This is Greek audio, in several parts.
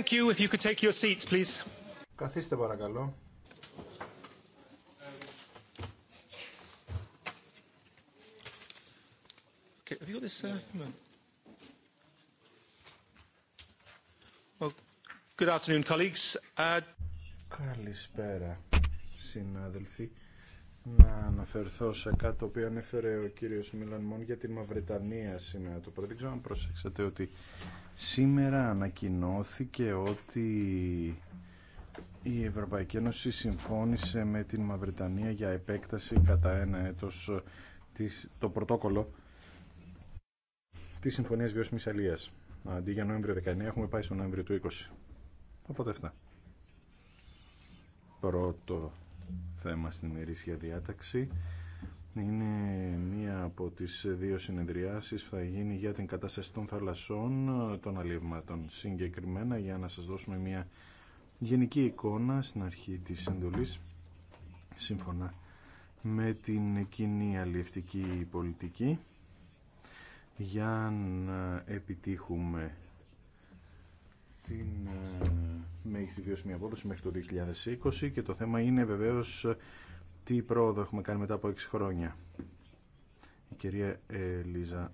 Thank you. If you could take your seats, please. Καθίστε παρακαλώ. Okay, have you got this? well, good afternoon, colleagues. Uh... Καλησπέρα, συνάδελφοι να αναφερθώ σε κάτι το οποίο ανέφερε ο κύριος Μίλαν για την Μαυρετανία σήμερα το πρωί. Δεν ξέρω αν προσέξατε ότι σήμερα ανακοινώθηκε ότι η Ευρωπαϊκή Ένωση συμφώνησε με την Μαυρετανία για επέκταση κατά ένα έτος της, το πρωτόκολλο της Συμφωνίας Βιώσιμης Αλίας. Αντί για Νοέμβριο 19 έχουμε πάει στο Νοέμβριο του 20. Οπότε αυτά. Πρώτο θέμα στην ημερήσια διάταξη. Είναι μία από τις δύο συνεδριάσεις που θα γίνει για την κατάσταση των θαλασσών των αλλιευμάτων. Συγκεκριμένα για να σας δώσουμε μία γενική εικόνα στην αρχή της εντολής σύμφωνα με την κοινή αλληλευτική πολιτική για να επιτύχουμε την ε, μέγιστη βιώσιμη απόδοση μέχρι το 2020 και το θέμα είναι βεβαίως ε, τι πρόοδο έχουμε κάνει μετά από 6 χρόνια. Η κυρία Ελίζα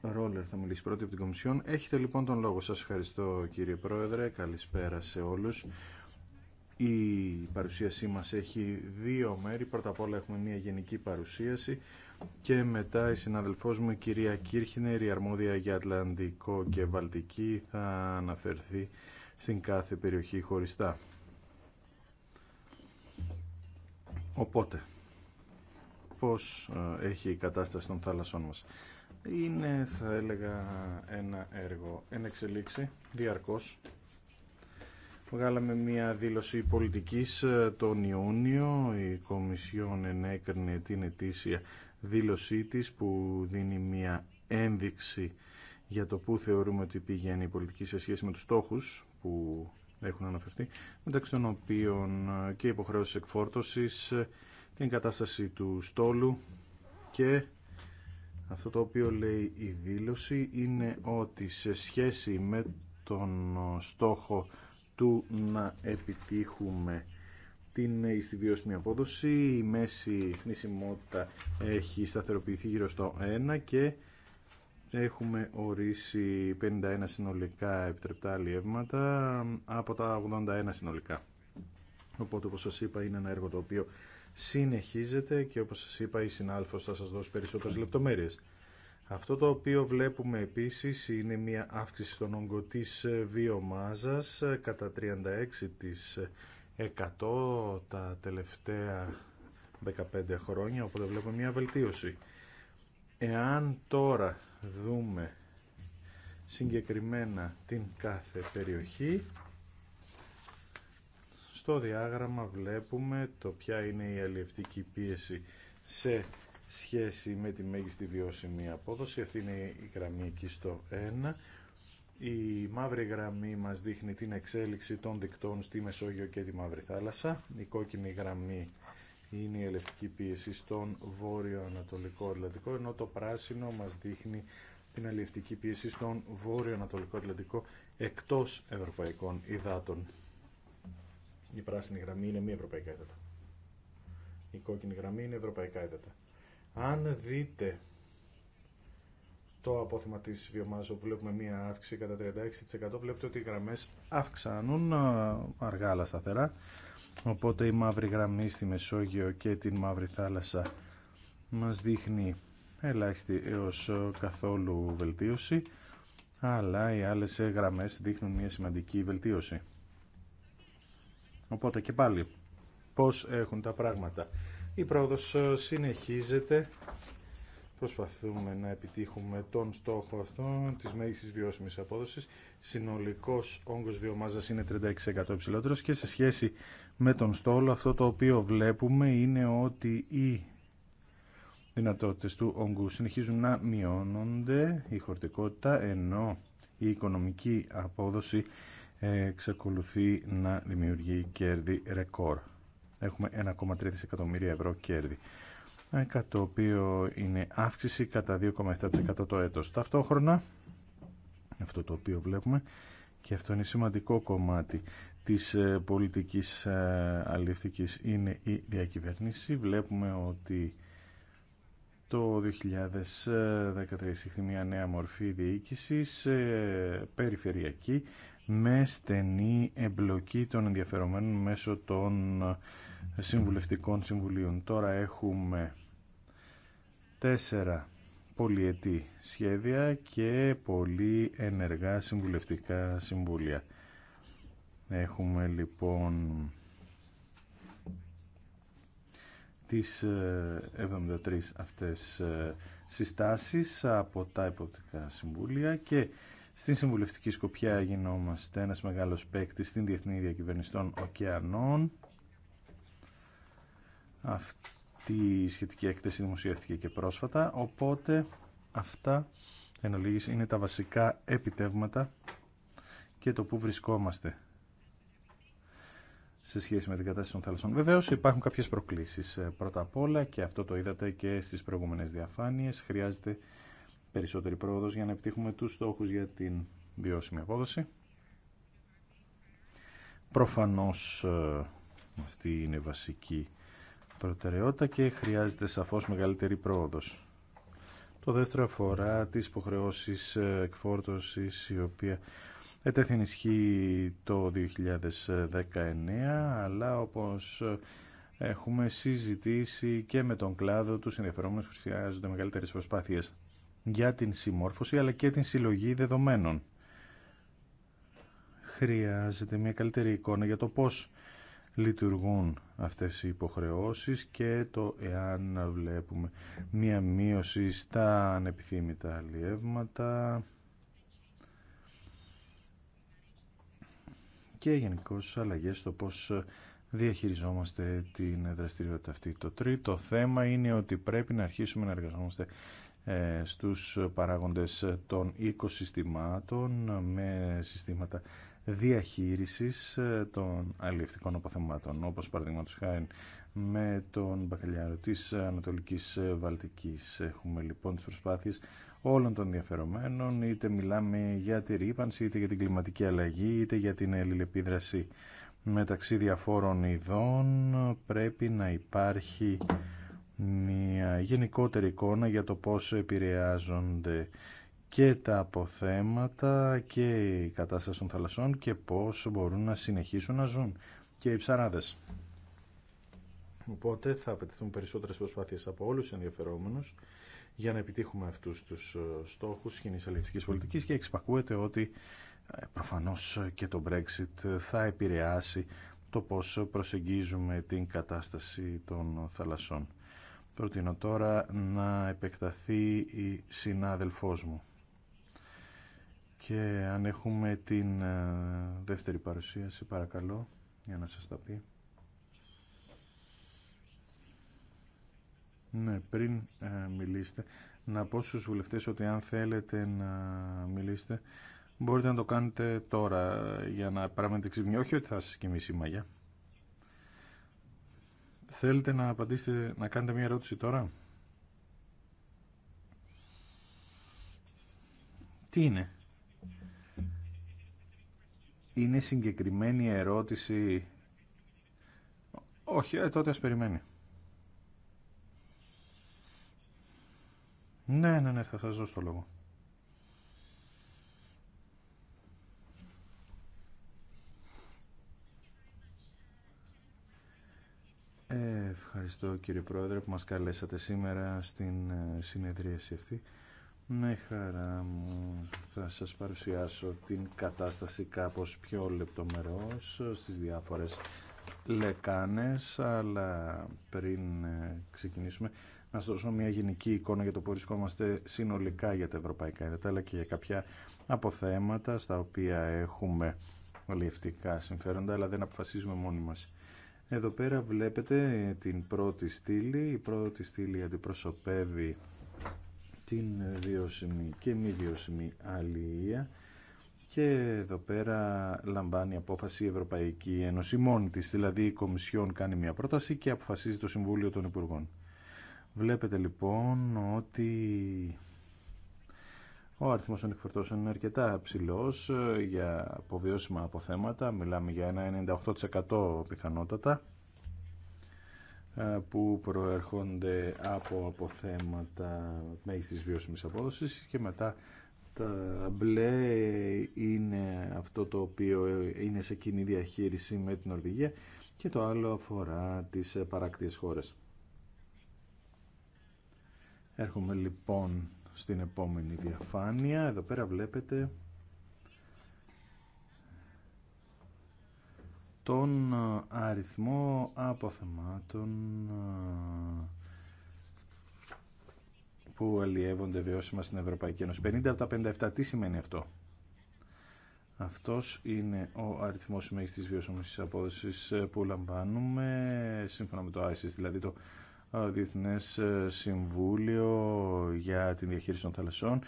Ρόλερ θα μιλήσει πρώτη από την Κομισιόν. Έχετε λοιπόν τον λόγο. Σας ευχαριστώ κύριε Πρόεδρε. Καλησπέρα σε όλους. Η παρουσίασή μας έχει δύο μέρη. Πρώτα απ' όλα έχουμε μια γενική παρουσίαση και μετά η συναδελφός μου η κυρία Κίρχινερ, η αρμόδια για Ατλαντικό και Βαλτική θα αναφερθεί στην κάθε περιοχή χωριστά. Οπότε, πώς ε, έχει η κατάσταση των θάλασσών μας. Είναι, θα έλεγα, ένα έργο εν εξελίξη, διαρκώς. Βγάλαμε μια δήλωση πολιτικής ε, τον Ιούνιο, η Κομισιόν ενέκρινε την ετήσια δήλωσή της που δίνει μια ένδειξη για το πού θεωρούμε ότι πηγαίνει η πολιτική σε σχέση με τους στόχους που έχουν αναφερθεί, μεταξύ των οποίων και υποχρεώσεις εκφόρτωσης, την κατάσταση του στόλου και αυτό το οποίο λέει η δήλωση είναι ότι σε σχέση με τον στόχο του να επιτύχουμε την ε, στη βιώσιμη απόδοση. Η μέση θνησιμότητα έχει σταθεροποιηθεί γύρω στο 1 και έχουμε ορίσει 51 συνολικά επιτρεπτά αλλιεύματα από τα 81 συνολικά. Οπότε όπως σας είπα είναι ένα έργο το οποίο συνεχίζεται και όπως σας είπα η συνάλφος θα σας δώσει περισσότερες λεπτομέρειες. Αυτό το οποίο βλέπουμε επίσης είναι μια αύξηση στον όγκο της βιομάζας κατά 36% 100 τα τελευταία 15 χρόνια, οπότε βλέπουμε μια βελτίωση. Εάν τώρα δούμε συγκεκριμένα την κάθε περιοχή, στο διάγραμμα βλέπουμε το ποια είναι η αλλιευτική πίεση σε σχέση με τη μέγιστη βιώσιμη απόδοση. Αυτή είναι η γραμμή εκεί στο 1. Η μαύρη γραμμή μας δείχνει την εξέλιξη των δικτών στη Μεσόγειο και τη Μαύρη Θάλασσα. Η κόκκινη γραμμή είναι η ελευτική πίεση στον βόρειο-ανατολικό Ατλαντικό, ενώ το πράσινο μας δείχνει την αλληλευτική πίεση στον βόρειο-ανατολικό Ατλαντικό εκτός ευρωπαϊκών υδάτων. Η πράσινη γραμμή είναι μη ευρωπαϊκά υδάτα. Η κόκκινη γραμμή είναι ευρωπαϊκά υδάτα. Αν δείτε το απόθεμα τη βιομάζου, που βλέπουμε μία αύξηση κατά 36% βλέπετε ότι οι γραμμές αυξάνουν αργά αλλά σταθερά οπότε η μαύρη γραμμή στη Μεσόγειο και την μαύρη θάλασσα μας δείχνει ελάχιστη έως καθόλου βελτίωση αλλά οι άλλες γραμμές δείχνουν μια σημαντική βελτίωση. Οπότε και πάλι, πώς έχουν τα πράγματα. Η πρόοδος συνεχίζεται Προσπαθούμε να επιτύχουμε τον στόχο αυτό της μέγιστης βιώσιμη απόδοσης. Συνολικός όγκο βιομάζας είναι 36% υψηλότερο και σε σχέση με τον στόλο αυτό το οποίο βλέπουμε είναι ότι οι δυνατότητες του όγκου συνεχίζουν να μειώνονται η χορτικότητα ενώ η οικονομική απόδοση ε, εξακολουθεί να δημιουργεί κέρδη ρεκόρ. Έχουμε 1,3 δισεκατομμύρια ευρώ κέρδη. Ε, το οποίο είναι αύξηση κατά 2,7% το έτος. Ταυτόχρονα, αυτό το οποίο βλέπουμε, και αυτό είναι σημαντικό κομμάτι της ε, πολιτικής ε, αλληλευτικής, είναι η διακυβέρνηση. Βλέπουμε ότι το 2013 είχε μια νέα μορφή διοίκησης, περιφερειακή, με στενή εμπλοκή των ενδιαφερομένων μέσω των συμβουλευτικών συμβουλίων. Τώρα έχουμε τέσσερα πολυετή σχέδια και πολύ ενεργά συμβουλευτικά συμβούλια. Έχουμε λοιπόν τις 73 ε, αυτές ε, συστάσεις από τα υποπτικά συμβούλια και στην συμβουλευτική σκοπιά γινόμαστε ένας μεγάλος παίκτη στην Διεθνή Διακυβερνηστών Οκεανών. Αυτό τη σχετική έκθεση δημοσιεύτηκε και πρόσφατα, οπότε αυτά εν ολίγης, είναι τα βασικά επιτεύγματα και το που βρισκόμαστε σε σχέση με την κατάσταση των θάλασσων. Βεβαίω υπάρχουν κάποιε προκλήσει. Ε, πρώτα απ' όλα, και αυτό το είδατε και στι προηγούμενε διαφάνειε, χρειάζεται περισσότερη πρόοδο για να επιτύχουμε του στόχου για την βιώσιμη απόδοση. Προφανώς ε, αυτή είναι βασική προτεραιότητα και χρειάζεται σαφώς μεγαλύτερη πρόοδος. Το δεύτερο αφορά τις υποχρεώσεις ε, εκφόρτωσης η οποία ετέθη ισχύ το 2019 αλλά όπως ε, έχουμε συζητήσει και με τον κλάδο τους ενδιαφερόμενους χρειάζονται μεγαλύτερες προσπάθειες για την συμμόρφωση αλλά και την συλλογή δεδομένων. Χρειάζεται μια καλύτερη εικόνα για το πώς λειτουργούν αυτές οι υποχρεώσεις και το εάν να βλέπουμε μία μείωση στα ανεπιθύμητα αλλιεύματα και γενικώ αλλαγές στο πώς διαχειριζόμαστε την δραστηριότητα αυτή. Το τρίτο θέμα είναι ότι πρέπει να αρχίσουμε να εργαζόμαστε ε, στους παράγοντες των οικοσυστημάτων με συστήματα διαχείρισης ε, των αλληλευτικών αποθεμάτων, όπως παραδείγματο χάρη με τον Μπακαλιάρο της Ανατολικής ε, Βαλτικής. Έχουμε λοιπόν τις προσπάθειες όλων των ενδιαφερομένων, είτε μιλάμε για τη ρήπανση, είτε για την κλιματική αλλαγή, είτε για την αλληλεπίδραση μεταξύ διαφόρων ειδών. Πρέπει να υπάρχει μια γενικότερη εικόνα για το πώς επηρεάζονται και τα αποθέματα και η κατάσταση των θαλασσών και πώς μπορούν να συνεχίσουν να ζουν και οι ψαράδες. Οπότε θα απαιτηθούν περισσότερες προσπάθειες από όλους τους ενδιαφερόμενους για να επιτύχουμε αυτούς τους ε, στόχους κοινή αλληλευτικής πολιτικής και εξυπακούεται ότι ε, προφανώς και το Brexit θα επηρεάσει το πώς προσεγγίζουμε την κατάσταση των θαλασσών. Προτείνω τώρα να επεκταθεί η συνάδελφός μου. Και αν έχουμε την ε, δεύτερη παρουσίαση, παρακαλώ, για να σας τα πει. Ναι, πριν ε, μιλήσετε, να πω στους βουλευτές ότι αν θέλετε να μιλήσετε, μπορείτε να το κάνετε τώρα για να πράγματι ξύπνη Όχι ότι θα σας κοιμήσει η μαγιά. Θέλετε να απαντήσετε, να κάνετε μια ερώτηση τώρα. Τι είναι. Είναι συγκεκριμένη ερώτηση. Όχι, ε, τότε ας περιμένει. Ναι, ναι, ναι, θα σας δώσω το λόγο. Ε, ευχαριστώ κύριε Πρόεδρε που μας καλέσατε σήμερα στην ε, συνεδρίαση αυτή. Με χαρά μου θα σας παρουσιάσω την κατάσταση κάπως πιο λεπτομερώς στις διάφορες λεκάνες, αλλά πριν ε, ξεκινήσουμε να σας δώσω μια γενική εικόνα για το που βρισκόμαστε συνολικά για τα ευρωπαϊκά έντατα αλλά και για κάποια αποθέματα στα οποία έχουμε αλληλευτικά συμφέροντα, αλλά δεν αποφασίζουμε μόνοι μας. Εδώ πέρα βλέπετε την πρώτη στήλη. Η πρώτη στήλη αντιπροσωπεύει την βιώσιμη και μη βιώσιμη αλληλεία και εδώ πέρα λαμβάνει απόφαση η Ευρωπαϊκή Ένωση μόνη της, δηλαδή η Κομισιόν κάνει μια πρόταση και αποφασίζει το Συμβούλιο των Υπουργών. Βλέπετε λοιπόν ότι ο αριθμός των εκφορτώσεων είναι αρκετά ψηλός ε, για αποβιώσιμα αποθέματα, μιλάμε για ένα 98% πιθανότατα ε, που προέρχονται από αποθέματα μέγιστης βιώσιμης απόδοσης και μετά τα μπλε είναι αυτό το οποίο είναι σε κοινή διαχείριση με την Νορβηγία και το άλλο αφορά τις παράκτιες χώρες. Έρχομαι λοιπόν στην επόμενη διαφάνεια. Εδώ πέρα βλέπετε τον ε, αριθμό αποθεμάτων ε, που αλλιεύονται βιώσιμα στην Ευρωπαϊκή Ένωση. 50 από τα 57. Τι σημαίνει αυτό. Αυτός είναι ο αριθμός μέγιστης βιώσιμης απόδοσης ε, που λαμβάνουμε σύμφωνα με το ISIS, δηλαδή το Διεθνές Συμβούλιο για την Διαχείριση των Θαλασσών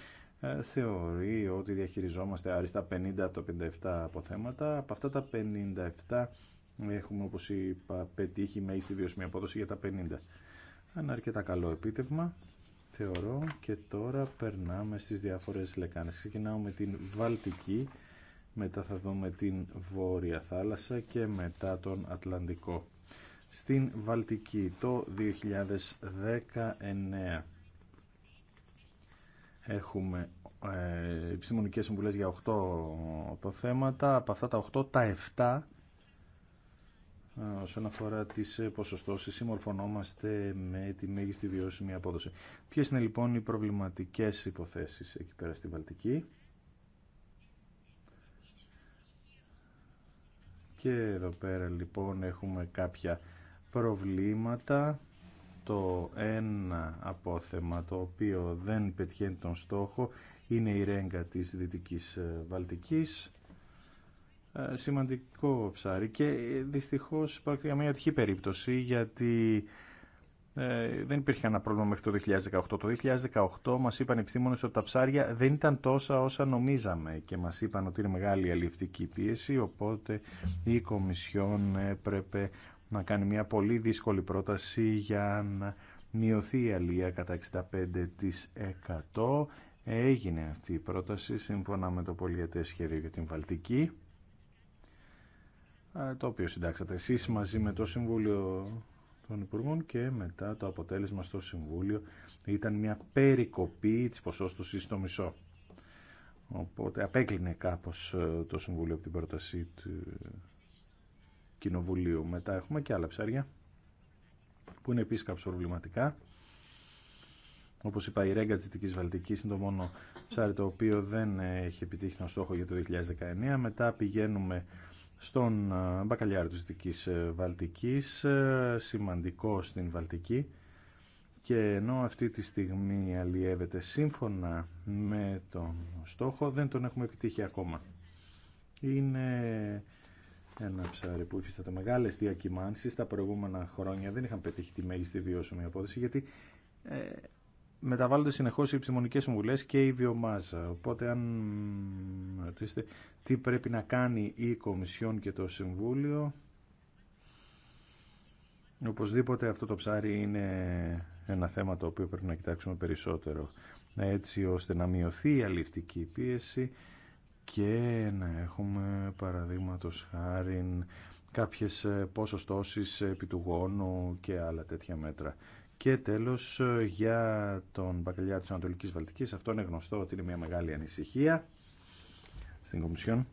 ε, θεωρεί ότι διαχειριζόμαστε άριστα 50 από τα 57 αποθέματα. Από αυτά τα 57 έχουμε, όπως είπα, πετύχει μέγιστη βιωσιμή απόδοση για τα 50. Ένα αρκετά καλό επίτευγμα, θεωρώ, και τώρα περνάμε στις διάφορες λεκάνες. Ξεκινάω με την Βαλτική, μετά θα δούμε την Βόρεια Θάλασσα και μετά τον Ατλαντικό. Στην Βαλτική το 2019 Έχουμε ε, επιστημονικές συμβουλές για 8 το θέματα. Από αυτά τα 8, τα 7 ε, όσον αφορά τις ε, ποσοστώσεις συμμορφωνόμαστε με τη μέγιστη βιώσιμη απόδοση. Ποιες είναι λοιπόν οι προβληματικές υποθέσεις εκεί πέρα στη Βαλτική. Και εδώ πέρα λοιπόν έχουμε κάποια προβλήματα το ένα απόθεμα το οποίο δεν πετυχαίνει τον στόχο είναι η ρέγγα της Δυτικής ε, Βαλτικής ε, σημαντικό ψάρι και ε, δυστυχώς υπάρχει μια τυχή περίπτωση γιατί δεν υπήρχε ένα πρόβλημα μέχρι το 2018. Το 2018 μας είπαν οι επιστήμονες ότι τα ψάρια δεν ήταν τόσα όσα νομίζαμε και μας είπαν ότι είναι μεγάλη αλληλευτική πίεση οπότε η Κομισιόν έπρεπε να κάνει μια πολύ δύσκολη πρόταση για να μειωθεί η αλία κατά 65%. Έγινε αυτή η πρόταση σύμφωνα με το πολιετές σχέδιο για την Βαλτική ε, το οποίο συντάξατε εσείς μαζί με το Συμβούλιο των Υπουργών και μετά το αποτέλεσμα στο Συμβούλιο ήταν μια περικοπή της ποσόστοσης στο μισό. Οπότε απέκλεινε κάπως ε, το Συμβούλιο από την πρότασή του Κοινοβουλίου. Μετά έχουμε και άλλα ψάρια που είναι επίση καψοβληματικά. προβληματικά. Όπω είπα, η ρέγκα τη Δυτική Βαλτική είναι το μόνο ψάρι το οποίο δεν έχει επιτύχει τον στόχο για το 2019. Μετά πηγαίνουμε στον ε, μπακαλιάρο τη δυτική ε, Βαλτικής, ε, σημαντικό στην Βαλτική και ενώ αυτή τη στιγμή αλλιεύεται σύμφωνα με τον στόχο δεν τον έχουμε επιτύχει ακόμα. Είναι ένα ψάρι που υφίσταται μεγάλε διακυμάνσει τα προηγούμενα χρόνια δεν είχαν πετύχει τη μέγιστη βιώσιμη απόδοση γιατί ε, μεταβάλλονται συνεχώ οι επιστημονικέ συμβουλέ και η βιομάζα. Οπότε, αν ρωτήσετε τι πρέπει να κάνει η Κομισιόν και το Συμβούλιο, οπωσδήποτε αυτό το ψάρι είναι ένα θέμα το οποίο πρέπει να κοιτάξουμε περισσότερο έτσι ώστε να μειωθεί η αληφτική πίεση και να έχουμε παραδείγματος χάρη κάποιες ε, ποσοστώσεις επί του γόνου και άλλα τέτοια μέτρα. Και τέλος ε, για τον μπακαλιά της Ανατολικής Βαλτικής, αυτό είναι γνωστό ότι είναι μια μεγάλη ανησυχία στην Κομισιόν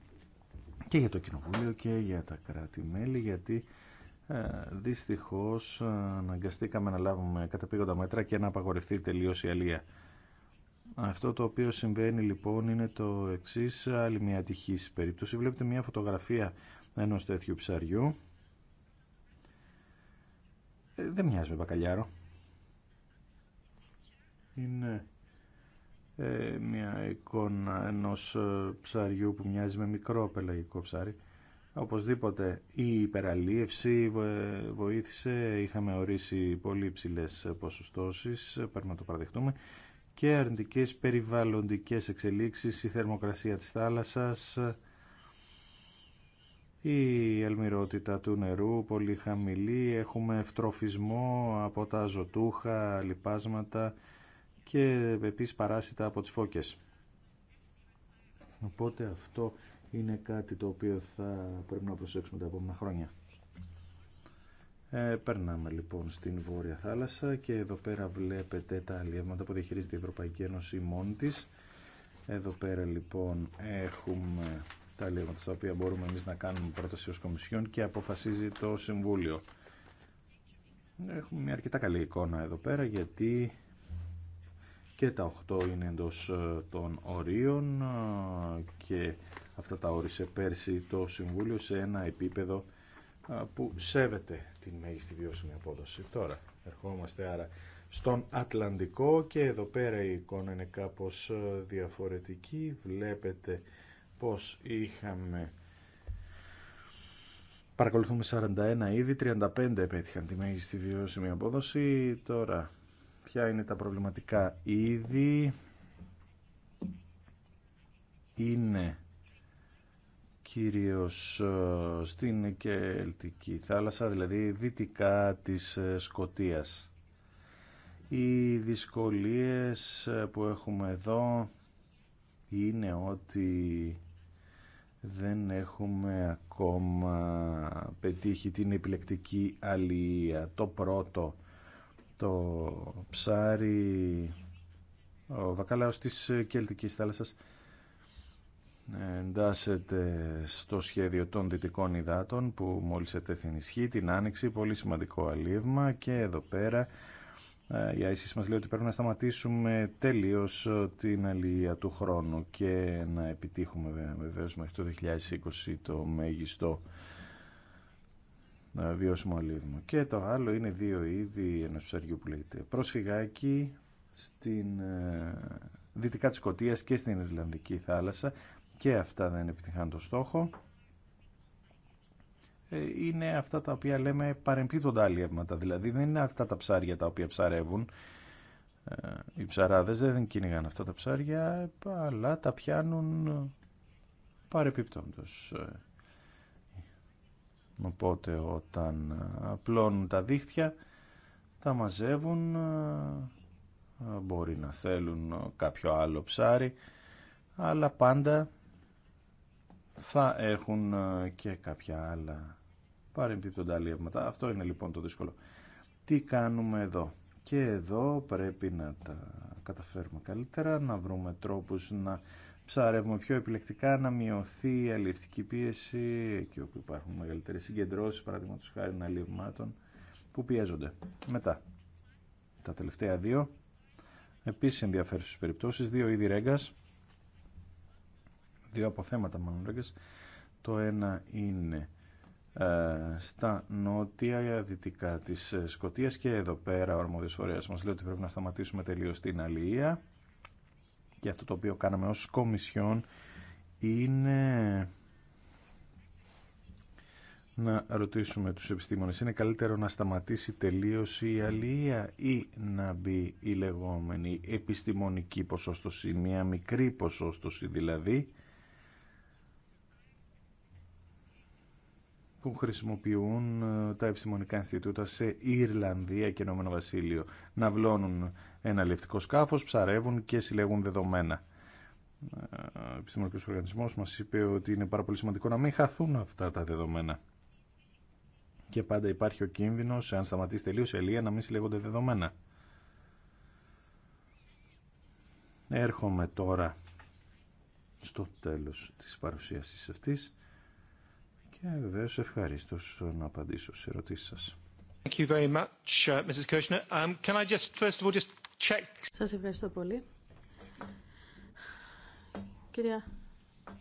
και για το Κοινοβούλιο και για τα κράτη-μέλη γιατί ε, δυστυχώς ε, αναγκαστήκαμε να λάβουμε καταπήγοντα μέτρα και να απαγορευτεί τελείως η αλία. Αυτό το οποίο συμβαίνει λοιπόν είναι το εξή άλλη μια τυχή περίπτωση. Βλέπετε μια φωτογραφία ενός τέτοιου ψαριού. Ε, δεν μοιάζει με μπακαλιάρο. Είναι ε, μια εικόνα ενός ε, ψαριού που μοιάζει με μικρό πελαγικό ψάρι. Οπωσδήποτε η υπεραλίευση βοήθησε, είχαμε ορίσει πολύ υψηλές ποσοστώσεις, πρέπει να το παραδεχτούμε, και αρνητικές περιβαλλοντικές εξελίξεις, η θερμοκρασία της θάλασσας, η αλμυρότητα του νερού πολύ χαμηλή, έχουμε ευτροφισμό από τα ζωτούχα, λιπάσματα και επίσης παράσιτα από τις φώκες. Οπότε αυτό είναι κάτι το οποίο θα πρέπει να προσέξουμε τα επόμενα χρόνια. Ε, περνάμε λοιπόν στην Βόρεια Θάλασσα και εδώ πέρα βλέπετε τα αλλιεύματα που διαχειρίζεται η Ευρωπαϊκή Ένωση μόνη της. Εδώ πέρα λοιπόν έχουμε τα αλλιεύματα στα οποία μπορούμε εμείς να κάνουμε πρόταση ως Κομισιόν και αποφασίζει το Συμβούλιο. Έχουμε μια αρκετά καλή εικόνα εδώ πέρα γιατί και τα 8 είναι εντός ε, των ορίων ε, και αυτά τα όρισε πέρσι το Συμβούλιο σε ένα επίπεδο που σέβεται την μέγιστη βιώσιμη απόδοση. Τώρα ερχόμαστε άρα στον Ατλαντικό και εδώ πέρα η εικόνα είναι κάπως διαφορετική. Βλέπετε πως είχαμε Παρακολουθούμε 41 ήδη, 35 επέτυχαν τη μέγιστη βιώσιμη απόδοση. Τώρα, ποια είναι τα προβληματικά ήδη Είναι κυρίως ε, στην Κελτική θάλασσα, δηλαδή δυτικά της ε, Σκοτίας. Οι δυσκολίες ε, που έχουμε εδώ είναι ότι δεν έχουμε ακόμα πετύχει την επιλεκτική αλληλεία. Το πρώτο, το ψάρι, ο βακαλάος της Κελτικής θάλασσας εντάσσεται στο σχέδιο των δυτικών υδάτων που μόλις ετέθην ισχύει την Άνοιξη, πολύ σημαντικό αλίευμα και εδώ πέρα ε, η ΆΙΣΙΣ μας λέει ότι πρέπει να σταματήσουμε τελείως ε, την αλληλεία του χρόνου και να επιτύχουμε βεβαίω μέχρι το 2020 το μέγιστο ε, βιώσιμο αλίευμα. Και το άλλο είναι δύο είδη ενός ψαριού που λέγεται προσφυγάκι στην δυτικά της Σκωτίας και στην Ιρλανδική θάλασσα και αυτά δεν επιτυχάνουν το στόχο ε, είναι αυτά τα οποία λέμε παρεμπίπτοντα αλλιεύματα. Δηλαδή δεν είναι αυτά τα ψάρια τα οποία ψαρεύουν. Ε, οι ψαράδες δεν κυνηγάνε αυτά τα ψάρια, αλλά τα πιάνουν παρεπιπτόντος. Ε, οπότε όταν απλώνουν τα δίχτυα, τα μαζεύουν, μπορεί να θέλουν κάποιο άλλο ψάρι, αλλά πάντα θα έχουν ε, και κάποια άλλα παρεμπιπτοντά αλλιεύματα. Αυτό είναι λοιπόν το δύσκολο. Τι κάνουμε εδώ. Και εδώ πρέπει να τα καταφέρουμε καλύτερα, να βρούμε τρόπους να ψαρεύουμε πιο επιλεκτικά, να μειωθεί η αλλιευτική πίεση, εκεί όπου υπάρχουν μεγαλύτερες συγκεντρώσεις, παραδείγματος χάρη αλλιευμάτων, που πιέζονται. Μετά, τα τελευταία δύο, επίσης ενδιαφέρουσες περιπτώσεις, δύο είδη ρέγκας, δύο αποθέματα μάλλον Το ένα είναι ε, στα νότια δυτικά της ε, Σκοτίας και εδώ πέρα ο αρμόδιος φορέας μας λέει ότι πρέπει να σταματήσουμε τελείως την αλληλεία και αυτό το οποίο κάναμε ως κομισιόν είναι να ρωτήσουμε τους επιστήμονες είναι καλύτερο να σταματήσει τελείως η αλληλεία ή να μπει η λεγόμενη επιστημονική ποσόστοση μια μικρή ποσόστοση δηλαδή που χρησιμοποιούν ε, τα επιστημονικά Ινστιτούτα σε Ιρλανδία και Ηνωμένο Βασίλειο. βλώνουν ένα λευτικό σκάφο, ψαρεύουν και συλλέγουν δεδομένα. Ο ε, επιστημονικό οργανισμό μα είπε ότι είναι πάρα πολύ σημαντικό να μην χαθούν αυτά τα δεδομένα. Και πάντα υπάρχει ο κίνδυνο αν σταματήσει τελείω η ελεία, να μην συλλέγονται δεδομένα. Έρχομαι τώρα στο τέλος της παρουσίασης αυτής. Και βεβαίω ευχαρίστω να απαντήσω σε ερωτήσει σας. Σας ευχαριστώ πολύ. Κυρία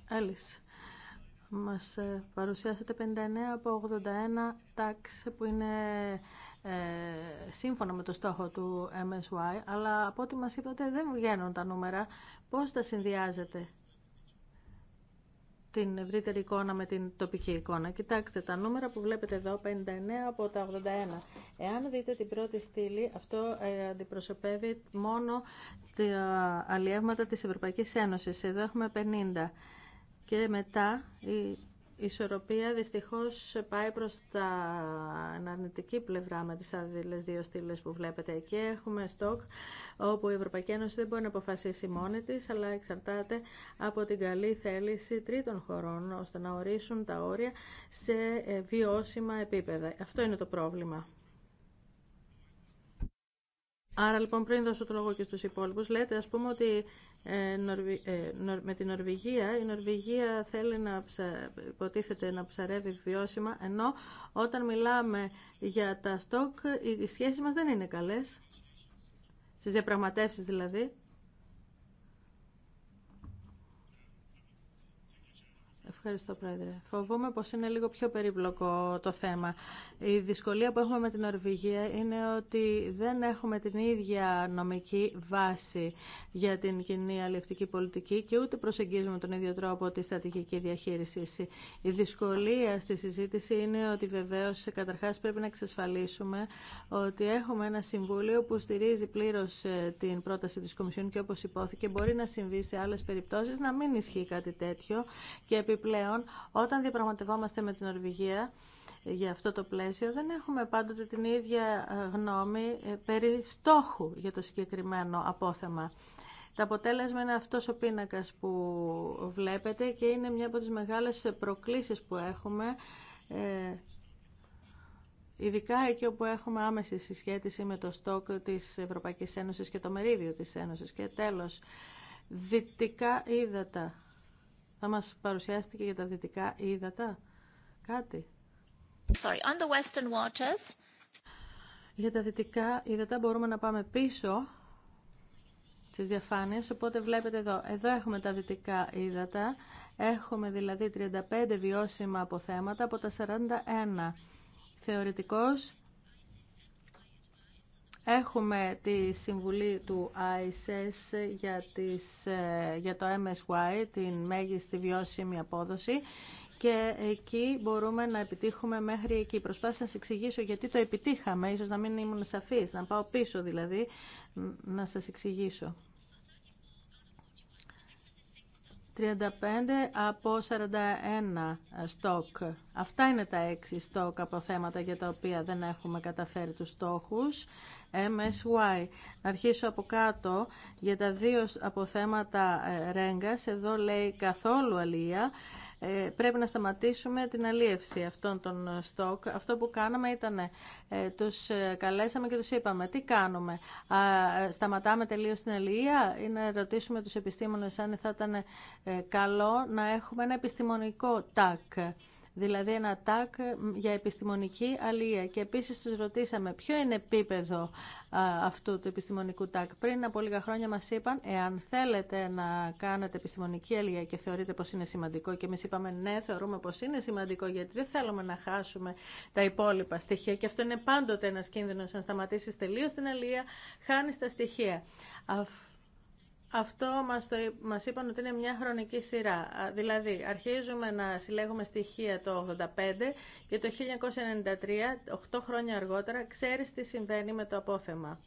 Έλλης, μας ε, παρουσιάσατε 59 από 81 τάξ που είναι ε, σύμφωνα με το στόχο του MSY, αλλά από ό,τι μας είπατε δεν βγαίνουν τα νούμερα. Πώς τα συνδυάζετε την ευρύτερη εικόνα με την τοπική εικόνα. Κοιτάξτε, τα νούμερα που βλέπετε εδώ, 59 από τα 81. Εάν δείτε την πρώτη στήλη, αυτό ε, αντιπροσωπεύει μόνο τα αλλιεύματα της Ευρωπαϊκής Ένωσης. Εδώ έχουμε 50. Και μετά η ισορροπία δυστυχώς πάει προς τα αρνητική πλευρά με τις άδειλες δύο στήλες που βλέπετε εκεί. Έχουμε στόκ όπου η Ευρωπαϊκή Ένωση δεν μπορεί να αποφασίσει μόνη της, αλλά εξαρτάται από την καλή θέληση τρίτων χωρών ώστε να ορίσουν τα όρια σε ε, βιώσιμα επίπεδα. Αυτό είναι το πρόβλημα. Άρα λοιπόν πριν δώσω το λόγο και στους υπόλοιπους, λέτε ας πούμε ότι ε, ε, με την Νορβηγία. Η Νορβηγία θέλει να υποτίθεται να ψαρεύει βιώσιμα, ενώ όταν μιλάμε για τα στόκ οι σχέσεις μας δεν είναι καλές, στις διαπραγματεύσεις δηλαδή. Ευχαριστώ, Πρόεδρε. Φοβούμαι πω είναι λίγο πιο περίπλοκο το θέμα. Η δυσκολία που έχουμε με την Νορβηγία είναι ότι δεν έχουμε την ίδια νομική βάση για την κοινή αλληλευτική πολιτική και ούτε προσεγγίζουμε τον ίδιο τρόπο τη στρατηγική διαχείριση. Η δυσκολία στη συζήτηση είναι ότι βεβαίω καταρχά πρέπει να εξασφαλίσουμε ότι έχουμε ένα συμβούλιο που στηρίζει πλήρω ε, την πρόταση τη Κομισιόν και όπω υπόθηκε μπορεί να συμβεί σε άλλε περιπτώσει να μην ισχύει κάτι τέτοιο και Πλέον, όταν διαπραγματευόμαστε με την Νορβηγία για αυτό το πλαίσιο, δεν έχουμε πάντοτε την ίδια ε, γνώμη ε, περί στόχου για το συγκεκριμένο απόθεμα. Το αποτέλεσμα είναι αυτός ο πίνακας που βλέπετε και είναι μια από τις μεγάλες προκλήσεις που έχουμε, ε, ειδικά εκεί όπου έχουμε άμεση συσχέτιση με το στόκ της Ευρωπαϊκής Ένωσης και το μερίδιο της Ένωσης. Και τέλος, δυτικά ύδατα. Θα μας παρουσιάστηκε για τα δυτικά ύδατα κάτι. Sorry, on the western waters. Για τα δυτικά ύδατα μπορούμε να πάμε πίσω στις διαφάνειες, οπότε βλέπετε εδώ. Εδώ έχουμε τα δυτικά ύδατα. Έχουμε δηλαδή 35 βιώσιμα αποθέματα από τα 41. Θεωρητικώς Έχουμε τη συμβουλή του ISS για, τις, ε, για το MSY, την μέγιστη βιώσιμη απόδοση και εκεί μπορούμε να επιτύχουμε μέχρι εκεί. Προσπάθησα να σα εξηγήσω γιατί το επιτύχαμε, ίσως να μην ήμουν σαφής, να πάω πίσω δηλαδή, να σας εξηγήσω. 35 από 41 στόκ. Αυτά είναι τα 6 στόκ από θέματα για τα οποία δεν έχουμε καταφέρει τους στόχους. MSY. Να αρχίσω από κάτω για τα δύο αποθέματα θέματα ε, Εδώ λέει καθόλου αλία. Ε, πρέπει να σταματήσουμε την αλίευση αυτών των στόκ. Αυτό που κάναμε ήταν, ε, τους ε, καλέσαμε και τους είπαμε, τι κάνουμε, σταματάμε τελείως την αλληλεία ή να ρωτήσουμε τους επιστήμονες αν θα ήταν καλό να έχουμε ένα επιστημονικό τάκ δηλαδή ένα τάκ για επιστημονική αλληλεία. Και επίσης τους ρωτήσαμε ποιο είναι επίπεδο αυτού του επιστημονικού τάκ. Πριν από λίγα χρόνια μας είπαν, εάν θέλετε να κάνετε επιστημονική αλληλεία και θεωρείτε πως είναι σημαντικό και εμείς είπαμε ναι, θεωρούμε πως είναι σημαντικό γιατί δεν θέλουμε να χάσουμε τα υπόλοιπα στοιχεία και αυτό είναι πάντοτε ένας κίνδυνος Αν σταματήσεις τελείως την αλληλεία, χάνεις τα στοιχεία. Αυτό μας, το, μας είπαν ότι είναι μια χρονική σειρά. Δηλαδή, αρχίζουμε να συλλέγουμε στοιχεία το 1985 και το 1993, 8 χρόνια αργότερα, ξέρεις τι συμβαίνει με το απόθεμα.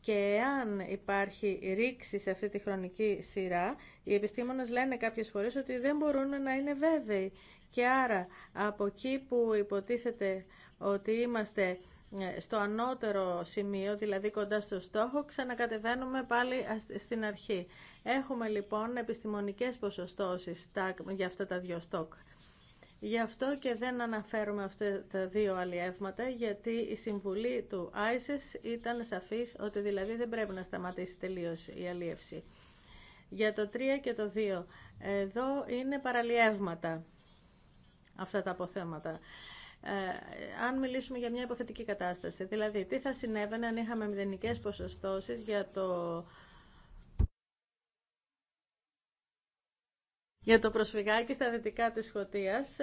Και εάν υπάρχει ρήξη σε αυτή τη χρονική σειρά, οι επιστήμονες λένε κάποιες φορές ότι δεν μπορούν να είναι βέβαιοι. Και άρα, από εκεί που υποτίθεται ότι είμαστε ε, στο ανώτερο σημείο, δηλαδή κοντά στο στόχο, ξανακατεβαίνουμε πάλι στην αρχή. Έχουμε λοιπόν επιστημονικές ποσοστώσεις για αυτά τα δύο στόκ. Γι' αυτό και δεν αναφέρουμε αυτά τα δύο αλλιεύματα, γιατί η συμβουλή του ISIS ήταν σαφής ότι δηλαδή δεν πρέπει να σταματήσει τελείως η αλλιεύση. Για το 3 και το 2, εδώ είναι παραλλιεύματα αυτά τα αποθέματα. Ε, αν μιλήσουμε για μια υποθετική κατάσταση. Δηλαδή, τι θα συνέβαινε αν είχαμε μηδενικέ ποσοστώσεις για το... για το προσφυγάκι στα δυτικά της Σκωτίας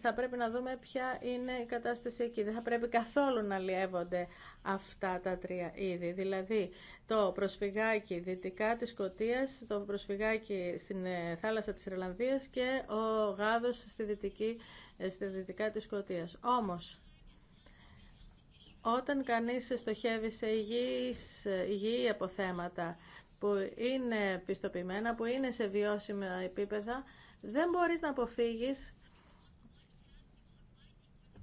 θα πρέπει να δούμε ποια είναι η κατάσταση εκεί. Δεν θα πρέπει καθόλου να λιεύονται αυτά τα τρία είδη. Δηλαδή το προσφυγάκι δυτικά της Σκωτίας, το προσφυγάκι στην ε, θάλασσα της Ιρλανδίας και ο γάδος στη, δυτική, ε, στη δυτικά της Σκοτίας. Όμως, όταν κανείς στοχεύει σε υγιείς, ε, υγιή αποθέματα που είναι πιστοποιημένα, που είναι σε βιώσιμα επίπεδα, δεν μπορείς να αποφύγεις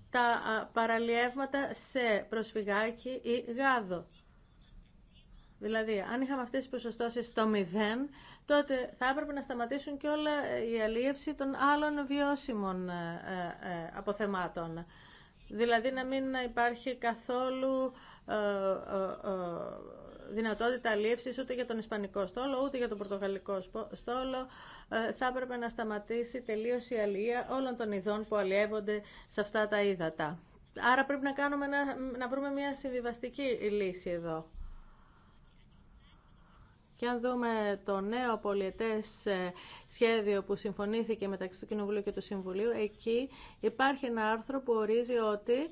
τα παραλιεύματα σε προσφυγάκι ή γάδο. Δηλαδή, αν είχαμε αυτές τις ποσοστώσεις στο μηδέν, τότε θα έπρεπε να σταματήσουν και όλα η αλίευση των άλλων βιώσιμων ε, ε, αποθεμάτων. Δηλαδή, να μην υπάρχει καθόλου ε, δυνατότητα λήψης ούτε για τον Ισπανικό στόλο, ούτε για τον Πορτογαλικό στόλο. Ε, θα έπρεπε να σταματήσει τελείως η αλληλεία όλων των ειδών που αλλιεύονται σε αυτά τα ύδατα. Άρα πρέπει να, κάνουμε, να, βρούμε μια συμβιβαστική λύση εδώ. Και αν δούμε το νέο πολιετές ε, σχέδιο που συμφωνήθηκε μεταξύ του Κοινοβουλίου και του Συμβουλίου, εκεί υπάρχει ένα άρθρο που ορίζει ότι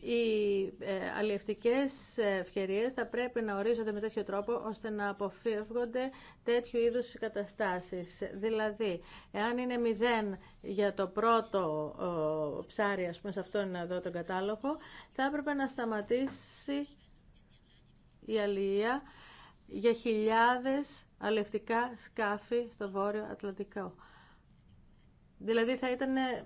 οι ε, αλλιευτικές ευκαιρίε θα πρέπει να ορίζονται με τέτοιο τρόπο ώστε να αποφεύγονται τέτοιου είδους καταστάσεις. Δηλαδή, εάν είναι μηδέν για το πρώτο ψάρι, ας πούμε, σε αυτόν εδώ τον κατάλογο, θα έπρεπε να σταματήσει η αλληλεία για χιλιάδες αλλιευτικά σκάφη στο Βόρειο Ατλαντικό. Δηλαδή θα ήταν ε,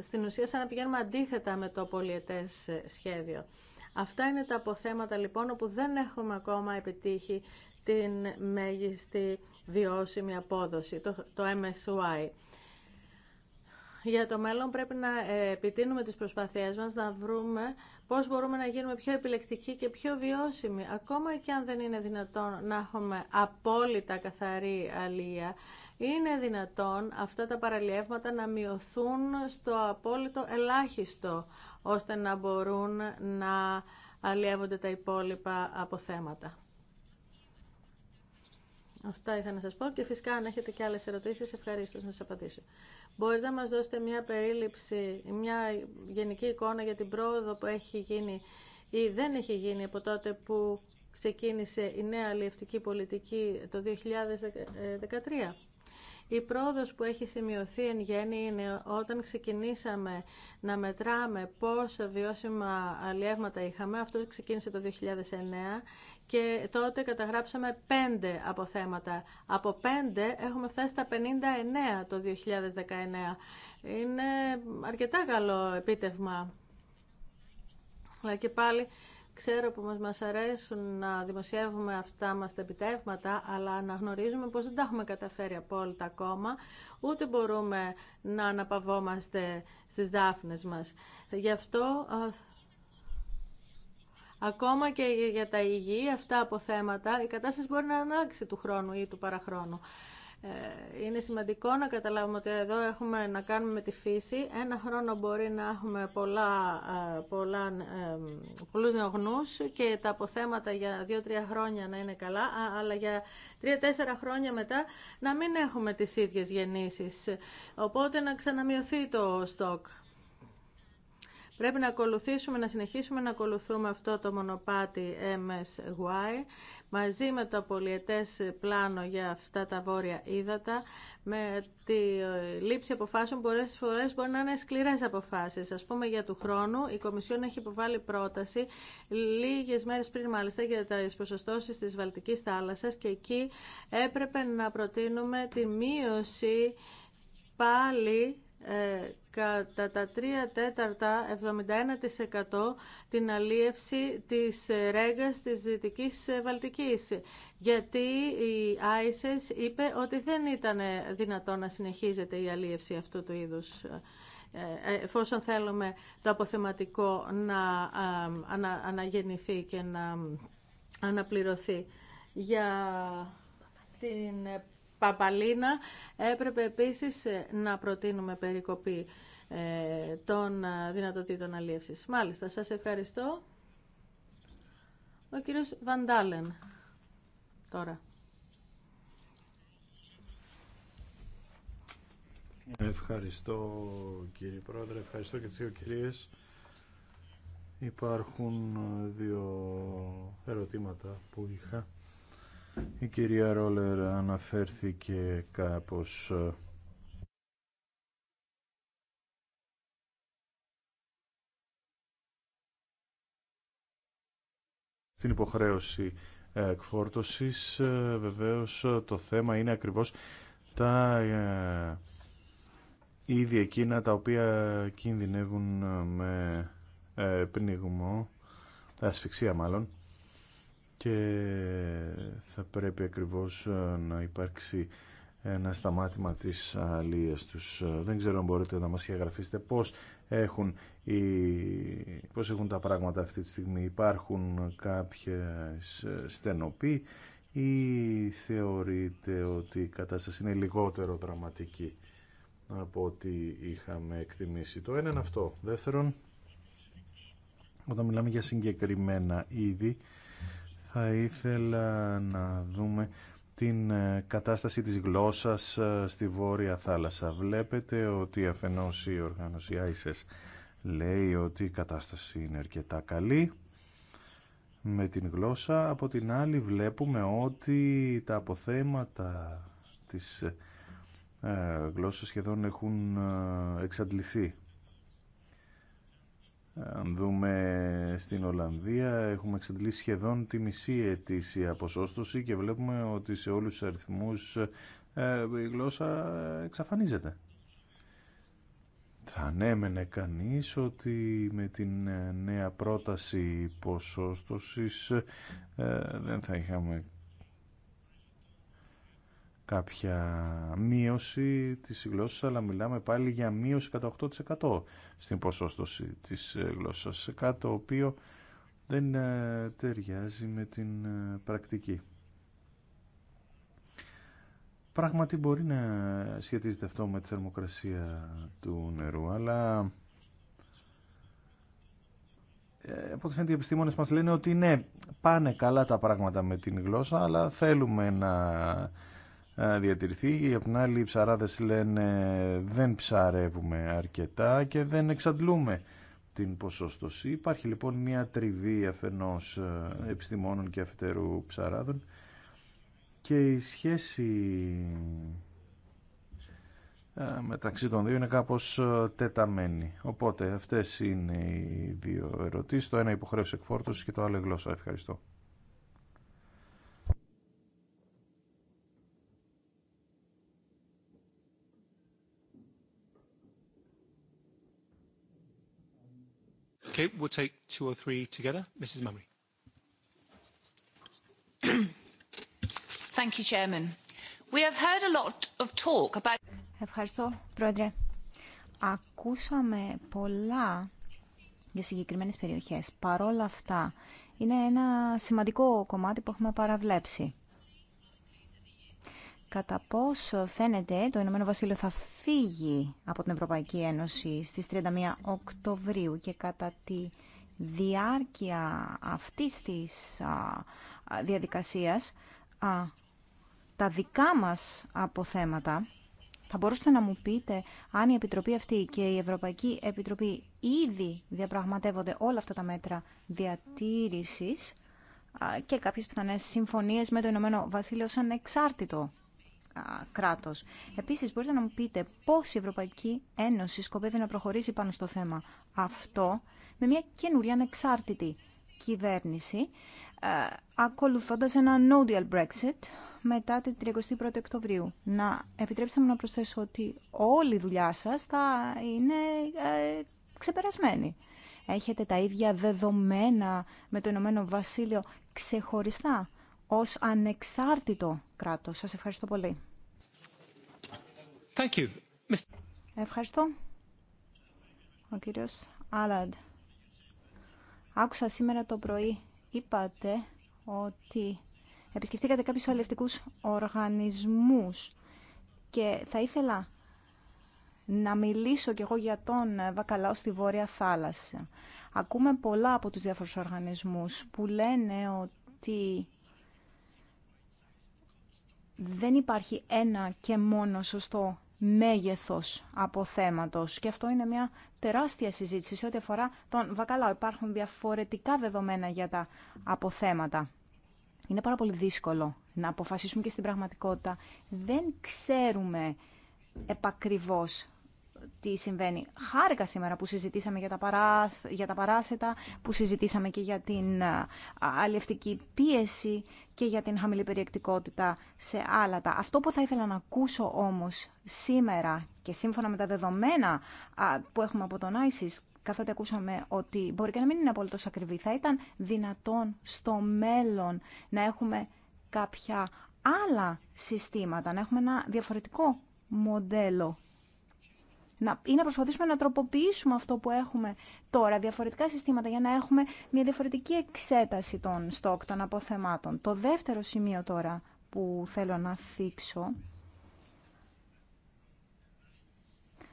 στην ουσία σαν να πηγαίνουμε αντίθετα με το πολιετές ε, σχέδιο. Αυτά είναι τα αποθέματα λοιπόν όπου δεν έχουμε ακόμα επιτύχει την μέγιστη βιώσιμη απόδοση, το, το MSY. Για το μέλλον πρέπει να ε, επιτείνουμε τις προσπάθειές μας, να βρούμε πώς μπορούμε να γίνουμε πιο επιλεκτικοί και πιο βιώσιμοι. Ακόμα και αν δεν είναι δυνατόν να έχουμε απόλυτα καθαρή αλία, είναι δυνατόν αυτά τα παραλιεύματα να μειωθούν στο απόλυτο ελάχιστο, ώστε να μπορούν να αλλιεύονται τα υπόλοιπα αποθέματα. Αυτά ήθελα να σας πω και φυσικά αν έχετε και άλλες ερωτήσεις ευχαρίστω να σας απαντήσω. Μπορείτε να μας δώσετε μια περίληψη, μια γενική εικόνα για την πρόοδο που έχει γίνει ή δεν έχει γίνει από τότε που ξεκίνησε η νέα αλληλευτική πολιτική το 2013. Η πρόοδος που έχει σημειωθεί εν γέννη είναι όταν ξεκινήσαμε να μετράμε πόσα βιώσιμα αλλιεύματα είχαμε. Αυτό ξεκίνησε το 2009 και τότε καταγράψαμε 5 αποθέματα. Από πέντε έχουμε φτάσει στα 59 το 2019. Είναι αρκετά καλό επίτευγμα. Αλλά και πάλι Ξέρω που μας, μας αρέσουν να δημοσιεύουμε αυτά μας τα επιτεύγματα, αλλά να γνωρίζουμε πως δεν τα έχουμε καταφέρει απόλυτα ακόμα, ούτε μπορούμε να αναπαυόμαστε στις δάφνες μας. Γι' αυτό Ακόμα και για τα υγιή αυτά αποθέματα, η κατάσταση μπορεί να ανάξει του χρόνου ή του παραχρόνου. Ε, είναι σημαντικό να καταλάβουμε ότι εδώ έχουμε να κάνουμε με τη φύση. Ένα χρόνο μπορεί να έχουμε πολλά, ε, πολλά, ε, πολλούς νεογνούς και τα αποθέματα για δύο-τρία χρόνια να είναι καλά, αλλά για τρία-τέσσερα χρόνια μετά να μην έχουμε τις ίδιες γεννήσεις. Οπότε να ξαναμειωθεί το στόκ. Πρέπει να ακολουθήσουμε, να συνεχίσουμε να ακολουθούμε αυτό το μονοπάτι MSY μαζί με το πολιετές πλάνο για αυτά τα βόρεια ύδατα, με τη λήψη αποφάσεων πολλές φορές μπορεί να είναι σκληρές αποφάσεις. Ας πούμε για του χρόνου η Κομισιόν έχει υποβάλει πρόταση λίγες μέρες πριν μάλιστα για τις ποσοστώσεις της Βαλτικής θάλασσας και εκεί έπρεπε να προτείνουμε τη μείωση πάλι ε, κατά τα 3 τέταρτα 71% την αλίευση της ρέγας της Δυτικής Βαλτικής γιατί η Άισες είπε ότι δεν ήταν δυνατό να συνεχίζεται η αλίευση αυτού του είδους ε, ε, εφόσον θέλουμε το αποθεματικό να αναγεννηθεί και να αναπληρωθεί για την Παπαλίνα έπρεπε επίσης ε, να προτείνουμε περικοπή ε, των ε, δυνατοτήτων αλίευσης. Μάλιστα, σας ευχαριστώ. Ο κύριος Βαντάλεν τώρα. Ευχαριστώ κύριε Πρόεδρε, ευχαριστώ και τις δύο κυρίες. Υπάρχουν δύο ερωτήματα που είχα. Η κυρία Ρόλερ αναφέρθηκε κάπως ε, στην υποχρέωση ε, εκφόρτωσης. Ε, βεβαίως το θέμα είναι ακριβώς τα ίδια εκείνα τα οποία κινδυνεύουν με πνιγμό, ασφυξία μάλλον, και θα πρέπει ακριβώς ε, να υπάρξει ένα σταμάτημα της αλίας τους. Ε, δεν ξέρω αν μπορείτε να μας διαγραφίσετε πώς έχουν, πώς έχουν τα πράγματα αυτή τη στιγμή. Υπάρχουν κάποιες ε, στενοποί ή θεωρείτε ότι η κατάσταση είναι λιγότερο δραματική από ό,τι είχαμε εκτιμήσει. Το ένα είναι αυτό. Δεύτερον, όταν μιλάμε για συγκεκριμένα είδη, θα ήθελα να δούμε την ε, κατάσταση της γλώσσας ε, στη Βόρεια Θάλασσα. Βλέπετε ότι αφενός η οργάνωση ISIS λέει ότι η κατάσταση είναι αρκετά καλή με την γλώσσα. Από την άλλη βλέπουμε ότι τα αποθέματα της ε, γλώσσας σχεδόν έχουν εξαντληθεί. Αν δούμε στην Ολλανδία έχουμε εξαντλήσει σχεδόν τη μισή ετήσια ποσόστοση και βλέπουμε ότι σε όλους τους αριθμούς ε, η γλώσσα εξαφανίζεται. Θα ανέμενε κανείς ότι με την ε, νέα πρόταση ποσόστοσης ε, δεν θα είχαμε κάποια μείωση της γλώσσας, αλλά μιλάμε πάλι για μείωση κατά 8% στην ποσόστοση της ε, γλώσσας, κάτι το οποίο δεν ε, ταιριάζει με την ε, πρακτική. Πράγματι μπορεί να σχετίζεται αυτό με τη θερμοκρασία του νερού, αλλά από φαίνεται οι επιστήμονες μας λένε ότι ναι, πάνε καλά τα πράγματα με την γλώσσα, αλλά θέλουμε να διατηρηθεί. Οι απ' την άλλη οι ψαράδες λένε δεν ψαρεύουμε αρκετά και δεν εξαντλούμε την ποσόστοση. Υπάρχει λοιπόν μια τριβή αφενός επιστημόνων και αφετέρου ψαράδων και η σχέση μεταξύ των δύο είναι κάπως τεταμένη. Οπότε αυτές είναι οι δύο ερωτήσεις. Το ένα υποχρέωση εκφόρτωση και το άλλο γλώσσα. Ευχαριστώ. Okay, we'll take two or three together. Mrs. Mummery. Thank you, Chairman. We have heard a lot of talk about... Ευχαριστώ, Πρόεδρε. Ακούσαμε πολλά για συγκεκριμένες περιοχές. Παρόλα αυτά, είναι ένα σημαντικό κομμάτι που έχουμε παραβλέψει κατά πόσο φαίνεται το Ηνωμένο Βασίλειο θα φύγει από την Ευρωπαϊκή Ένωση στις 31 Οκτωβρίου και κατά τη διάρκεια αυτής της διαδικασίας τα δικά μας αποθέματα θα μπορούσατε να μου πείτε αν η Επιτροπή αυτή και η Ευρωπαϊκή Επιτροπή ήδη διαπραγματεύονται όλα αυτά τα μέτρα διατήρησης και κάποιες πιθανές συμφωνίες με το Ηνωμένο Βασίλειο σαν εξάρτητο κράτος. Επίσης, μπορείτε να μου πείτε πώς η Ευρωπαϊκή Ένωση σκοπεύει να προχωρήσει πάνω στο θέμα αυτό με μια καινούρια ανεξάρτητη κυβέρνηση, ακολουθώντας ένα no-deal Brexit μετά την 31η Οκτωβρίου. Να επιτρέψτε μου να προσθέσω ότι όλη η δουλειά σας θα είναι ξεπερασμένη. Έχετε τα ίδια δεδομένα με το Ηνωμένο Βασίλειο ξεχωριστά ως ανεξάρτητο κράτος. Σας ευχαριστώ πολύ. Thank you. Ευχαριστώ. Ο κύριος Άλαντ. Άκουσα σήμερα το πρωί, είπατε ότι επισκεφτήκατε κάποιους αλληλευτικούς οργανισμούς και θα ήθελα να μιλήσω κι εγώ για τον βακαλάο στη Βόρεια Θάλασσα. Ακούμε πολλά από τους διάφορους οργανισμούς που λένε ότι δεν υπάρχει ένα και μόνο σωστό μέγεθος αποθέματος και αυτό είναι μια τεράστια συζήτηση σε ό,τι αφορά τον βακαλάο. Υπάρχουν διαφορετικά δεδομένα για τα αποθέματα. Είναι πάρα πολύ δύσκολο να αποφασίσουμε και στην πραγματικότητα. Δεν ξέρουμε επακριβώς τι συμβαίνει. Χάρηκα σήμερα που συζητήσαμε για τα, παράθ, για τα παράσετα, που συζητήσαμε και για την αλληλευτική πίεση και για την χαμηλή περιεκτικότητα σε άλατα. Αυτό που θα ήθελα να ακούσω όμως σήμερα και σύμφωνα με τα δεδομένα που έχουμε από τον Άισις, καθότι ακούσαμε ότι μπορεί και να μην είναι απολύτως ακριβή, θα ήταν δυνατόν στο μέλλον να έχουμε κάποια άλλα συστήματα, να έχουμε ένα διαφορετικό μοντέλο να, ή να προσπαθήσουμε να τροποποιήσουμε αυτό που έχουμε τώρα, διαφορετικά συστήματα, για να έχουμε μια διαφορετική εξέταση των στόκ, των αποθεμάτων. Το δεύτερο σημείο τώρα που θέλω να θίξω,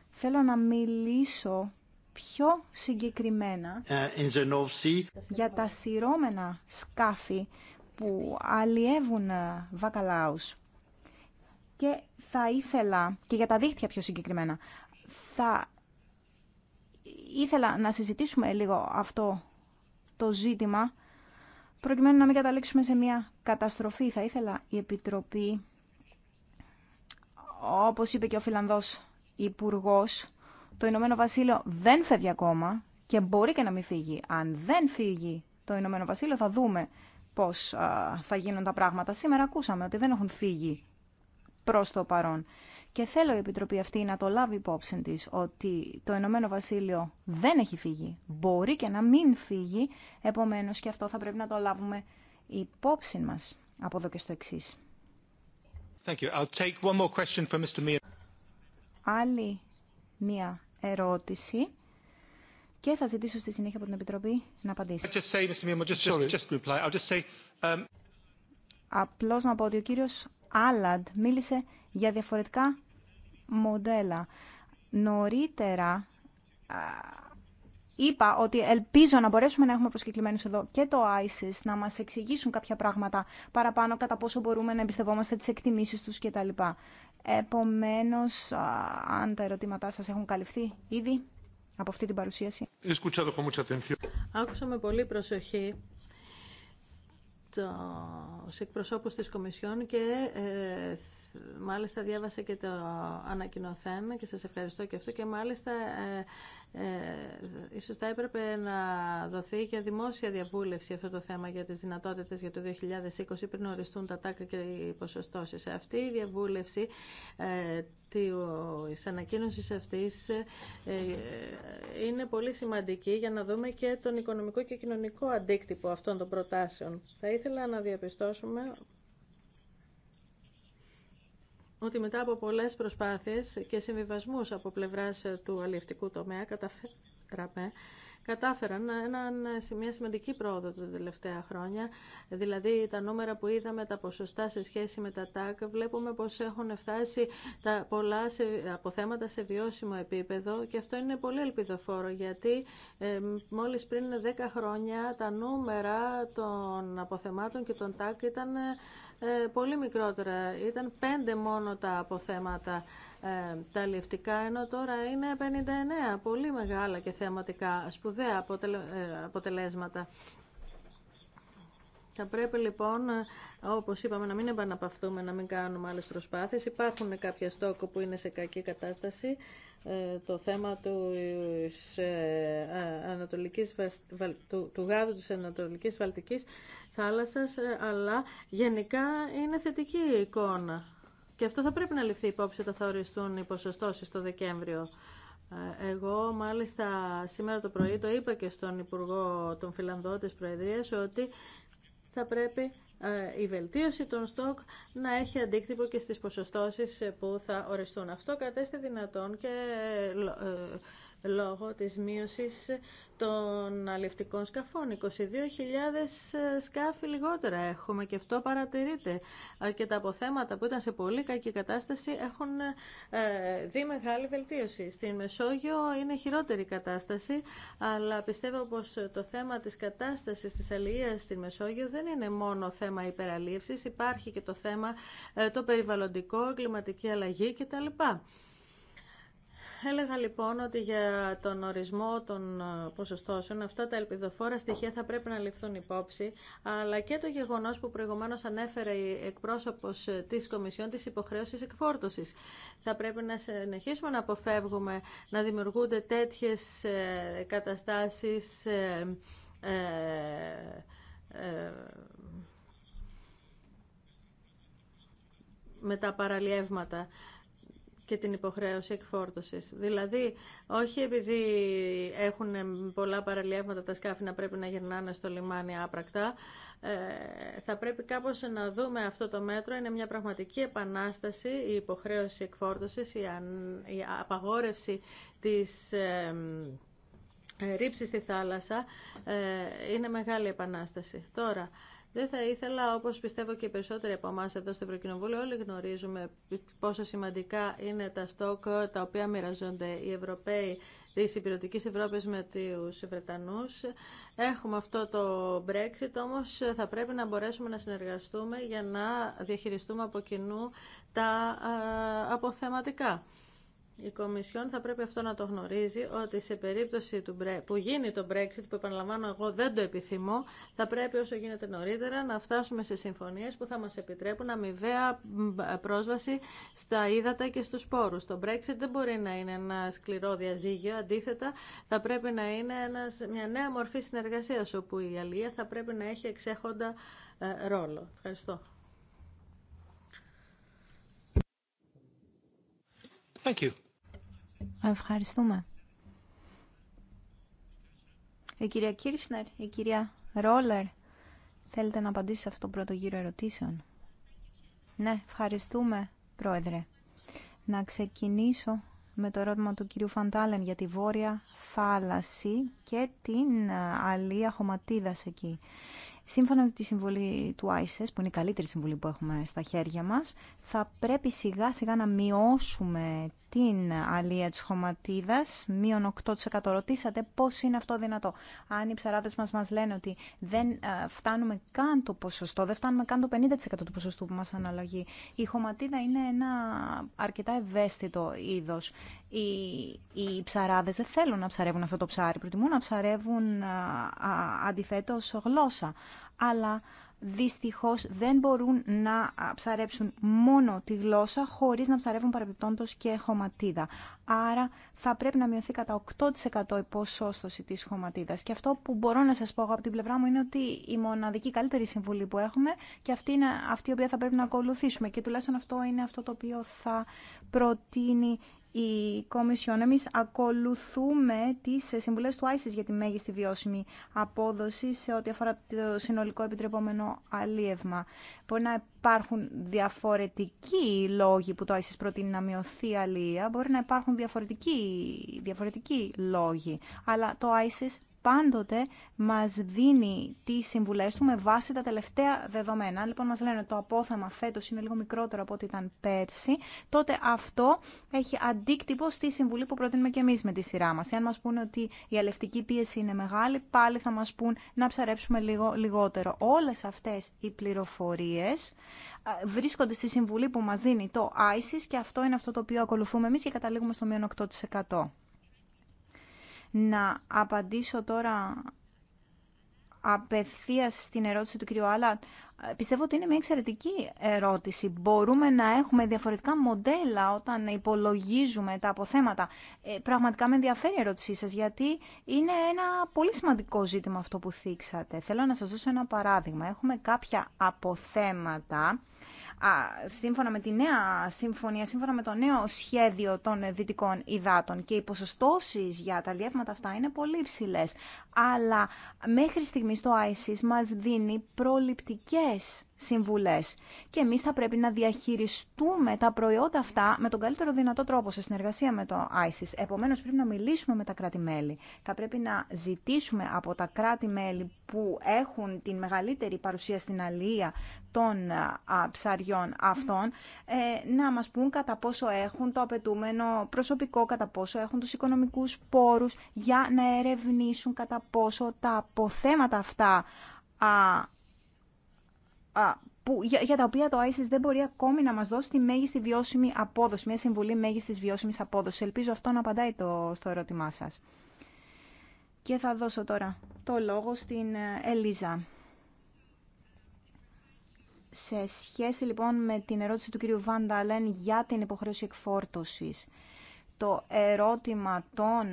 θέλω να μιλήσω πιο συγκεκριμένα ε, για τα σειρώμενα σκάφη που αλλιεύουν ε, βακαλάους. Και θα ήθελα, και για τα δίχτυα πιο συγκεκριμένα, θα ήθελα να συζητήσουμε λίγο αυτό το ζήτημα προκειμένου να μην καταλήξουμε σε μια καταστροφή. Θα ήθελα η Επιτροπή, όπως είπε και ο Φιλανδός υπουργό, το Ηνωμένο Βασίλειο δεν φεύγει ακόμα και μπορεί και να μην φύγει. Αν δεν φύγει το Ηνωμένο Βασίλειο θα δούμε πώς θα γίνουν τα πράγματα. Σήμερα ακούσαμε ότι δεν έχουν φύγει προς το παρόν. Και θέλω η Επιτροπή αυτή να το λάβει υπόψη της ότι το Ηνωμένο Βασίλειο δεν έχει φύγει. Μπορεί και να μην φύγει, επομένως και αυτό θα πρέπει να το λάβουμε υπόψη μας από εδώ και στο εξή. Άλλη μία ερώτηση και θα ζητήσω στη συνέχεια από την Επιτροπή να απαντήσει. Απλώς να πω ότι ο κύριος Άλλαντ μίλησε για διαφορετικά μοντέλα. Νωρίτερα είπα ότι ελπίζω να μπορέσουμε να έχουμε προσκεκλημένους εδώ και το ISIS να μας εξηγήσουν κάποια πράγματα παραπάνω κατά πόσο μπορούμε να εμπιστευόμαστε τις εκτιμήσεις τους κτλ. Επομένως, αν τα ερωτήματά σας έχουν καλυφθεί ήδη από αυτή την παρουσίαση. Άκουσα με πολύ προσοχή ε, σε εκπροσώπους της Κομισιόν και ε, μάλιστα διάβασα και το ανακοινωθέν και σας ευχαριστώ και αυτό και μάλιστα ε, ε, ίσως θα έπρεπε να δοθεί και δημόσια διαβούλευση αυτό το θέμα για τις δυνατότητες για το 2020 πριν οριστούν τα τάκα και οι ποσοστώσεις. Αυτή η διαβούλευση ε, της ανακοίνωσης αυτής ε, είναι πολύ σημαντική για να δούμε και τον οικονομικό και κοινωνικό αντίκτυπο αυτών των προτάσεων. Θα ήθελα να διαπιστώσουμε ότι μετά από πολλές προσπάθειες και συμβιβασμούς από πλευράς ε, του αλληλευτικού τομέα καταφέραμε κατάφεραν έναν, ε, σε μια σημαντική πρόοδο τα τελευταία χρόνια. Δηλαδή τα νούμερα που είδαμε, τα ποσοστά σε σχέση με τα ΤΑΚ, βλέπουμε πως έχουν φτάσει τα πολλά αποθέματα σε βιώσιμο επίπεδο και αυτό είναι πολύ ελπιδοφόρο γιατί ε, μόλις πριν 10 χρόνια τα νούμερα των αποθεμάτων και των ΤΑΚ ήταν ε, ε, πολύ μικρότερα. Ήταν πέντε μόνο τα αποθέματα ε, τα ληφτικά, ενώ τώρα είναι 59. Πολύ μεγάλα και θεματικά. σπουδαία ε, αποτελέσματα. Θα πρέπει λοιπόν, όπως είπαμε, να μην επαναπαυθούμε, να μην κάνουμε άλλες προσπάθειες. Υπάρχουν κάποια στόκο που είναι σε κακή κατάσταση. Ε, το θέμα του, ε, ανατολικής, του, του γάδου της Ανατολικής Βαλτικής θάλασσας, ε, αλλά γενικά είναι θετική εικόνα. Και αυτό θα πρέπει να ληφθεί υπόψη όταν θα οριστούν οι ποσοστώσει το Δεκέμβριο. Εγώ μάλιστα σήμερα το πρωί το είπα και στον Υπουργό των Φιλανδό της Προεδρίας ότι θα πρέπει ε, η βελτίωση των στόκ να έχει αντίκτυπο και στις ποσοστώσεις που θα οριστούν. Αυτό κατέστη δυνατόν και ε, ε, λόγω της μείωσης των αλευτικών σκαφών. 22.000 σκάφη λιγότερα έχουμε και αυτό παρατηρείται. Ε, και τα αποθέματα που ήταν σε πολύ κακή κατάσταση έχουν ε, δει μεγάλη βελτίωση. Στην Μεσόγειο είναι χειρότερη η κατάσταση, αλλά πιστεύω πως το θέμα της κατάστασης της αλληλείας στην Μεσόγειο δεν είναι μόνο θέμα υπεραλήψης, υπάρχει και το θέμα ε, το περιβαλλοντικό, κλιματική αλλαγή κτλ. Έλεγα λοιπόν ότι για τον ορισμό των ε, ποσοστώσεων αυτά τα ελπιδοφόρα στοιχεία θα πρέπει να ληφθούν υπόψη, αλλά και το γεγονός που προηγουμένως ανέφερε η εκπρόσωπος ε, της Κομισιόν της υποχρέωσης εκφόρτωσης. Θα πρέπει να συνεχίσουμε να αποφεύγουμε να δημιουργούνται τέτοιες ε, καταστάσεις με τα παραλιεύματα και την υποχρέωση εκφόρτωσης. Δηλαδή, όχι επειδή έχουν πολλά παραλιεύματα τα σκάφη να πρέπει να γυρνάνε στο λιμάνι άπρακτα, ε, θα πρέπει κάπως να δούμε αυτό το μέτρο. Είναι μια πραγματική επανάσταση, η υποχρέωση εκφόρτωσης, η, απαγόρευση της ε, ε, ρήψη στη θάλασσα είναι μεγάλη επανάσταση. Τώρα, δεν θα ήθελα, όπως πιστεύω και οι περισσότεροι από εμά εδώ στο Ευρωκοινοβούλιο, όλοι γνωρίζουμε πόσο σημαντικά είναι τα στόκ τα οποία μοιραζόνται οι Ευρωπαίοι τη υπηρετικής Ευρώπης με τους Βρετανούς. Έχουμε αυτό το Brexit, όμως θα πρέπει να μπορέσουμε να συνεργαστούμε για να διαχειριστούμε από κοινού τα αποθεματικά. Η Κομισιόν θα πρέπει αυτό να το γνωρίζει ότι σε περίπτωση που γίνει το Brexit, που επαναλαμβάνω εγώ δεν το επιθυμώ, θα πρέπει όσο γίνεται νωρίτερα να φτάσουμε σε συμφωνίες που θα μας επιτρέπουν αμοιβαία πρόσβαση στα ύδατα και στους πόρους. Το Brexit δεν μπορεί να είναι ένα σκληρό διαζύγιο, αντίθετα θα πρέπει να είναι μια νέα μορφή συνεργασίας όπου η Αλία θα πρέπει να έχει εξέχοντα ε, ρόλο. Ευχαριστώ. Thank Ευχαριστούμε. Η κυρία Κίρσνερ, η κυρία Ρόλερ, θέλετε να απαντήσετε σε αυτό το πρώτο γύρο ερωτήσεων. Ναι, ευχαριστούμε, Πρόεδρε. Να ξεκινήσω με το ερώτημα του κυρίου Φαντάλεν για τη Βόρεια Φάλαση και την αλία χωματίδας εκεί. Σύμφωνα με τη συμβολή του ΆΙΣΕΣ, που είναι η καλύτερη συμβολή που έχουμε στα χέρια μας, θα πρέπει σιγά σιγά να μειώσουμε την αλία της χωματίδας, μείον 8%. Ρωτήσατε πώς είναι αυτό δυνατό. Αν οι ψαράδες μας μας λένε ότι δεν ε, φτάνουμε καν το ποσοστό, δεν φτάνουμε καν το 50% του ποσοστού που μας αναλογεί. Η χωματίδα είναι ένα αρκετά ευαίσθητο είδος. Οι, οι ψαράδες δεν θέλουν να ψαρεύουν αυτό το ψάρι, προτιμούν να ψαρεύουν ε, αντιθέτω γλώσσα. Αλλά δυστυχώς δεν μπορούν να ψαρέψουν μόνο τη γλώσσα χωρίς να ψαρεύουν παρεμπιπτόντως και χωματίδα. Άρα θα πρέπει να μειωθεί κατά 8% η ποσόστοση της χωματίδας. Και αυτό που μπορώ να σας πω από την πλευρά μου είναι ότι η μοναδική καλύτερη συμβουλή που έχουμε και αυτή είναι αυτή η οποία θα πρέπει να ακολουθήσουμε. Και τουλάχιστον αυτό είναι αυτό το οποίο θα προτείνει η Κομισιόν, εμείς ακολουθούμε τις συμβουλές του ISIS για τη μέγιστη βιώσιμη απόδοση σε ό,τι αφορά το συνολικό επιτρεπόμενο αλίευμα. Μπορεί να υπάρχουν διαφορετικοί λόγοι που το ISIS προτείνει να μειωθεί η αλία, μπορεί να υπάρχουν διαφορετικοί, διαφορετικοί λόγοι, αλλά το ISIS πάντοτε μα δίνει τι συμβουλέ του με βάση τα τελευταία δεδομένα. Αν λοιπόν μα λένε το απόθεμα φέτο είναι λίγο μικρότερο από ό,τι ήταν πέρσι, τότε αυτό έχει αντίκτυπο στη συμβουλή που προτείνουμε και εμεί με τη σειρά μα. Εάν μα πούνε ότι η αλευτική πίεση είναι μεγάλη, πάλι θα μα πούν να ψαρέψουμε λίγο λιγότερο. Όλε αυτέ οι πληροφορίε βρίσκονται στη συμβουλή που μα δίνει το ISIS και αυτό είναι αυτό το οποίο ακολουθούμε εμεί και καταλήγουμε στο μείον 8%. Να απαντήσω τώρα απευθείας στην ερώτηση του κυρίου Άλλα. Πιστεύω ότι είναι μια εξαιρετική ερώτηση. Μπορούμε να έχουμε διαφορετικά μοντέλα όταν υπολογίζουμε τα αποθέματα. Ε, πραγματικά με ενδιαφέρει η ερώτησή σας, γιατί είναι ένα πολύ σημαντικό ζήτημα αυτό που θίξατε. Θέλω να σας δώσω ένα παράδειγμα. Έχουμε κάποια αποθέματα σύμφωνα με τη νέα συμφωνία, σύμφωνα με το νέο σχέδιο των δυτικών υδάτων και οι ποσοστώσει για τα λιεύματα αυτά είναι πολύ ψηλές. Αλλά μέχρι στιγμής το ISIS μας δίνει προληπτικές συμβουλές. Και εμείς θα πρέπει να διαχειριστούμε τα προϊόντα αυτά με τον καλύτερο δυνατό τρόπο σε συνεργασία με το ISIS. Επομένως πρέπει να μιλήσουμε με τα κράτη-μέλη. Θα πρέπει να ζητήσουμε από τα κράτη-μέλη που έχουν την μεγαλύτερη παρουσία στην αλληλεία των ψαριών αυτών ε, να μας πούν κατά πόσο έχουν το απαιτούμενο προσωπικό, κατά πόσο έχουν τους οικονομικούς πόρους για να ερευνήσουν κατά πόσο τα αποθέματα αυτά που, για, για, τα οποία το ISIS δεν μπορεί ακόμη να μας δώσει τη μέγιστη βιώσιμη απόδοση, μια συμβουλή μέγιστης βιώσιμης απόδοσης. Ελπίζω αυτό να απαντάει το, στο ερώτημά σας. Και θα δώσω τώρα το λόγο στην ε, Ελίζα. Σε σχέση λοιπόν με την ερώτηση του κυρίου Βανταλέν για την υποχρέωση εκφόρτωσης το ερώτημα των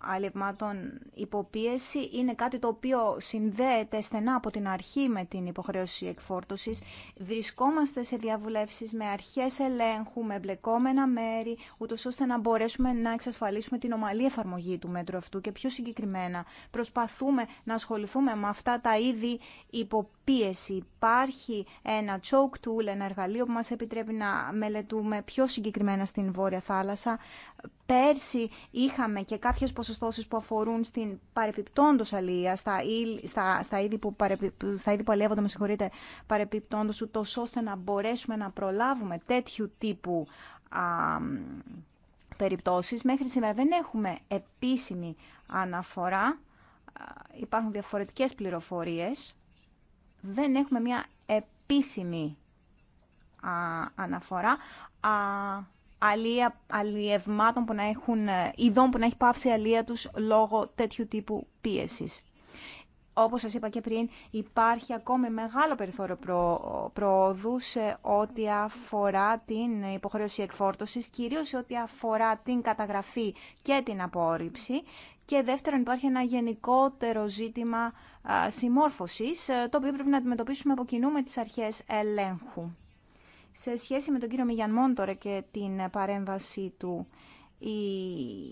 αλευμάτων υποπίεση είναι κάτι το οποίο συνδέεται στενά από την αρχή με την υποχρέωση εκφόρτωσης. Βρισκόμαστε σε διαβουλεύσεις με αρχές ελέγχου, με μπλεκόμενα μέρη, ούτω ώστε να μπορέσουμε να εξασφαλίσουμε την ομαλή εφαρμογή του μέτρου αυτού και πιο συγκεκριμένα προσπαθούμε να ασχοληθούμε με αυτά τα είδη υποπίεση. Υπάρχει ένα choke tool, ένα εργαλείο που μας επιτρέπει να μελετούμε πιο συγκεκριμένα στην Βόρεια Θάλασσα Πέρσι είχαμε και κάποιες ποσοστώσεις που αφορούν στην παρεπιπτόντος αλληλεία, στα, στα, στα, είδη που παρεπι, στα είδη που αλλιεύονται, με συγχωρείτε, παρεπιπτόντω, ώστε να μπορέσουμε να προλάβουμε τέτοιου τύπου α, περιπτώσεις. Μέχρι σήμερα δεν έχουμε επίσημη αναφορά, υπάρχουν διαφορετικές πληροφορίες, δεν έχουμε μια επίσημη α, αναφορά, αλλιευμάτων που να έχουν, ε, ειδών που να έχει πάυσει η αλία τους λόγω τέτοιου τύπου πίεσης. Όπως σας είπα και πριν, υπάρχει ακόμη μεγάλο περιθώριο προ, προόδου σε ό,τι αφορά την υποχρέωση εκφόρτωσης, κυρίως σε ό,τι αφορά την καταγραφή και την απόρριψη. Και δεύτερον, υπάρχει ένα γενικότερο ζήτημα συμμόρφωσης, ε, το οποίο πρέπει να αντιμετωπίσουμε από κοινού με τις αρχές ελέγχου σε σχέση με τον κύριο Μιγιαν Μόντορε και την παρέμβαση του η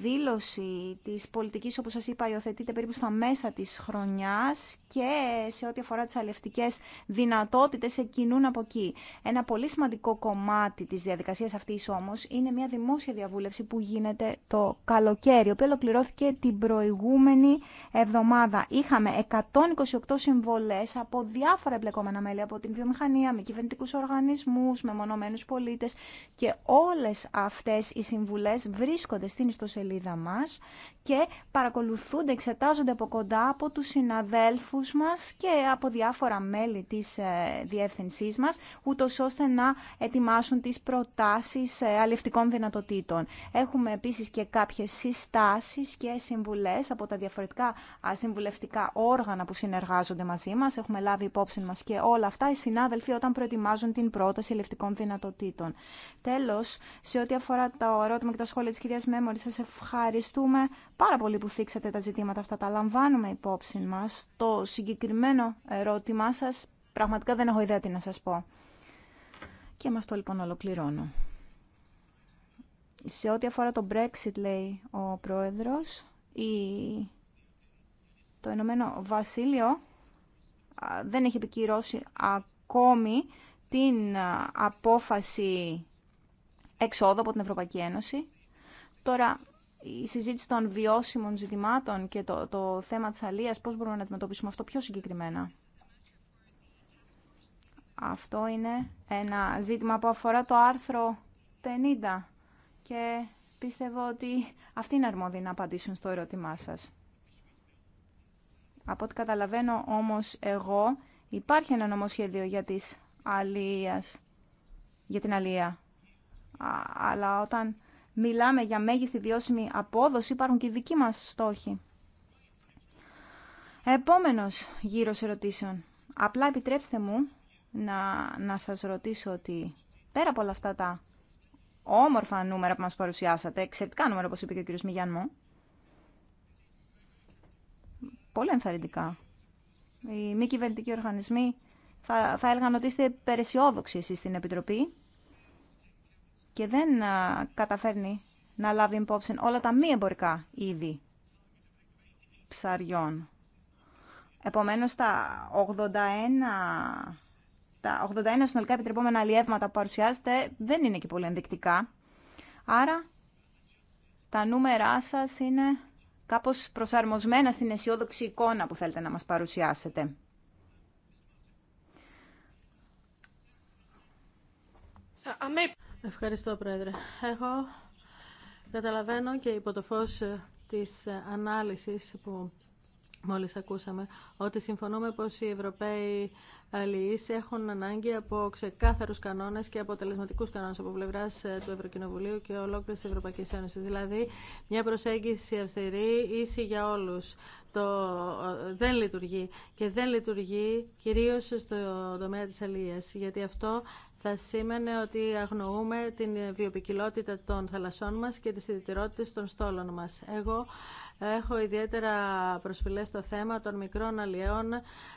δήλωση της πολιτικής, όπως σας είπα, υιοθετείται περίπου στα μέσα της χρονιάς και σε ό,τι αφορά τις αλληλευτικές δυνατότητες εκκινούν από εκεί. Ένα πολύ σημαντικό κομμάτι της διαδικασίας αυτής όμως είναι μια δημόσια διαβούλευση που γίνεται το καλοκαίρι, η οποία ολοκληρώθηκε την προηγούμενη εβδομάδα. Είχαμε 128 συμβολές από διάφορα εμπλεκόμενα μέλη, από την βιομηχανία, με κυβερνητικούς οργανισμούς, με μονομένους πολίτες και όλες αυτές οι συμβουλές βρίσκονται στην ιστοσελίδα μας και παρακολουθούνται, εξετάζονται από κοντά από τους συναδέλφους μας και από διάφορα μέλη της ε, διεύθυνσής μας, ούτω ώστε να ετοιμάσουν τις προτάσεις ε, αλληλευτικών δυνατοτήτων. Έχουμε επίσης και κάποιες συστάσεις και συμβουλές από τα διαφορετικά συμβουλευτικά όργανα που συνεργάζονται μαζί μας. Έχουμε λάβει υπόψη μας και όλα αυτά οι συνάδελφοι όταν προετοιμάζουν την πρόταση αλληλευτικών δυνατοτήτων. Τέλος, σε ό,τι αφορά το ερώτημα και τα σχόλια τη κυρία Μέμορη. σα ευχαριστούμε πάρα πολύ που θίξατε τα ζητήματα αυτά. Τα λαμβάνουμε υπόψη μας. Το συγκεκριμένο ερώτημά σα πραγματικά δεν έχω ιδέα τι να σας πω. Και με αυτό λοιπόν ολοκληρώνω. Σε ό,τι αφορά το Brexit, λέει ο πρόεδρο. η... το Ενωμένο Βασίλειο δεν έχει επικυρώσει ακόμη την απόφαση εξόδο από την Ευρωπαϊκή Ένωση. Τώρα, η συζήτηση των βιώσιμων ζητημάτων και το, το θέμα της αλίας, πώς μπορούμε να αντιμετωπίσουμε αυτό πιο συγκεκριμένα. Αυτό είναι ένα ζήτημα που αφορά το άρθρο 50 και πίστευω ότι αυτοί είναι αρμόδιοι να απαντήσουν στο ερώτημά σας. Από ό,τι καταλαβαίνω όμως εγώ, υπάρχει ένα νομοσχέδιο για, τις αλίας, για την αλία αλλά όταν μιλάμε για μέγιστη βιώσιμη απόδοση υπάρχουν και οι δικοί μας στόχοι. Επόμενος γύρος ερωτήσεων. Απλά επιτρέψτε μου να, να σας ρωτήσω ότι πέρα από όλα αυτά τα όμορφα νούμερα που μας παρουσιάσατε, εξαιρετικά νούμερα όπως είπε και ο κύριος Μιγιάν μου, πολύ ενθαρρυντικά. Οι μη κυβερνητικοί οργανισμοί θα, θα έλεγαν ότι είστε περαισιόδοξοι εσείς στην Επιτροπή και δεν καταφέρνει να λάβει υπόψη όλα τα μη εμπορικά είδη ψαριών. Επομένως, τα 81 τα 81 συνολικά επιτρεπόμενα αλλιεύματα που παρουσιάζετε δεν είναι και πολύ ενδεικτικά. Άρα, τα νούμερά σας είναι κάπως προσαρμοσμένα στην αισιόδοξη εικόνα που θέλετε να μας παρουσιάσετε. Ευχαριστώ, Πρόεδρε. Εγώ καταλαβαίνω και υπό το φως ε, της ε, ανάλυσης που μόλις ακούσαμε, ότι συμφωνούμε πως οι Ευρωπαίοι αλληλείς έχουν ανάγκη από ξεκάθαρους κανόνες και αποτελεσματικούς κανόνες από πλευρά ε, του Ευρωκοινοβουλίου και ολόκληρη της Ευρωπαϊκής Ένωσης. Δηλαδή, μια προσέγγιση αυστηρή, ίση για όλους. Το δεν λειτουργεί και δεν λειτουργεί κυρίως στο τομέα της αλληλείας, γιατί αυτό θα σήμαινε ότι αγνοούμε την βιοπικιλότητα των θαλασσών μας και τις ιδιαιτερότητες των στόλων μας. Έχω ιδιαίτερα προσφυλές στο θέμα των μικρών αλλιών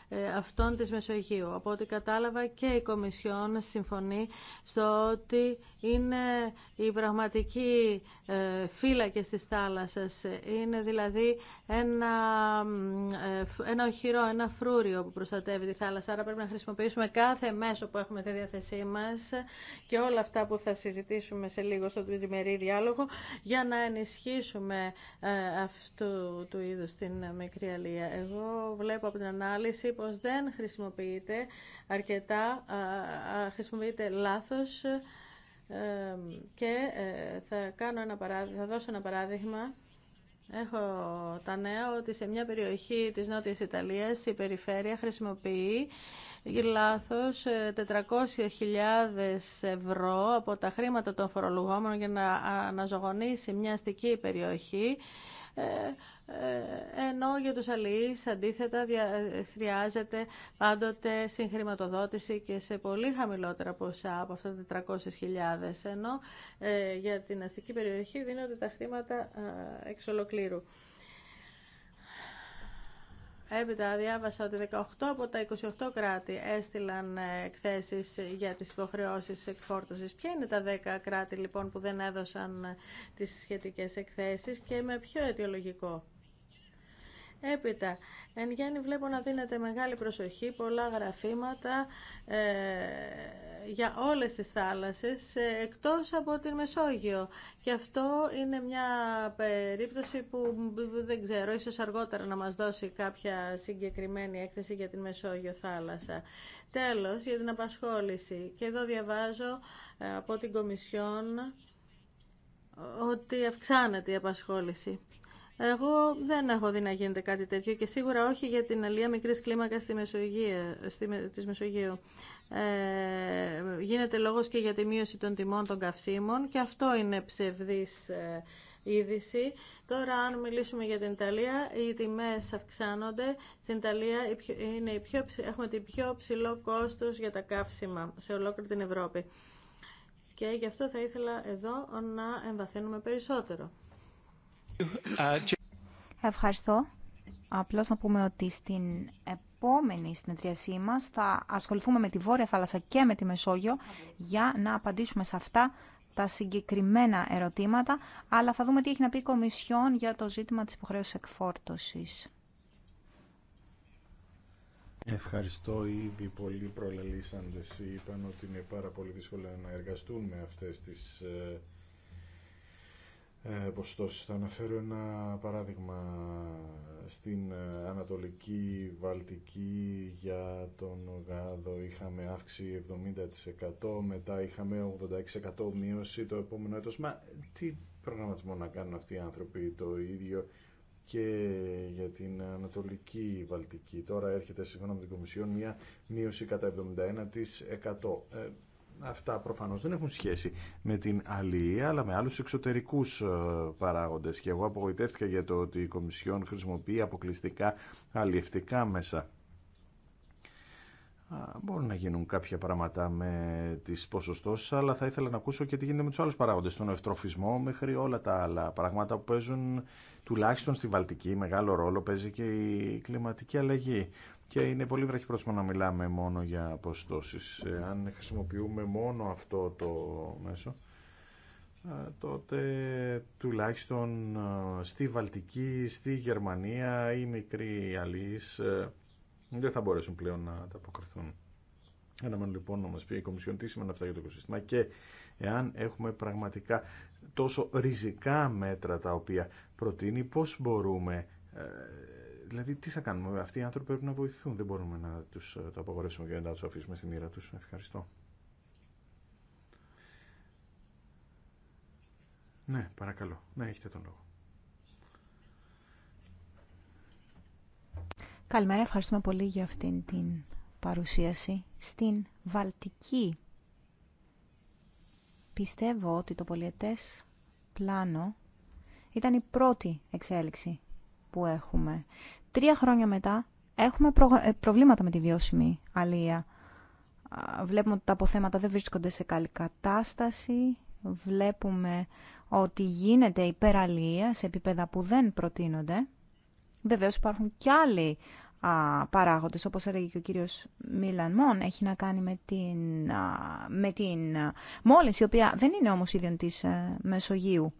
ε, αυτών της Μεσογείου. Από ό,τι κατάλαβα και η Κομισιόν συμφωνεί στο ότι είναι οι πραγματική ε, φύλακες της θάλασσας. Είναι δηλαδή ένα, ε, ένα οχυρό, ένα φρούριο που προστατεύει τη θάλασσα. Άρα πρέπει να χρησιμοποιήσουμε κάθε μέσο που έχουμε στη διάθεσή μας και όλα αυτά που θα συζητήσουμε σε λίγο στον τριμερή διάλογο για να ενισχύσουμε αυτό του είδους στην μικρή αλία. Εγώ βλέπω από την ανάλυση πως δεν χρησιμοποιείται αρκετά, χρησιμοποιείται λάθος ε, και ε, θα, κάνω ένα παράδειγμα, θα δώσω ένα παράδειγμα. Έχω τα νέα ότι σε μια περιοχή της Νότιας Ιταλίας η περιφέρεια χρησιμοποιεί λάθος 400.000 ε, ευρώ από τα χρήματα των φορολογόμενων για να αναζωογονήσει μια αστική περιοχή ε, ε, ενώ για τους αλληλείς αντίθετα χρειάζεται πάντοτε συγχρηματοδότηση και σε πολύ χαμηλότερα ποσά από αυτά τα 400.000 ενώ ε, για την αστική περιοχή δίνονται τα χρήματα εξ ολοκλήρου. Έπειτα διάβασα ότι 18 από τα 28 κράτη έστειλαν ε, εκθέσεις για τις υποχρεώσεις εκφόρτωσης. Ποια είναι τα 10 κράτη λοιπόν που δεν έδωσαν ε, τις σχετικές εκθέσεις και με ποιο αιτιολογικό. Έπειτα, εν γέννη βλέπω να δίνεται μεγάλη προσοχή, πολλά γραφήματα ε, για όλες τις θάλασσες, ε, εκτός από την Μεσόγειο. Και αυτό είναι μια περίπτωση που δεν ξέρω, ίσως αργότερα να μας δώσει κάποια συγκεκριμένη έκθεση για την Μεσόγειο θάλασσα. Τέλος, για την απασχόληση. Και εδώ διαβάζω ε, από την Κομισιόν ότι αυξάνεται η απασχόληση. Εγώ δεν έχω δει να γίνεται κάτι τέτοιο και σίγουρα όχι για την αλία μικρή κλίμακα στη Μεσογεία, στη, της Μεσογείου. Ε, γίνεται λόγος και για τη μείωση των τιμών των καυσίμων και αυτό είναι ψευδής ε, είδηση. Τώρα αν μιλήσουμε για την Ιταλία, οι τιμές αυξάνονται. Στην Ιταλία είναι η πιο, έχουμε την πιο ψηλό κόστος για τα καύσιμα σε ολόκληρη την Ευρώπη. Και γι' αυτό θα ήθελα εδώ να εμβαθύνουμε περισσότερο. Ευχαριστώ. Απλώς να πούμε ότι στην επόμενη συνεδρίασή μας θα ασχοληθούμε με τη Βόρεια Θάλασσα και με τη Μεσόγειο για να απαντήσουμε σε αυτά τα συγκεκριμένα ερωτήματα, αλλά θα δούμε τι έχει να πει η Κομισιόν για το ζήτημα της υποχρέωση εκφόρτωσης. Ευχαριστώ ήδη πολύ προλαλήσαντες. Είπαν ότι είναι πάρα πολύ δύσκολο να εργαστούν με αυτές τις ε, ε, ποστός. Θα αναφέρω ένα παράδειγμα στην ε, Ανατολική Βαλτική για τον Γάδο είχαμε αύξηση 70% μετά είχαμε 86% μείωση το επόμενο έτος. Μα τι προγραμματισμό να κάνουν αυτοί οι άνθρωποι το ίδιο και για την Ανατολική Βαλτική. Τώρα έρχεται σύμφωνα με την Κομισιόν μια μείωση κατά 71%. Αυτά προφανώς δεν έχουν σχέση με την αλληλεία, αλλά με άλλους εξωτερικούς ε, παράγοντες. Και εγώ απογοητεύτηκα για το ότι η Κομισιόν χρησιμοποιεί αποκλειστικά αλληλευτικά μέσα. Μπορούν να γίνουν κάποια πράγματα με τις ποσοστώσεις, αλλά θα ήθελα να ακούσω και τι γίνεται με τους άλλους παράγοντες, τον ευτροφισμό μέχρι όλα τα άλλα πράγματα που παίζουν τουλάχιστον στη Βαλτική μεγάλο ρόλο παίζει και η κλιματική αλλαγή. Και είναι πολύ βραχυπρόθεσμο να μιλάμε μόνο για αποστώσεις. Ε, αν χρησιμοποιούμε μόνο αυτό το μέσο, ε, τότε τουλάχιστον ε, στη Βαλτική, στη Γερμανία ή μικροί αλείς δεν θα μπορέσουν πλέον να τα ανταποκριθούν. Αναμένω λοιπόν να μας πει η Κομισιόν τι σημαίνει αυτά για το οικοσύστημα και εάν έχουμε πραγματικά τόσο ριζικά μέτρα τα οποία προτείνει, πώς μπορούμε, ε, δηλαδή τι θα κάνουμε, αυτοί οι άνθρωποι πρέπει να βοηθούν, δεν μπορούμε να τους ε, το απαγορεύσουμε και να τους αφήσουμε στη μοίρα τους. Ευχαριστώ. Ναι, παρακαλώ. να έχετε τον λόγο. Καλημέρα, ευχαριστούμε πολύ για αυτήν την παρουσίαση. Στην Βαλτική Πιστεύω ότι το πολιετές πλάνο ήταν η πρώτη εξέλιξη που έχουμε. Τρία χρόνια μετά έχουμε ε, προβλήματα με τη βιώσιμη αλία. Βλέπουμε ότι τα αποθέματα δεν βρίσκονται σε καλή κατάσταση. Βλέπουμε ότι γίνεται υπεραλία σε επίπεδα που δεν προτείνονται. Βεβαίως υπάρχουν και άλλοι α, παράγοντες, όπως έλεγε και ο κύριος Μίλαν έχει να κάνει με την, α, με την μόλυνση, η οποία δεν είναι όμως ίδιον της ε, Μεσογείου.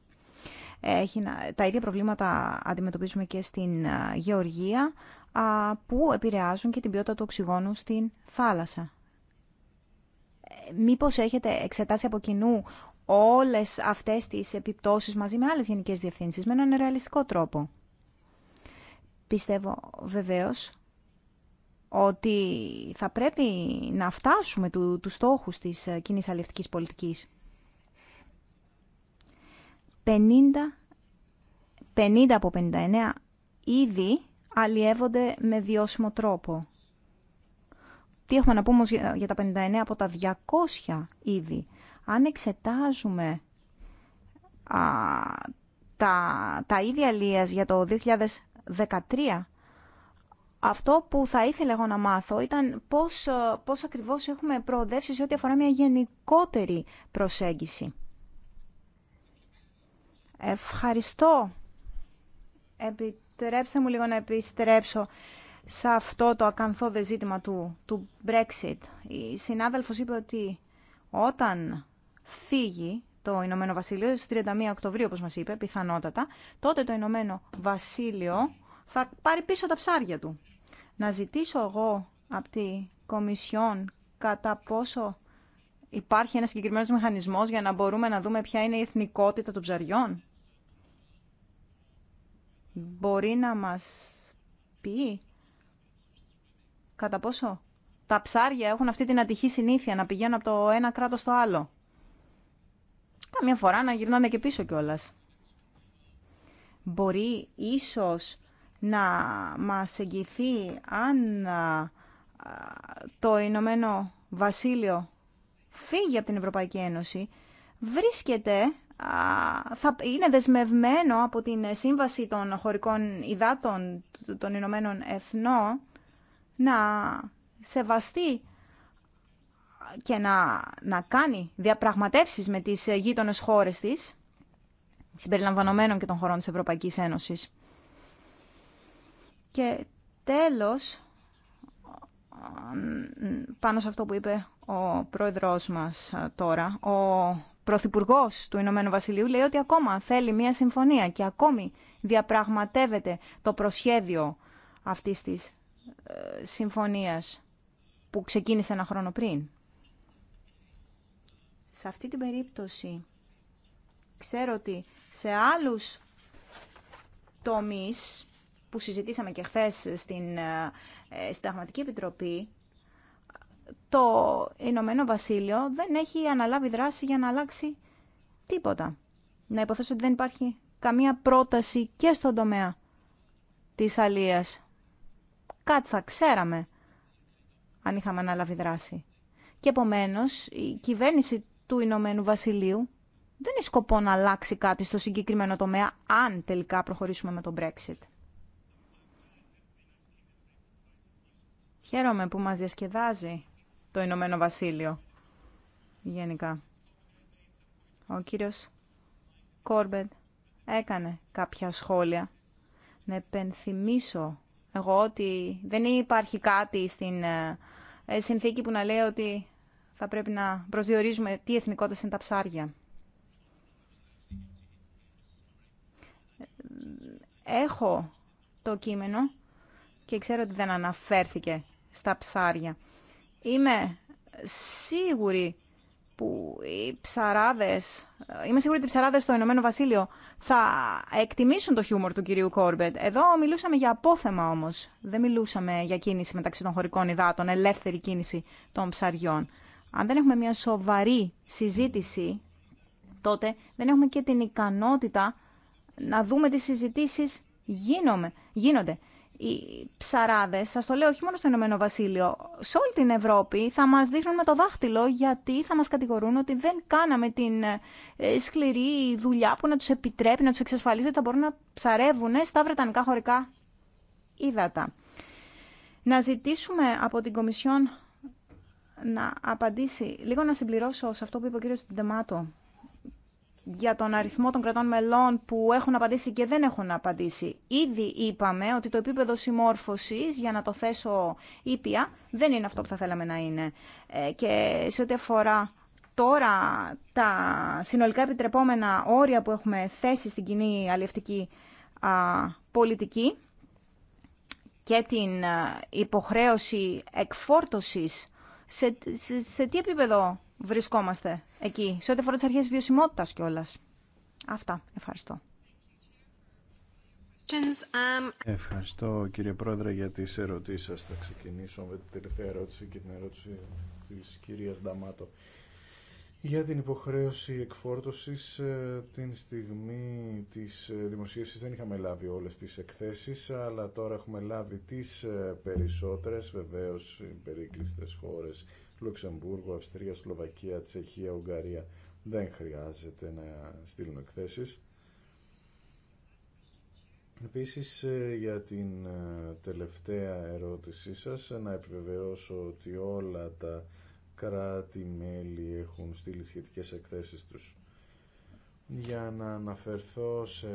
Έχει, τα ίδια προβλήματα αντιμετωπίζουμε και στην Γεωργία, που επηρεάζουν και την ποιότητα του οξυγόνου στην θάλασσα. Μήπως έχετε εξετάσει από κοινού όλες αυτές τις επιπτώσεις μαζί με άλλες γενικές διευθύνσεις με έναν ρεαλιστικό τρόπο. Πιστεύω βεβαίως ότι θα πρέπει να φτάσουμε του, τους στόχους της ε, κοινή αλληλευτικής πολιτικής. 50, 50 από 59 ήδη αλλιεύονται με βιώσιμο τρόπο. Τι έχουμε να πούμε όμως για τα 59 από τα 200 ήδη. Αν εξετάζουμε α, τα, τα ίδια για το 13. Αυτό που θα ήθελα εγώ να μάθω ήταν πώς, ε, πώς ακριβώς έχουμε προοδεύσει σε ό,τι αφορά μια γενικότερη προσέγγιση. Ευχαριστώ. Επιτρέψτε μου λίγο να επιστρέψω σε αυτό το ακαθόδε ζήτημα του, του Brexit. Η συνάδελφος είπε ότι όταν φύγει το Ηνωμένο Βασίλειο, στις 31 Οκτωβρίου όπως μας είπε, πιθανότατα, τότε το Ηνωμένο Βασίλειο θα πάρει πίσω τα ψάρια του. Να ζητήσω εγώ από τη Κομισιόν κατά πόσο υπάρχει ένα συγκεκριμένος μηχανισμός για να μπορούμε να δούμε ποια είναι η εθνικότητα των ψαριών. Μπορεί να μας πει κατά πόσο τα ψάρια έχουν αυτή την ατυχή συνήθεια να πηγαίνουν από το ένα κράτος στο άλλο καμιά φορά να γυρνάνε και πίσω κιόλα. Μπορεί ίσως να μας εγγυηθεί αν το Ηνωμένο Βασίλειο φύγει από την Ευρωπαϊκή Ένωση, βρίσκεται, θα είναι δεσμευμένο από την Σύμβαση των Χωρικών Ιδάτων των Ηνωμένων Εθνών να σεβαστεί και να, να κάνει διαπραγματεύσεις με τις γείτονες χώρες της, συμπεριλαμβανομένων και των χωρών της Ευρωπαϊκής Ένωσης. Και τέλος, πάνω σε αυτό που είπε ο πρόεδρος μας τώρα, ο Πρωθυπουργό του Ηνωμένου Βασιλείου λέει ότι ακόμα θέλει μια συμφωνία και ακόμη διαπραγματεύεται το προσχέδιο αυτής της ε, συμφωνίας που ξεκίνησε ένα χρόνο πριν. Σε αυτή την περίπτωση ξέρω ότι σε άλλους τομείς που συζητήσαμε και χθε στην ε, Συνταγματική Επιτροπή, το Ηνωμένο Βασίλειο δεν έχει αναλάβει δράση για να αλλάξει τίποτα. Να υποθέσω ότι δεν υπάρχει καμία πρόταση και στον τομέα της αλίας. Κάτι θα ξέραμε αν είχαμε αναλάβει δράση. Και επομένως η κυβέρνηση του Ηνωμένου Βασιλείου δεν είναι σκοπό να αλλάξει κάτι στο συγκεκριμένο τομέα αν τελικά προχωρήσουμε με τον Brexit. Χαίρομαι που μας διασκεδάζει το Ηνωμένο Βασίλειο γενικά. Ο κύριος Κόρμπετ έκανε κάποια σχόλια. Να επενθυμίσω εγώ ότι δεν υπάρχει κάτι στην ε, ε, συνθήκη που να λέει ότι θα πρέπει να προσδιορίζουμε τι εθνικότητα είναι τα ψάρια. Έχω το κείμενο και ξέρω ότι δεν αναφέρθηκε στα ψάρια. Είμαι σίγουρη που οι ψαράδες, είμαι σίγουρη ότι οι ψαράδες στο Ηνωμένο Βασίλειο θα εκτιμήσουν το χιούμορ του κυρίου Κόρμπετ. Εδώ μιλούσαμε για απόθεμα όμως, δεν μιλούσαμε για κίνηση μεταξύ των χωρικών υδάτων, ελεύθερη κίνηση των ψαριών. Αν δεν έχουμε μια σοβαρή συζήτηση, τότε δεν έχουμε και την ικανότητα να δούμε τις συζητήσεις γίνομαι, γίνονται. Οι ψαράδες, σας το λέω όχι μόνο στο Ηνωμένο Βασίλειο, σε όλη την Ευρώπη θα μας δείχνουν με το δάχτυλο γιατί θα μας κατηγορούν ότι δεν κάναμε την ε, σκληρή δουλειά που να τους επιτρέπει, να τους εξασφαλίζει ότι θα μπορούν να ψαρεύουν στα βρετανικά χωρικά ύδατα. Να ζητήσουμε από την Κομισιόν να απαντήσει, λίγο να συμπληρώσω σε αυτό που είπε ο κύριος Ντεμάτο για τον αριθμό των κρατών μελών που έχουν απαντήσει και δεν έχουν απαντήσει. Ήδη είπαμε ότι το επίπεδο συμμόρφωσης, για να το θέσω ήπια, δεν είναι αυτό που θα θέλαμε να είναι. Ε, και σε ό,τι αφορά τώρα τα συνολικά επιτρεπόμενα όρια που έχουμε θέσει στην κοινή αλληλευτική πολιτική και την ε, υποχρέωση εκφόρτωσης σε, σε, τι επίπεδο βρισκόμαστε εκεί, σε ό,τι αφορά τι αρχέ βιωσιμότητα κιόλα. Αυτά. Ευχαριστώ. Um, Ευχαριστώ κύριε Πρόεδρε για τις ερωτήσεις σας. Θα ξεκινήσω με την τελευταία ερώτηση και την ερώτηση της κυρίας Νταμάτο για την υποχρέωση εκφόρτωσης ε, την στιγμή της ε, δημοσίευσης δεν είχαμε λάβει όλες τις εκθέσεις αλλά τώρα έχουμε λάβει τις ε, περισσότερες βεβαίως οι περίκλειστες χώρες Λουξεμβούργο, Αυστρία, Σλοβακία, Τσεχία, Ουγγαρία δεν χρειάζεται να στείλουμε εκθέσεις Επίσης για την τελευταία ερώτησή σας να επιβεβαιώσω ότι όλα τα κράτη-μέλη έχουν στείλει σχετικές εκθέσεις τους. Για να αναφερθώ σε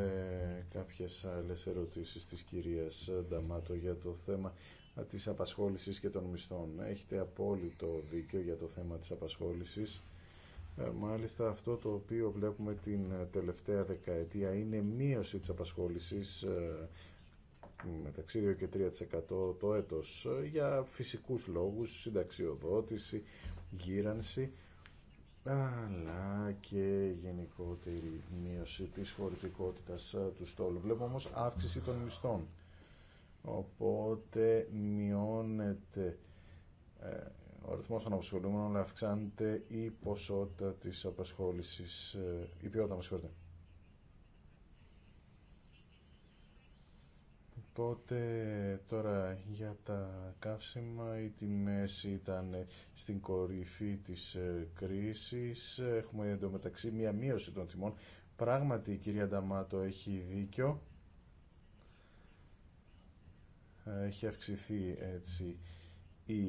κάποιες άλλες ερωτήσεις της κυρίας Νταμάτο για το θέμα της απασχόλησης και των μισθών. Έχετε απόλυτο δίκιο για το θέμα της απασχόλησης. Ε, μάλιστα αυτό το οποίο βλέπουμε την τελευταία δεκαετία είναι μείωση της απασχόλησης ε, μεταξύ 2 και 3% το έτος ε, για φυσικούς λόγους, συνταξιοδότηση, γύρανση αλλά και γενικότερη μείωση της χωρητικότητας ε, του στόλου. Βλέπουμε όμως αύξηση των μισθών. Οπότε μειώνεται ε, ο ρυθμός των απασχολούμενων, αλλά αυξάνεται η ποσότητα της απασχόλησης, η ποιότητα, με Οπότε τώρα για τα καύσιμα οι τιμέ ήταν στην κορυφή της ε, κρίσης. Έχουμε εντωμεταξύ μια μείωση των τιμών. Πράγματι η κυρία Νταμάτο έχει δίκιο. Ε, έχει αυξηθεί έτσι η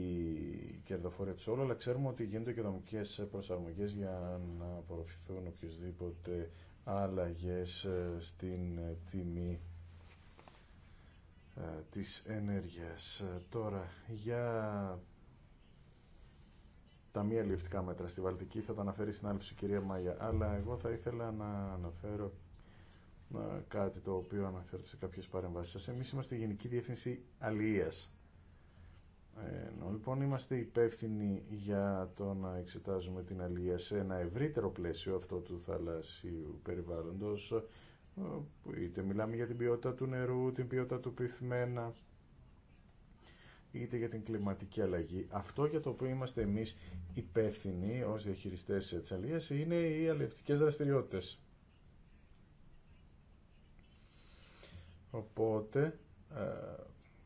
κερδοφορία του όλου, αλλά ξέρουμε ότι γίνονται και δομικές προσαρμογές για να απορροφηθούν οποιασδήποτε άλλαγες ε, στην τιμή ε, της ενέργειας. Ε, τώρα, για τα μη αλληλευτικά μέτρα στη Βαλτική θα τα αναφέρει στην άλλη κυρία Μάγια, αλλά εγώ θα ήθελα να αναφέρω ε, κάτι το οποίο αναφέρεται σε κάποιες παρεμβάσεις σας. Εμείς είμαστε η Γενική Διεύθυνση Αλίας. Ενώ λοιπόν είμαστε υπεύθυνοι για το να εξετάζουμε την αλληλεία σε ένα ευρύτερο πλαίσιο αυτό του θαλασσίου περιβάλλοντος είτε μιλάμε για την ποιότητα του νερού, την ποιότητα του πυθμένα, είτε για την κλιματική αλλαγή. Αυτό για το οποίο είμαστε εμείς υπεύθυνοι ως διαχειριστές της αλληλείας είναι οι αλληλευτικές δραστηριότητες. Οπότε, ε,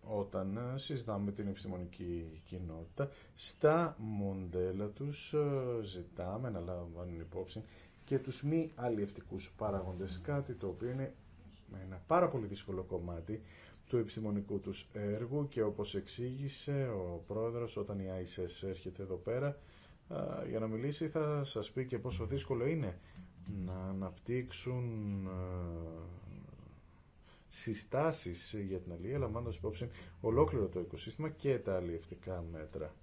όταν συζητάμε την επιστημονική κοινότητα, στα μοντέλα τους ε, ζητάμε να λαμβάνουν υπόψη και τους μη αλλιευτικούς παράγοντες, κάτι το οποίο είναι ένα πάρα πολύ δύσκολο κομμάτι του επιστημονικού τους έργου και όπως εξήγησε ο πρόεδρος όταν η ISS έρχεται εδώ πέρα για να μιλήσει θα σας πει και πόσο δύσκολο είναι να αναπτύξουν συστάσεις για την αλληλεία λαμβάνοντας υπόψη ολόκληρο το οικοσύστημα και τα αλλιευτικά μέτρα.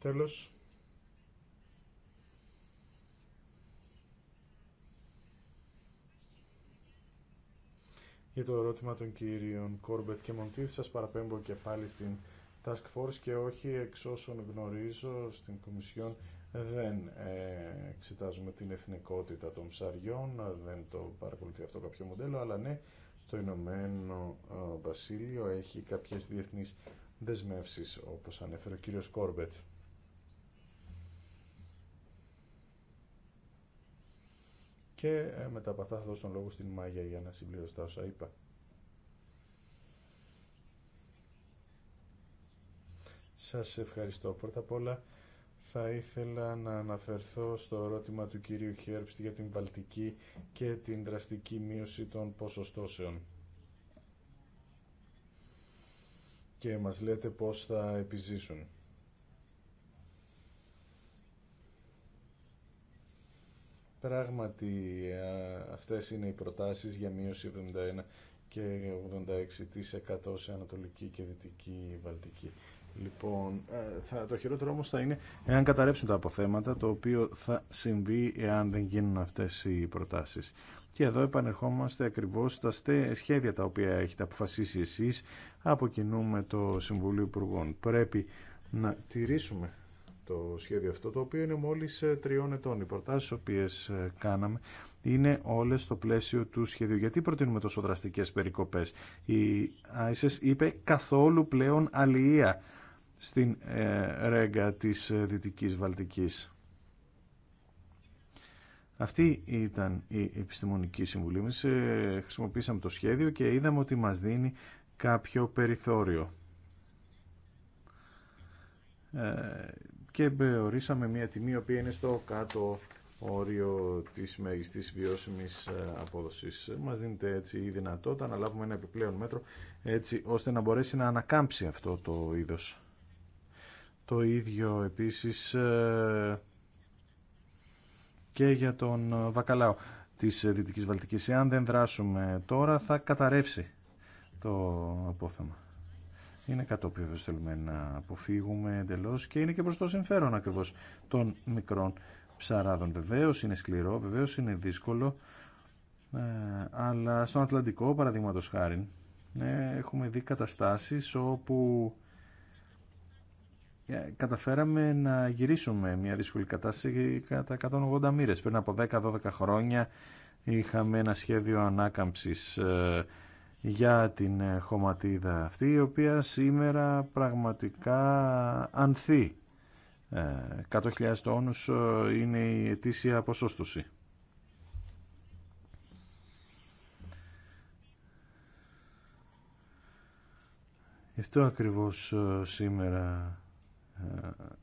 Τέλος. Για το ερώτημα των κυρίων Κόρμπετ και Μοντίθ σας παραπέμπω και πάλι στην Task Force και όχι εξ όσων γνωρίζω στην Κομισιόν δεν ε, εξετάζουμε την εθνικότητα των ψαριών, δεν το παρακολουθεί αυτό κάποιο μοντέλο, αλλά ναι, το Ηνωμένο ε, Βασίλειο έχει κάποιες διεθνείς δεσμεύσεις, όπως ανέφερε ο κύριος Κόρμπετ. Και ε, μετά από αυτά θα δώσω τον λόγο στην Μάγια για να συμπληρώσει τα όσα είπα. Σας ευχαριστώ. Πρώτα απ' όλα θα ήθελα να αναφερθώ στο ερώτημα του κυρίου Χέρπστ για την Βαλτική και την δραστική μείωση των ποσοστώσεων. Και μας λέτε πώς θα επιζήσουν. Πράγματι ε, αυτές είναι οι προτάσεις για μείωση 71 και 86% σε Ανατολική και Δυτική Βαλτική. Λοιπόν, ε, θα, το χειρότερο όμως θα είναι εάν καταρρέψουν τα αποθέματα, το οποίο θα συμβεί εάν δεν γίνουν αυτές οι προτάσεις. Και εδώ επανερχόμαστε ακριβώς στα σχέδια τα οποία έχετε αποφασίσει εσείς από κοινού με το Συμβουλίο Υπουργών. Πρέπει να τηρήσουμε το σχέδιο αυτό, το οποίο είναι μόλις ε, τριών ετών. Οι προτάσεις οποίες ε, κάναμε είναι όλες στο πλαίσιο του σχεδίου. Γιατί προτείνουμε τόσο δραστικές περικοπές. Η ΆΙΣΕΣ είπε καθόλου πλέον αλληλεία στην ε, ρέγγα της ε, Δυτικής Βαλτικής. Αυτή ήταν η επιστημονική συμβουλή μας. χρησιμοποίησαμε το σχέδιο και είδαμε ότι μας δίνει κάποιο περιθώριο και ορίσαμε μια τιμή η οποία είναι στο κάτω όριο της μεγιστής βιώσιμης ε, απόδοσης. Μας δίνεται έτσι η δυνατότητα να λάβουμε ένα επιπλέον μέτρο έτσι ώστε να μπορέσει να ανακάμψει αυτό το είδος. Το ίδιο επίσης ε, και για τον βακαλάο της Δυτικής Βαλτικής. Εάν δεν δράσουμε τώρα θα καταρρεύσει το απόθεμα. Είναι κάτι που θέλουμε να αποφύγουμε εντελώ και είναι και προ το συμφέρον ακριβώ των μικρών ψαράδων. Βεβαίω είναι σκληρό, βεβαίω είναι δύσκολο, ε, αλλά στον Ατλαντικό παραδείγματο χάρη ε, έχουμε δει καταστάσει όπου ε, καταφέραμε να γυρίσουμε μια δύσκολη κατάσταση κατά 180 μοίρες. Πριν από 10-12 χρόνια είχαμε ένα σχέδιο ανάκαμψης για την ε, χωματίδα αυτή η οποία σήμερα πραγματικά ανθεί. 100.000 ε, τόνους ε, είναι η ετήσια ποσόστοση. Γι' αυτό ακριβώς σήμερα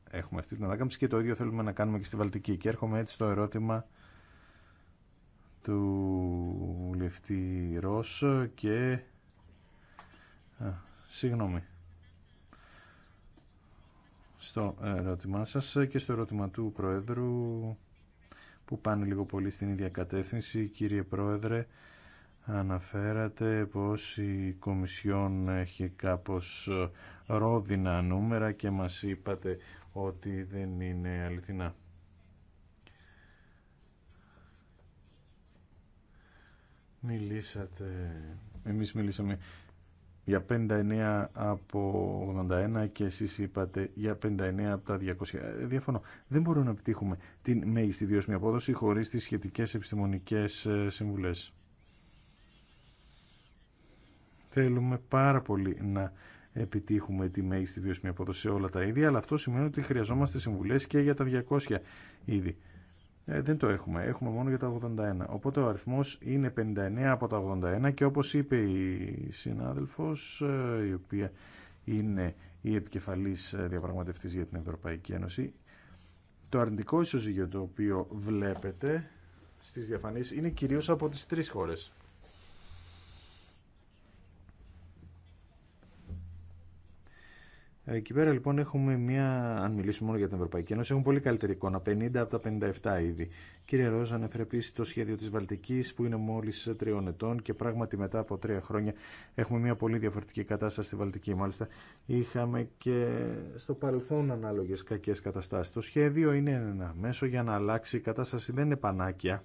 έχουμε αυτή την ανάκαμψη και το ίδιο θέλουμε να κάνουμε και στη Βαλτική. Και έρχομαι έτσι στο ερώτημα του βουλευτή Ρος και... συγγνώμη. Στο ερώτημά σας και στο ερώτημα του Προέδρου που πάνε λίγο πολύ στην ίδια κατεύθυνση. Κύριε Πρόεδρε, αναφέρατε πως η Κομισιόν έχει κάπως ε, ρόδινα νούμερα και μας είπατε ότι δεν είναι αληθινά. Μιλήσατε, εμείς μιλήσαμε για 59 από 81 και εσείς είπατε για 59 από τα 200. Ε, διαφωνώ. Δεν μπορούμε να επιτύχουμε την μέγιστη βιώσιμη απόδοση χωρίς τις σχετικές επιστημονικές ε, συμβουλές. Θέλουμε πάρα πολύ να επιτύχουμε τη μέγιστη βιώσιμη απόδοση σε όλα τα ίδια αλλά αυτό σημαίνει ότι χρειαζόμαστε συμβουλές και για τα 200 είδη. Ε, δεν το έχουμε. Έχουμε μόνο για τα 81. Οπότε ο αριθμός είναι 59 από τα 81 και όπως είπε η συνάδελφος, ε, η οποία είναι η επικεφαλής ε, διαπραγματευτής για την Ευρωπαϊκή Ένωση, το αρνητικό ισοζύγιο το οποίο βλέπετε στις διαφανείς είναι κυρίως από τις τρεις χώρες. Εκεί πέρα λοιπόν έχουμε μια, αν μιλήσουμε μόνο για την Ευρωπαϊκή Ένωση, έχουμε πολύ καλύτερη εικόνα, 50 από τα 57 ήδη. Κύριε Ρόζα, ανέφερε επίση το σχέδιο τη Βαλτική που είναι μόλι τριών ετών και πράγματι μετά από τρία χρόνια έχουμε μια πολύ διαφορετική κατάσταση στη Βαλτική. Μάλιστα, είχαμε και στο παρελθόν ανάλογε κακέ καταστάσει. Το σχέδιο είναι ένα μέσο για να αλλάξει η κατάσταση, δεν είναι πανάκια.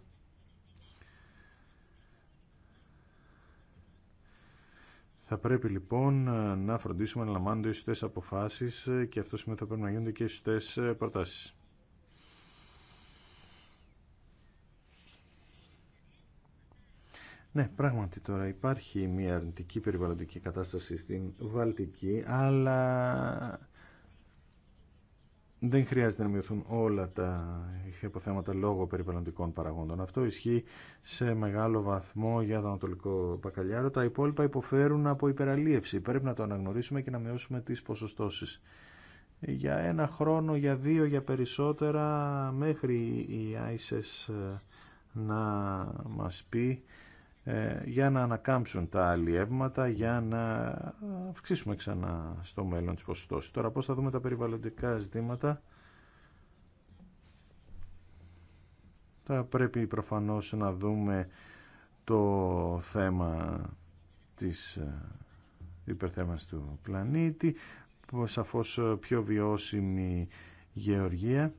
Θα πρέπει λοιπόν να φροντίσουμε να λαμβάνονται οι αποφάσεις και αυτό σημαίνει θα πρέπει να γίνονται και οι σωστέ προτάσεις. Ναι, πράγματι τώρα υπάρχει μια αρνητική περιβαλλοντική κατάσταση στην Βαλτική, αλλά δεν χρειάζεται να μειωθούν όλα τα υποθέματα λόγω περιβαλλοντικών παραγόντων. Αυτό ισχύει σε μεγάλο βαθμό για το Ανατολικό Πακαλιάρο. Τα υπόλοιπα υποφέρουν από υπεραλίευση. Πρέπει να το αναγνωρίσουμε και να μειώσουμε τις ποσοστώσεις. Για ένα χρόνο, για δύο, για περισσότερα, μέχρι η ISIS να μας πει ε, για να ανακάμψουν τα αλλιεύματα, για να αυξήσουμε ξανά στο μέλλον τις ποσοστώσεις. Τώρα πώς θα δούμε τα περιβαλλοντικά ζητήματα. Θα πρέπει προφανώς να δούμε το θέμα της ε, υπερθέμας του πλανήτη, σαφώς πιο βιώσιμη γεωργία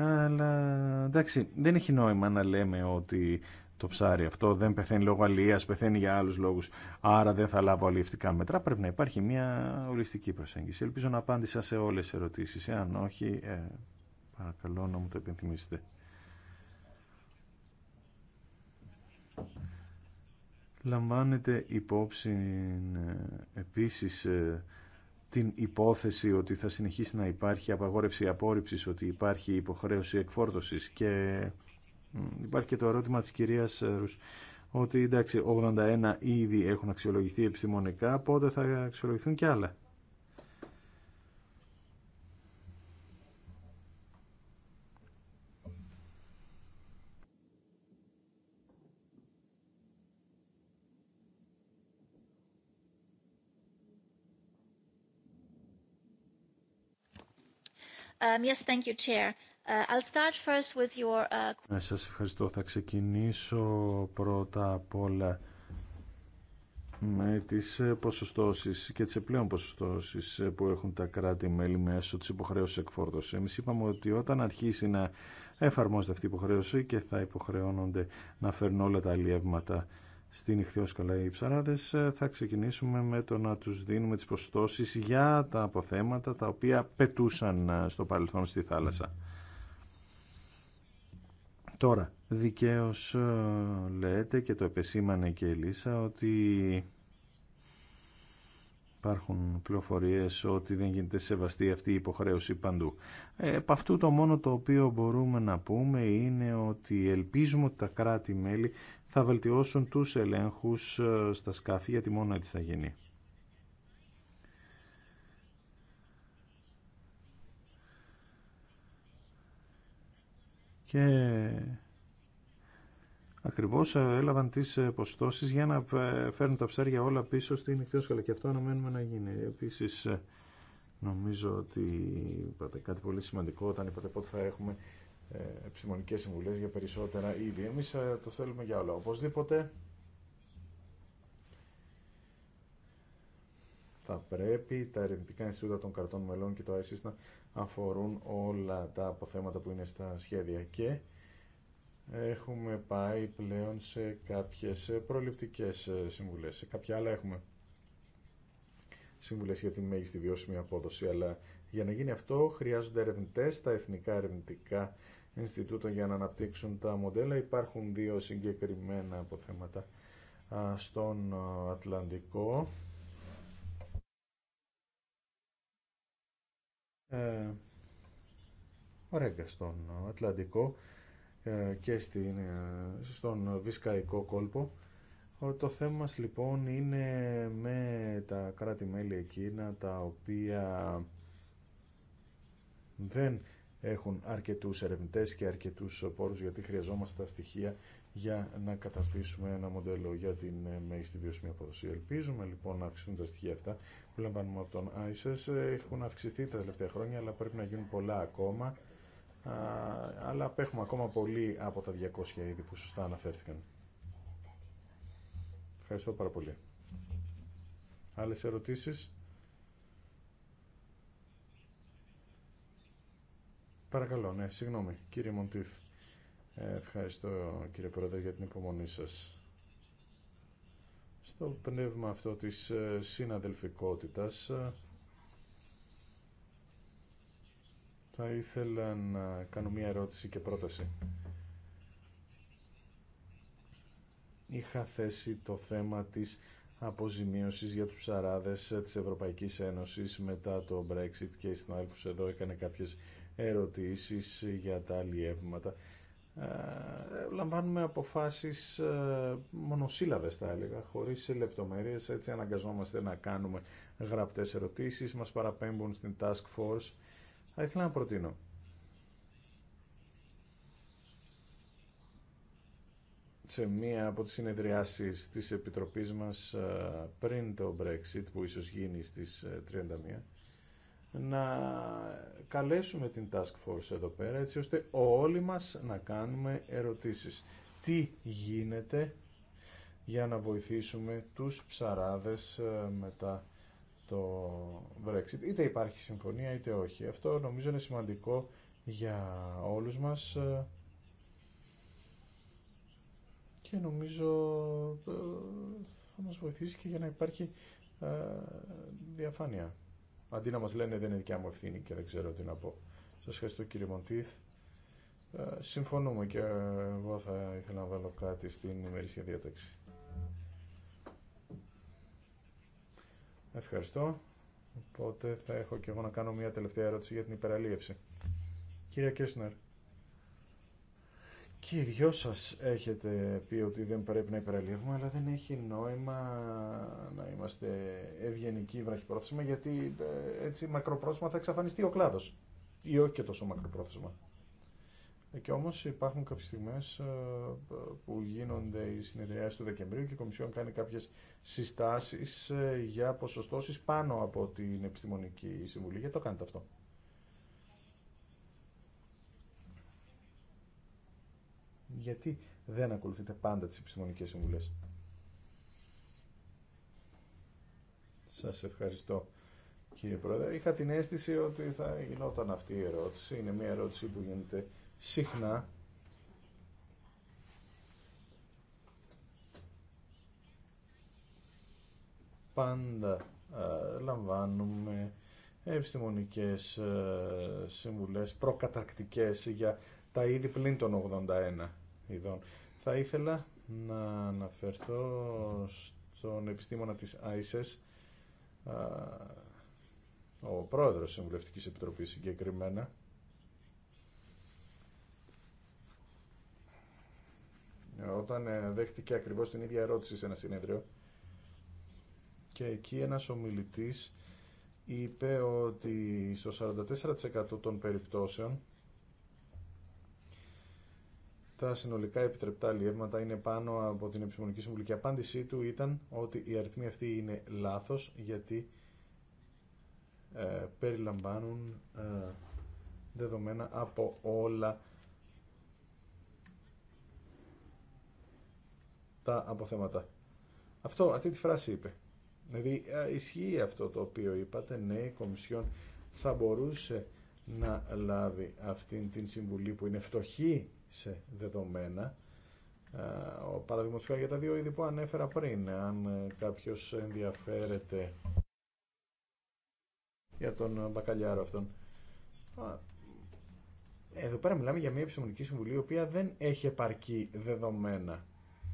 Αλλά εντάξει, δεν έχει νόημα να λέμε ότι το ψάρι αυτό δεν πεθαίνει λόγω αλληλεία, πεθαίνει για άλλου λόγου. Άρα δεν θα λάβω αλληλευτικά μέτρα. Πρέπει να υπάρχει μια ολιστική προσέγγιση. Ελπίζω να απάντησα σε όλε τις ερωτήσει. Εάν όχι, ε, παρακαλώ να μου το επιθυμήσετε. Λαμβάνεται υπόψη ε, επίσης ε, την υπόθεση ότι θα συνεχίσει να υπάρχει απαγόρευση απόρριψης, ότι υπάρχει υποχρέωση εκφόρτωσης και υπάρχει και το ερώτημα της κυρίας Ρους ότι εντάξει 81 ήδη έχουν αξιολογηθεί επιστημονικά, πότε θα αξιολογηθούν και άλλα. Um, yes, thank Σας ευχαριστώ. Θα ξεκινήσω πρώτα απ' όλα με τις ε, ποσοστώσεις και τις επιπλέον ποσοστώσεις ε, που έχουν τα κράτη-μέλη μέσω της υποχρέωσης εκφόρτωσης. Εμείς είπαμε ότι όταν αρχίσει να εφαρμόζεται αυτή η υποχρέωση και θα υποχρεώνονται να φέρουν όλα τα αλλιεύματα στην νυχτιόσκαλα οι ψαράδες ε, θα ξεκινήσουμε με το να τους δίνουμε τις προστώσεις για τα αποθέματα τα οποία πετούσαν ε, στο παρελθόν στη θάλασσα. Τώρα, δικαίως ε, λέτε και το επεσήμανε και η ότι υπάρχουν πληροφορίες ότι δεν γίνεται σεβαστή αυτή η υποχρέωση παντού. Επ' αυτού το μόνο το οποίο μπορούμε να πούμε είναι ότι ελπίζουμε ότι τα κράτη-μέλη θα βελτιώσουν τους ελέγχους ε, στα σκάφη γιατί μόνο έτσι θα γίνει. Και ακριβώς ε, έλαβαν τις ε, ποστώσεις για να φέρουν τα ψάρια όλα πίσω στην εκτός και αυτό αναμένουμε να γίνει. Επίσης νομίζω ότι είπατε κάτι πολύ σημαντικό όταν είπατε πότε θα έχουμε ε, επιστημονικές συμβουλές για περισσότερα Εμεί Εμείς ε, το θέλουμε για όλα. Οπωσδήποτε θα πρέπει τα ερευνητικά Ινστιτούτα των Καρτών Μελών και το ΆΕΣΙΣ να αφορούν όλα τα αποθέματα που είναι στα σχέδια και έχουμε πάει πλέον σε κάποιες προληπτικές ε, συμβουλές. Σε κάποια άλλα έχουμε συμβουλές για τη μέγιστη βιώσιμη απόδοση, αλλά για να γίνει αυτό χρειάζονται ερευνητέ στα εθνικά ερευνητικά Ινστιτούτο για να αναπτύξουν τα μοντέλα. Υπάρχουν δύο συγκεκριμένα αποθέματα ε, στον Ατλαντικό. Ε, στον Ατλαντικό και στην, ε, στον Βυσκαϊκό κόλπο. Το θέμα μας λοιπόν είναι με τα κράτη-μέλη εκείνα τα οποία δεν έχουν αρκετού ερευνητέ και αρκετού πόρου γιατί χρειαζόμαστε τα στοιχεία για να καταρτήσουμε ένα μοντέλο για την μέγιστη βιώσιμη απόδοση. Ελπίζουμε λοιπόν να αυξηθούν τα στοιχεία αυτά που λαμβάνουμε από τον ΆΙΣΕΣ Έχουν αυξηθεί τα τελευταία χρόνια αλλά πρέπει να γίνουν πολλά ακόμα. αλλά απέχουμε ακόμα πολύ από τα 200 είδη που σωστά αναφέρθηκαν. Ευχαριστώ πάρα πολύ. Άλλες ερωτήσεις. Παρακαλώ, ναι, συγγνώμη, κύριε Μοντίθ. Ε, ευχαριστώ κύριε Πρόεδρε για την υπομονή σας. Στο πνεύμα αυτό της ε, συναδελφικότητας ε, θα ήθελα να κάνω μία ερώτηση και πρόταση. Είχα θέσει το θέμα της αποζημίωσης για τους ψαράδες της Ευρωπαϊκής Ένωσης μετά το Brexit και στην συνάδελφους εδώ έκανε κάποιες ερωτήσεις για τα αλλιεύματα. Ε, λαμβάνουμε αποφάσεις ε, μονοσύλλαβες θα έλεγα, χωρίς λεπτομέρειες, έτσι αναγκαζόμαστε να κάνουμε γραπτές ερωτήσεις, μας παραπέμπουν στην Task Force. Θα ήθελα να προτείνω σε μία από τις συνεδριάσεις της Επιτροπής μας ε, πριν το Brexit που ίσως γίνει στις 31 να καλέσουμε την Task Force εδώ πέρα έτσι ώστε όλοι μας να κάνουμε ερωτήσεις. Τι γίνεται για να βοηθήσουμε τους ψαράδες ε, μετά το Brexit. Είτε υπάρχει συμφωνία είτε όχι. Αυτό νομίζω είναι σημαντικό για όλους μας ε, και νομίζω ε, θα μας βοηθήσει και για να υπάρχει διαφάνεια αντί να μας λένε δεν είναι δικιά μου ευθύνη και δεν ξέρω τι να πω. Σας ευχαριστώ κύριε Μοντίθ. Ε, συμφωνούμε και εγώ θα ήθελα να βάλω κάτι στην ημερήσια διάταξη. Ευχαριστώ. Οπότε θα έχω και εγώ να κάνω μια τελευταία ερώτηση για την υπεραλίευση. Κύριε Κέσνερ. Και οι δυο σας έχετε πει ότι δεν πρέπει να υπεραλείβουμε, αλλά δεν έχει νόημα να είμαστε ευγενικοί βραχυπρόθεσμα, γιατί ε, έτσι μακροπρόθεσμα θα εξαφανιστεί ο κλάδος. Ή όχι και τόσο μακροπρόθεσμα. Ε, και όμως υπάρχουν κάποιες στιγμές ε, που γίνονται οι συνεδριάσεις του Δεκεμβρίου και η Κομισιόν κάνει κάποιες συστάσεις για ποσοστώσεις πάνω από την Επιστημονική Συμβουλή. Γιατί το κάνετε αυτό. γιατί δεν ακολουθείτε πάντα τις επιστημονικές συμβουλές. Σας ευχαριστώ κύριε Πρόεδρε. Είχα την αίσθηση ότι θα γινόταν αυτή η ερώτηση. Είναι μια ερώτηση που γίνεται συχνά. Πάντα ε, λαμβάνουμε επιστημονικές α, ε, συμβουλές προκατακτικές για τα είδη πλην των 81 ειδών. Θα ήθελα να αναφερθώ στον επιστήμονα της ISIS, ο πρόεδρος της Συμβουλευτικής Επιτροπής συγκεκριμένα, όταν ε, δέχτηκε ακριβώς την ίδια ερώτηση σε ένα συνέδριο και εκεί ένας ομιλητής είπε ότι στο 44% των περιπτώσεων τα συνολικά επιτρεπτά λιεύματα είναι πάνω από την Επιστημονική Συμβουλή. Και η απάντησή του ήταν ότι η αριθμοί αυτή είναι λάθος γιατί ε, περιλαμβάνουν ε, δεδομένα από όλα τα αποθέματα. Αυτό, αυτή τη φράση είπε. Δηλαδή ε, ισχύει αυτό το οποίο είπατε, ναι, η Κομισιόν θα μπορούσε να λάβει αυτήν την συμβουλή που είναι φτωχή σε δεδομένα. Ο για τα δύο είδη που ανέφερα πριν, αν ε, κάποιος ενδιαφέρεται για τον ε, μπακαλιάρο αυτόν. Εδώ πέρα μιλάμε για μια επιστημονική συμβουλή η οποία δεν έχει επαρκή δεδομένα.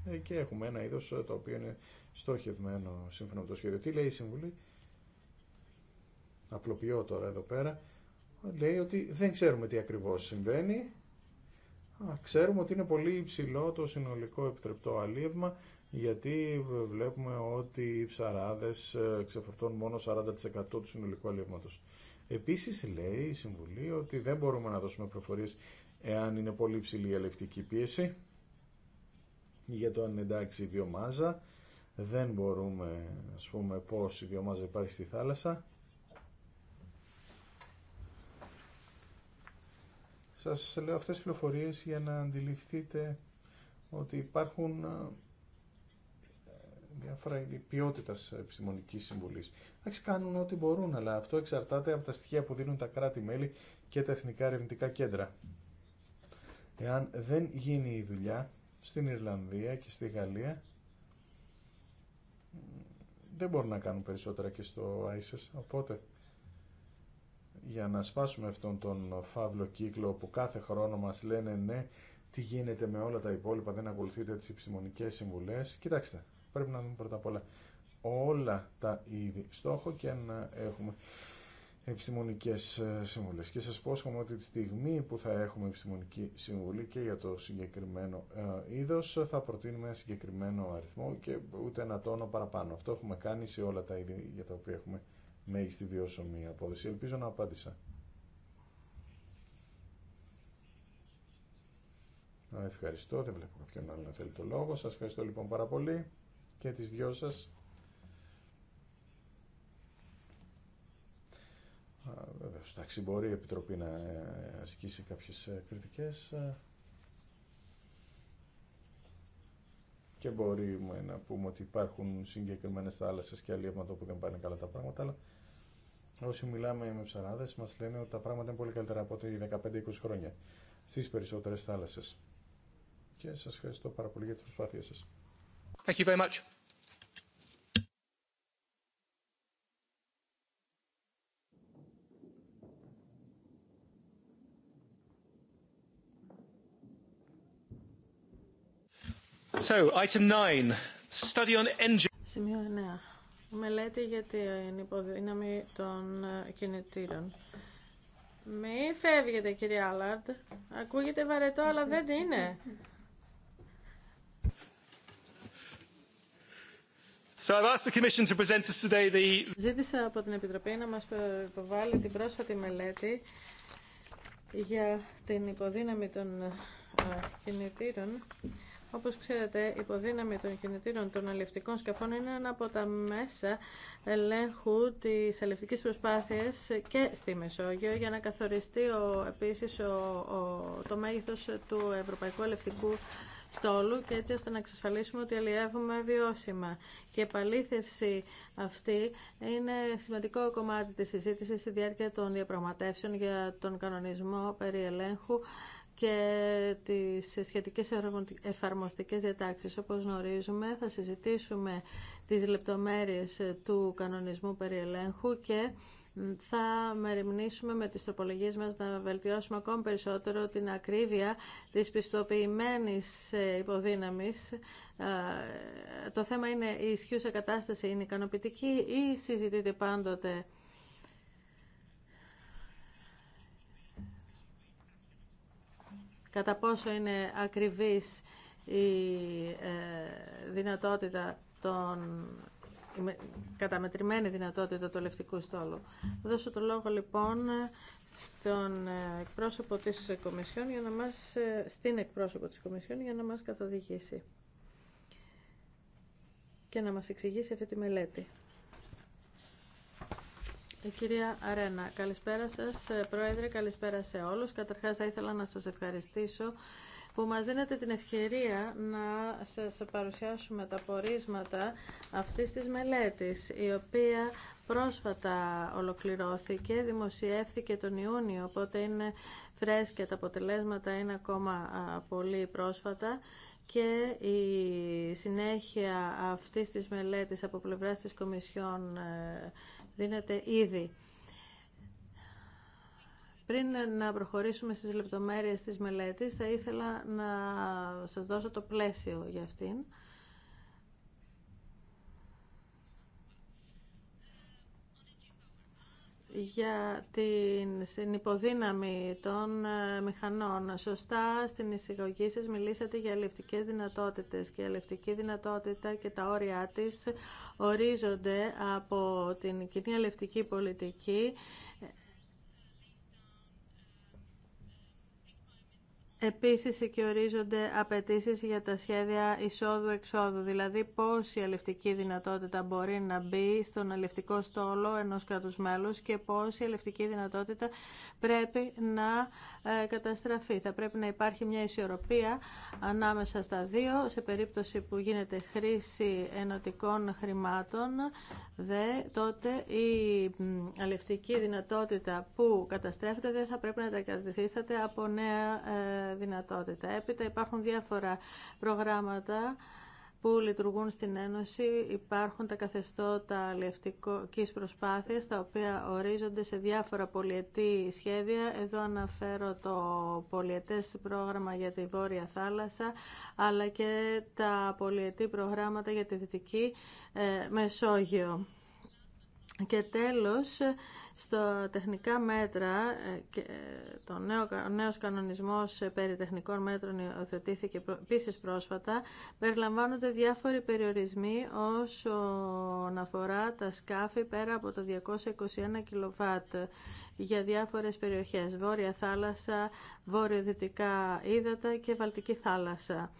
Ε, και έχουμε ένα είδος το οποίο είναι στόχευμένο σύμφωνα με το σχέδιο. Τι λέει η συμβουλή, απλοποιώ τώρα εδώ πέρα, λέει ότι δεν ξέρουμε τι ακριβώς συμβαίνει, ξέρουμε ότι είναι πολύ υψηλό το συνολικό επιτρεπτό αλίευμα γιατί βλέπουμε ότι οι ψαράδες ε, ξεφορτώνουν μόνο 40% του συνολικού αλίευματος. Επίσης λέει η Συμβουλή ότι δεν μπορούμε να δώσουμε προφορίες εάν είναι πολύ υψηλή η αλευτική πίεση για το αν εντάξει η βιομάζα. Δεν μπορούμε, να πούμε, πώς η βιομάζα υπάρχει στη θάλασσα. Σας λέω αυτές τις πληροφορίες για να αντιληφθείτε ότι υπάρχουν ε, διάφορα είδη ποιότητα επιστημονική συμβουλή. Εντάξει, κάνουν ό,τι μπορούν, αλλά αυτό εξαρτάται από τα στοιχεία που δίνουν τα κράτη-μέλη και τα εθνικά ερευνητικά κέντρα. Εάν δεν γίνει η δουλειά στην Ιρλανδία και στη Γαλλία, δεν μπορούν να κάνουν περισσότερα και στο ISIS. Οπότε για να σπάσουμε αυτόν τον φαύλο κύκλο που κάθε χρόνο μας λένε ναι, τι γίνεται με όλα τα υπόλοιπα, δεν ακολουθείτε τις επιστημονικές συμβουλές. Κοιτάξτε, πρέπει να δούμε πρώτα απ' όλα όλα τα είδη στόχο και να έχουμε επιστημονικές ε, συμβουλές. Και σας πόσχομαι ότι τη στιγμή που θα έχουμε επιστημονική συμβουλή και για το συγκεκριμένο ε, είδος θα προτείνουμε ένα συγκεκριμένο αριθμό και ούτε ένα τόνο παραπάνω. Αυτό έχουμε κάνει σε όλα τα είδη για τα οποία έχουμε μέγιστη βιώσιμη απόδοση. Ελπίζω να απάντησα. Ευχαριστώ, δεν βλέπω κάποιον άλλο να θέλει το λόγο. Σας ευχαριστώ λοιπόν πάρα πολύ και τις δυο σας. Βέβαια, εντάξει, μπορεί η Επιτροπή να ε, ασκήσει κάποιες ε, κριτικές και μπορεί να πούμε ότι υπάρχουν συγκεκριμένες θάλασσες και αλλιεύματα που δεν πάνε καλά τα πράγματα, αλλά Όσοι μιλάμε με ψαράδες μας λένε ότι τα πράγματα είναι πολύ καλύτερα από ό,τι 15-20 χρόνια στις περισσότερες θάλασσες. Και σας ευχαριστώ πάρα πολύ για τις προσπάθειές σα. Thank you very much. So, item 9. Study on engine. Μελέτη για την υποδύναμη των ε, κινητήρων. Μη φεύγετε κύριε Άλλαρντ. Ακούγεται βαρετό αλλά δεν είναι. Ζήτησα από την Επιτροπή να μας υποβάλει την πρόσφατη μελέτη για την υποδύναμη των ε, κινητήρων όπως ξέρετε, η υποδύναμη των κινητήρων των αλληλευτικών σκαφών είναι ένα από τα μέσα ελέγχου της αλληλευτικής προσπάθειας και στη Μεσόγειο για να καθοριστεί ο, επίσης ο, το μέγεθος του Ευρωπαϊκού Αλληλευτικού στόλου και έτσι ώστε να εξασφαλίσουμε ότι αλλιεύουμε βιώσιμα. Και η επαλήθευση αυτή είναι σημαντικό κομμάτι της συζήτησης στη διάρκεια των διαπραγματεύσεων για τον κανονισμό περί ελέγχου και τις σχετικές εφαρμοστικές διατάξεις. Όπως γνωρίζουμε θα συζητήσουμε τις λεπτομέρειες του κανονισμού περιελέγχου και θα μεριμνήσουμε με τις τροπολογίες μας να βελτιώσουμε ακόμη περισσότερο την ακρίβεια της πιστοποιημένης ε, υποδύναμης. Το θέμα είναι η ισχύουσα κατάσταση είναι ικανοποιητική ή συζητείται πάντοτε κατά πόσο είναι ακριβής η ε, δυνατότητα των καταμετρημένη δυνατότητα του λευτικού στόλου. Δώσω το λόγο λοιπόν στον ε, εκπρόσωπο της Κομισιόν για να μας, ε, στην εκπρόσωπο της Κομισιόν για να μας καθοδηγήσει και να μας εξηγήσει αυτή τη μελέτη. Ε, κυρία Αρένα, καλησπέρα σας. Ε, πρόεδρε, καλησπέρα σε όλους. Καταρχάς θα ήθελα να σας ευχαριστήσω που μας δίνετε την ευκαιρία να σας παρουσιάσουμε τα πορίσματα αυτής της μελέτης, η οποία πρόσφατα ολοκληρώθηκε, δημοσιεύθηκε τον Ιούνιο, οπότε είναι φρέσκια, τα αποτελέσματα είναι ακόμα πολύ πρόσφατα και η συνέχεια αυτής της μελέτης από πλευράς της Κομισιόν ε, δίνεται ήδη. Πριν να προχωρήσουμε στις λεπτομέρειες της μελέτης, θα ήθελα να σας δώσω το πλαίσιο για αυτήν. για την υποδύναμη των ε, μηχανών. Σωστά στην εισηγωγή σας μιλήσατε για αλληλευτικές δυνατότητες και η δυνατότητα και τα όρια της ορίζονται από την κοινή αλληλευτική πολιτική Επίσης ορίζονται απαιτήσεις για τα σχέδια εισόδου-εξόδου, δηλαδή πώς η αλευτική δυνατότητα μπορεί να μπει στον αλευτικό στόλο ενός κράτους μέλους και πώς η αλευτική δυνατότητα πρέπει να ε, καταστραφεί. Θα πρέπει να υπάρχει μια ισορροπία ανάμεσα στα δύο, σε περίπτωση που γίνεται χρήση ενωτικών χρημάτων, δε, τότε η αλευτική δυνατότητα που καταστρέφεται δεν θα πρέπει να τα καταστρέφεται από νέα ε, δυνατότητα. Έπειτα υπάρχουν διάφορα προγράμματα που λειτουργούν στην Ένωση υπάρχουν τα καθεστώτα αλληλευτικής προσπάθειας τα οποία ορίζονται σε διάφορα πολιετή σχέδια. Εδώ αναφέρω το πολιετές πρόγραμμα για τη Βόρεια Θάλασσα αλλά και τα πολιετή προγράμματα για τη Δυτική ε, Μεσόγειο. Και τέλος, στο τεχνικά μέτρα, ε, ε, το νέο, ο νέος κανονισμός ε, περί τεχνικών μέτρων υιοθετήθηκε επίση πρόσφατα, περιλαμβάνονται διάφοροι περιορισμοί όσον αφορά τα σκάφη πέρα από τα 221 κιλοβάτ για διάφορες περιοχές, βόρεια θάλασσα, βόρειο-δυτικά ύδατα και βαλτική θάλασσα.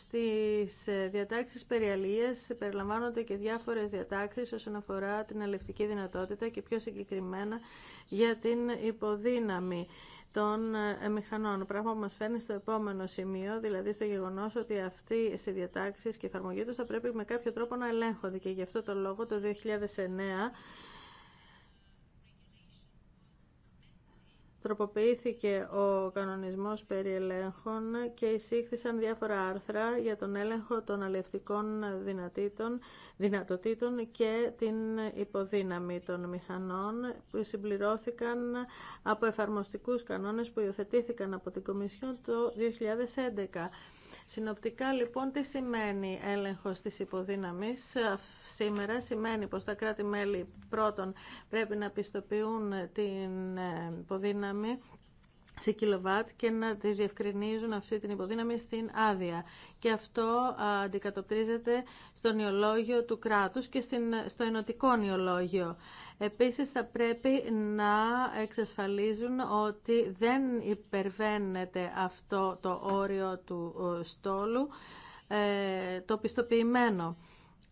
Στις ε, διατάξεις περιαλίες περιλαμβάνονται και διάφορες διατάξεις όσον αφορά την αλευτική δυνατότητα και πιο συγκεκριμένα για την υποδύναμη των ε, μηχανών. Πράγμα που μας φέρνει στο επόμενο σημείο, δηλαδή στο γεγονός ότι αυτοί οι διατάξεις και εφαρμογή τους θα πρέπει με κάποιο τρόπο να ελέγχονται και γι' αυτό το λόγο το 2009 τροποποιήθηκε ο κανονισμός περί ελέγχων και εισήχθησαν διάφορα άρθρα για τον έλεγχο των αλληλευτικών δυνατοτήτων και την υποδύναμη των μηχανών που συμπληρώθηκαν από εφαρμοστικούς κανόνες που υιοθετήθηκαν από την Κομισιόν το 2011. Συνοπτικά λοιπόν τι σημαίνει έλεγχος της υποδύναμης σήμερα. Σημαίνει πως τα κράτη-μέλη πρώτον πρέπει να πιστοποιούν την ε, υποδύναμη σε κιλοβάτ και να διευκρινίζουν αυτή την υποδύναμη στην άδεια. Και αυτό αντικατοπτρίζεται στο νεολόγιο του κράτους και στο ενωτικό νεολόγιο. Επίσης θα πρέπει να εξασφαλίζουν ότι δεν υπερβαίνεται αυτό το όριο του στόλου, ε, το πιστοποιημένο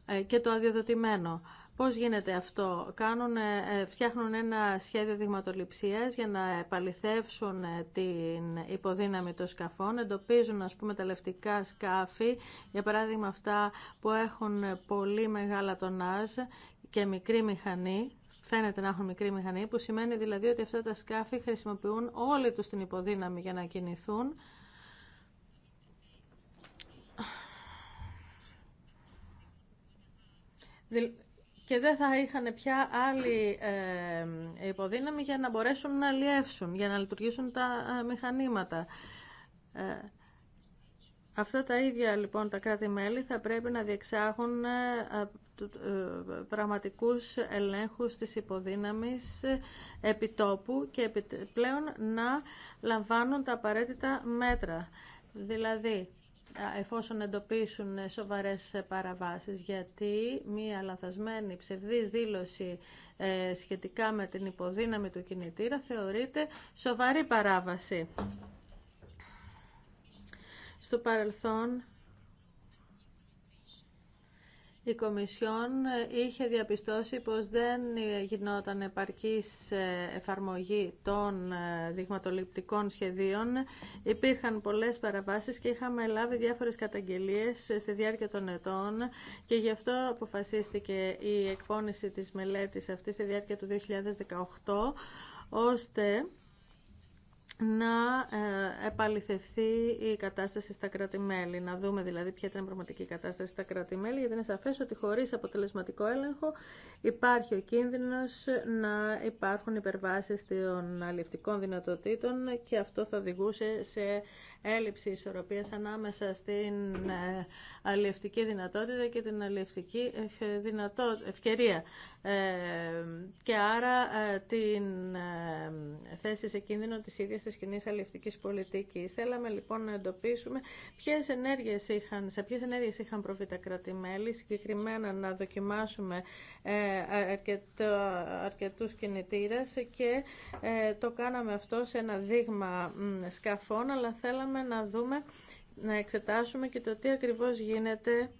ε, και το αδειοδοτημένο. Πώς γίνεται αυτό. Κάνουν, ε, φτιάχνουν ένα σχέδιο δειγματοληψίας για να επαληθεύσουν ε, την υποδύναμη των σκαφών. Εντοπίζουν ας πούμε τα λευτικά σκάφη, για παράδειγμα αυτά που έχουν πολύ μεγάλα τονάζ και μικρή μηχανή, φαίνεται να έχουν μικρή μηχανή, που σημαίνει δηλαδή ότι αυτά τα σκάφη χρησιμοποιούν όλη τους την υποδύναμη για να κινηθούν και δεν θα είχαν πια άλλη ε, υποδύναμη για να μπορέσουν να αλλιεύσουν, για να λειτουργήσουν τα ε, μηχανήματα. Ε, αυτά τα ίδια λοιπόν τα κράτη-μέλη θα πρέπει να διεξάγουν πραγματικούς ελέγχους της υποδύναμης επιτόπου και πλέον να λαμβάνουν τα απαραίτητα μέτρα. Δηλαδή, εφόσον εντοπίσουν σοβαρές παραβάσεις γιατί μία λαθασμένη ψευδής δήλωση ε, σχετικά με την υποδύναμη του κινητήρα θεωρείται σοβαρή παράβαση. Στο παρελθόν η Κομισιόν ε, είχε διαπιστώσει πως δεν ε, γινόταν επαρκής ε, εφαρμογή των δειγματοληπτικών σχεδίων. Υπήρχαν πολλές παραβάσεις και είχαμε λάβει διάφορες καταγγελίες στη διάρκεια των ετών και γι' αυτό αποφασίστηκε η εκπόνηση της μελέτης αυτή στη διάρκεια του 2018 ώστε να ε, επαληθευθεί η κατάσταση στα κράτη-μέλη. Να δούμε δηλαδή ποια ήταν η πραγματική κατάσταση στα κράτη-μέλη, γιατί είναι σαφές ότι χωρίς αποτελεσματικό έλεγχο υπάρχει ο κίνδυνος να υπάρχουν υπερβάσεις των αλληλευτικών δυνατοτήτων και αυτό θα οδηγούσε σε έλλειψη ισορροπίας ανάμεσα στην ε, αλληλευτική δυνατότητα και την αλληλευτική ε, ευκαιρία ε, και άρα την θέση σε κίνδυνο της ίδιας της κοινή αλληλευτικής πολιτικής. Θέλαμε λοιπόν να εντοπίσουμε ποιες ενέργειες είχαν, σε ποιες ενέργειες είχαν προβεί τα κρατημέλη, συγκεκριμένα να δοκιμάσουμε αρκετούς κινητήρες και το κάναμε αυτό σε ένα δείγμα σκαφών, αλλά θέλαμε θέλαμε να δούμε, να εξετάσουμε και το τι ακριβώς γίνεται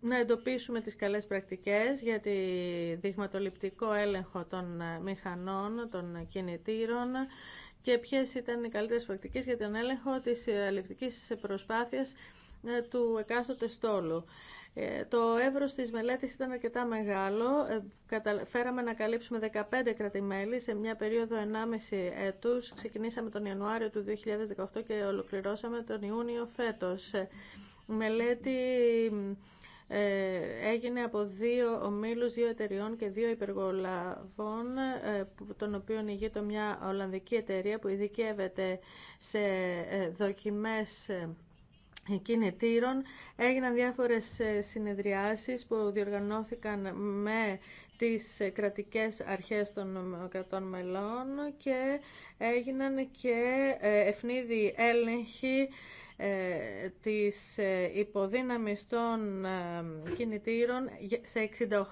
να εντοπίσουμε τις καλές πρακτικές για τη δειγματοληπτικό έλεγχο των ε, μηχανών, των κινητήρων και ποιες ήταν οι καλύτερες πρακτικές για τον έλεγχο της ε, αληπτικής προσπάθειας ε, του εκάστοτε στόλου. Ε, το εύρος της μελέτης ήταν αρκετά μεγάλο. Ε, φέραμε να καλύψουμε 15 κρατημέλη σε μια περίοδο 1,5 έτους. Ξεκινήσαμε τον Ιανουάριο του 2018 και ολοκληρώσαμε τον Ιούνιο φέτος. Ε, μελέτη έγινε από δύο ομίλους, δύο εταιριών και δύο υπεργολαβών, των οποίων ηγείται μια Ολλανδική εταιρεία που ειδικεύεται σε δοκιμές κινητήρων. Έγιναν διάφορες ε, συνεδριάσεις που διοργανώθηκαν με τις ε, κρατικές αρχές των ε, κρατών μελών και έγιναν και ευνίδιοι έλεγχοι ε, της ε, υποδύναμης των ε, κινητήρων σε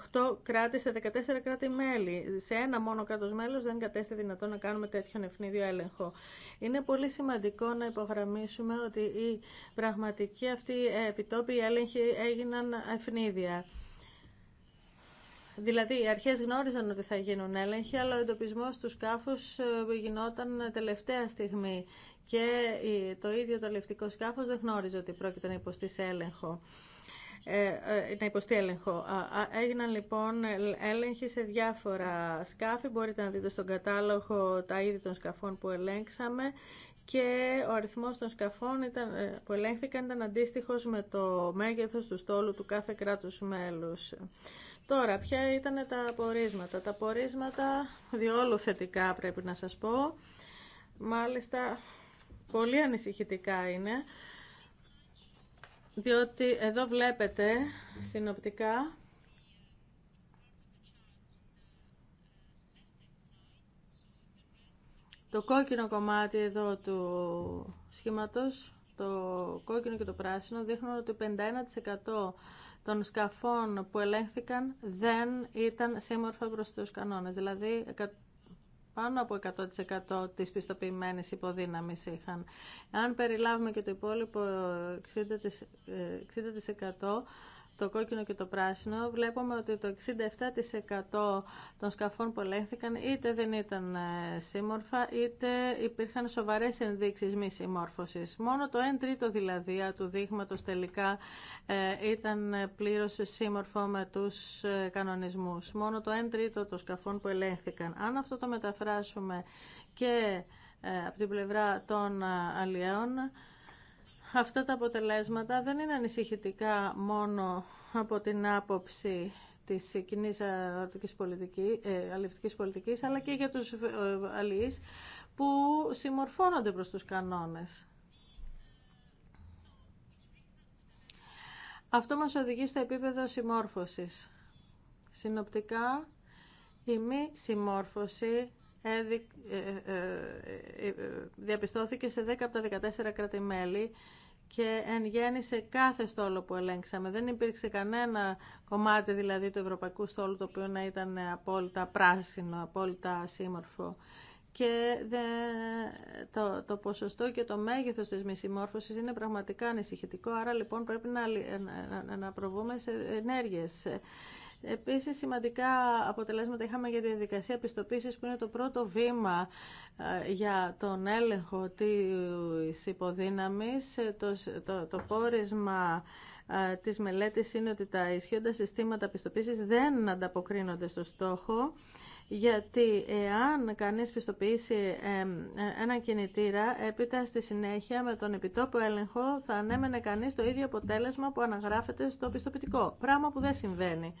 68 κράτη, σε 14 κράτη-μέλη. Σε ένα μόνο κράτος μέλος δεν κατέστη δυνατόν να κάνουμε τέτοιον ευνίδιο έλεγχο. Είναι πολύ σημαντικό να υπογραμμίσουμε ότι η πραγματική αυτή επιτόπιοι έλεγχοι έγιναν ευνίδια. Δηλαδή, οι αρχές γνώριζαν ότι θα γίνουν έλεγχοι, αλλά ο εντοπισμό του σκάφους ε, γινόταν τελευταία στιγμή και το ίδιο το λευτικό σκάφο δεν γνώριζε ότι πρόκειται να υποστεί σε έλεγχο ε, ε, να υποστεί έλεγχο. Έγιναν λοιπόν έλεγχοι σε διάφορα σκάφη. Μπορείτε να δείτε στον κατάλογο τα είδη των σκαφών που ελέγξαμε και ο αριθμός των σκαφών ήταν, που ελέγχθηκαν ήταν αντίστοιχος με το μέγεθος του στόλου του κάθε κράτους μέλους. Τώρα, ποια ήταν τα πορίσματα. Τα πορίσματα διόλου θετικά πρέπει να σας πω. Μάλιστα, πολύ ανησυχητικά είναι, διότι εδώ βλέπετε συνοπτικά το κόκκινο κομμάτι εδώ του σχήματος, το κόκκινο και το πράσινο δείχνουν ότι 51% των σκαφών που ελέγχθηκαν δεν ήταν σύμμορφα προς τους κανόνες. Δηλαδή πάνω από 100% της πιστοποιημένης υποδύναμης είχαν. Αν περιλάβουμε και το υπόλοιπο 60%, 60% ε, το κόκκινο και το πράσινο, βλέπουμε ότι το 67% των σκαφών που ελέγχθηκαν είτε δεν ήταν ε, σύμμορφα, είτε υπήρχαν σοβαρές ενδείξεις μη συμμόρφωσης. Μόνο το 1 τρίτο δηλαδή του δείγματος τελικά ε, ήταν ε, πλήρως σύμμορφο με τους κανονισμούς. Μόνο το 1 τρίτο των σκαφών που ελέγχθηκαν. Αν αυτό το μεταφράσουμε και από την πλευρά των αλλιέων, αυτά τα αποτελέσματα δεν είναι ανησυχητικά μόνο από την άποψη της κοινή ε, αλληλευτικής πολιτικής, πολιτικής, αλλά και για τους ε, αλληλείς που συμμορφώνονται προς τους κανόνες. Αυτό μας οδηγεί στο επίπεδο συμμόρφωσης. Συνοπτικά, η μη συμμόρφωση ε, διαπιστώθηκε σε 10 από τα 14 κράτη-μέλη και εν γέννη σε κάθε στόλο που ελέγξαμε. Δεν υπήρξε κανένα κομμάτι δηλαδή του ευρωπαϊκού στόλου το οποίο να ήταν απόλυτα πράσινο, απόλυτα σύμμορφο. Και το, το ποσοστό και το μέγεθος της μη συμμόρφωσης είναι πραγματικά ανησυχητικό, άρα λοιπόν πρέπει να, να, να προβούμε σε ενέργειες. Επίση, σημαντικά αποτελέσματα είχαμε για τη διαδικασία πιστοποίηση, που είναι το πρώτο βήμα ε, για τον έλεγχο τη υποδύναμη. Ε, το, το, το πόρισμα ε, τη μελέτη είναι ότι τα ισχύοντα συστήματα πιστοποίηση δεν ανταποκρίνονται στο στόχο γιατί εάν κανείς πιστοποιήσει έναν κινητήρα, έπειτα στη συνέχεια με τον επιτόπο έλεγχο θα ανέμενε κανείς το ίδιο αποτέλεσμα που αναγράφεται στο πιστοποιητικό, πράγμα που δεν συμβαίνει.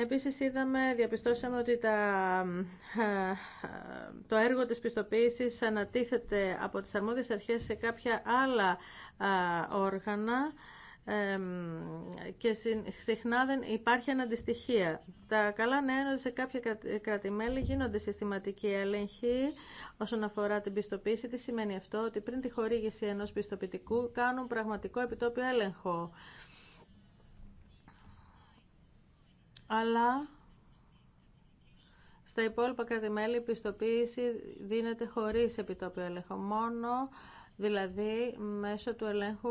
Επίσης είδαμε, διαπιστώσαμε ότι τα, ε, το έργο της πιστοποίησης ανατίθεται από τις αρμόδιες αρχές σε κάποια άλλα όργανα και συχνά δεν υπάρχει αναντιστοιχεία. Τα καλά νέα σε κάποια κρατημέλη γίνονται συστηματικοί έλεγχοι όσον αφορά την πιστοποίηση. Τι σημαίνει αυτό, ότι πριν τη χορήγηση ενός πιστοποιητικού κάνουν πραγματικό επιτόπιο έλεγχο. αλλά στα υπόλοιπα κράτη-μέλη η πιστοποίηση δίνεται χωρίς επιτόπιο έλεγχο, μόνο δηλαδή μέσω του ελέγχου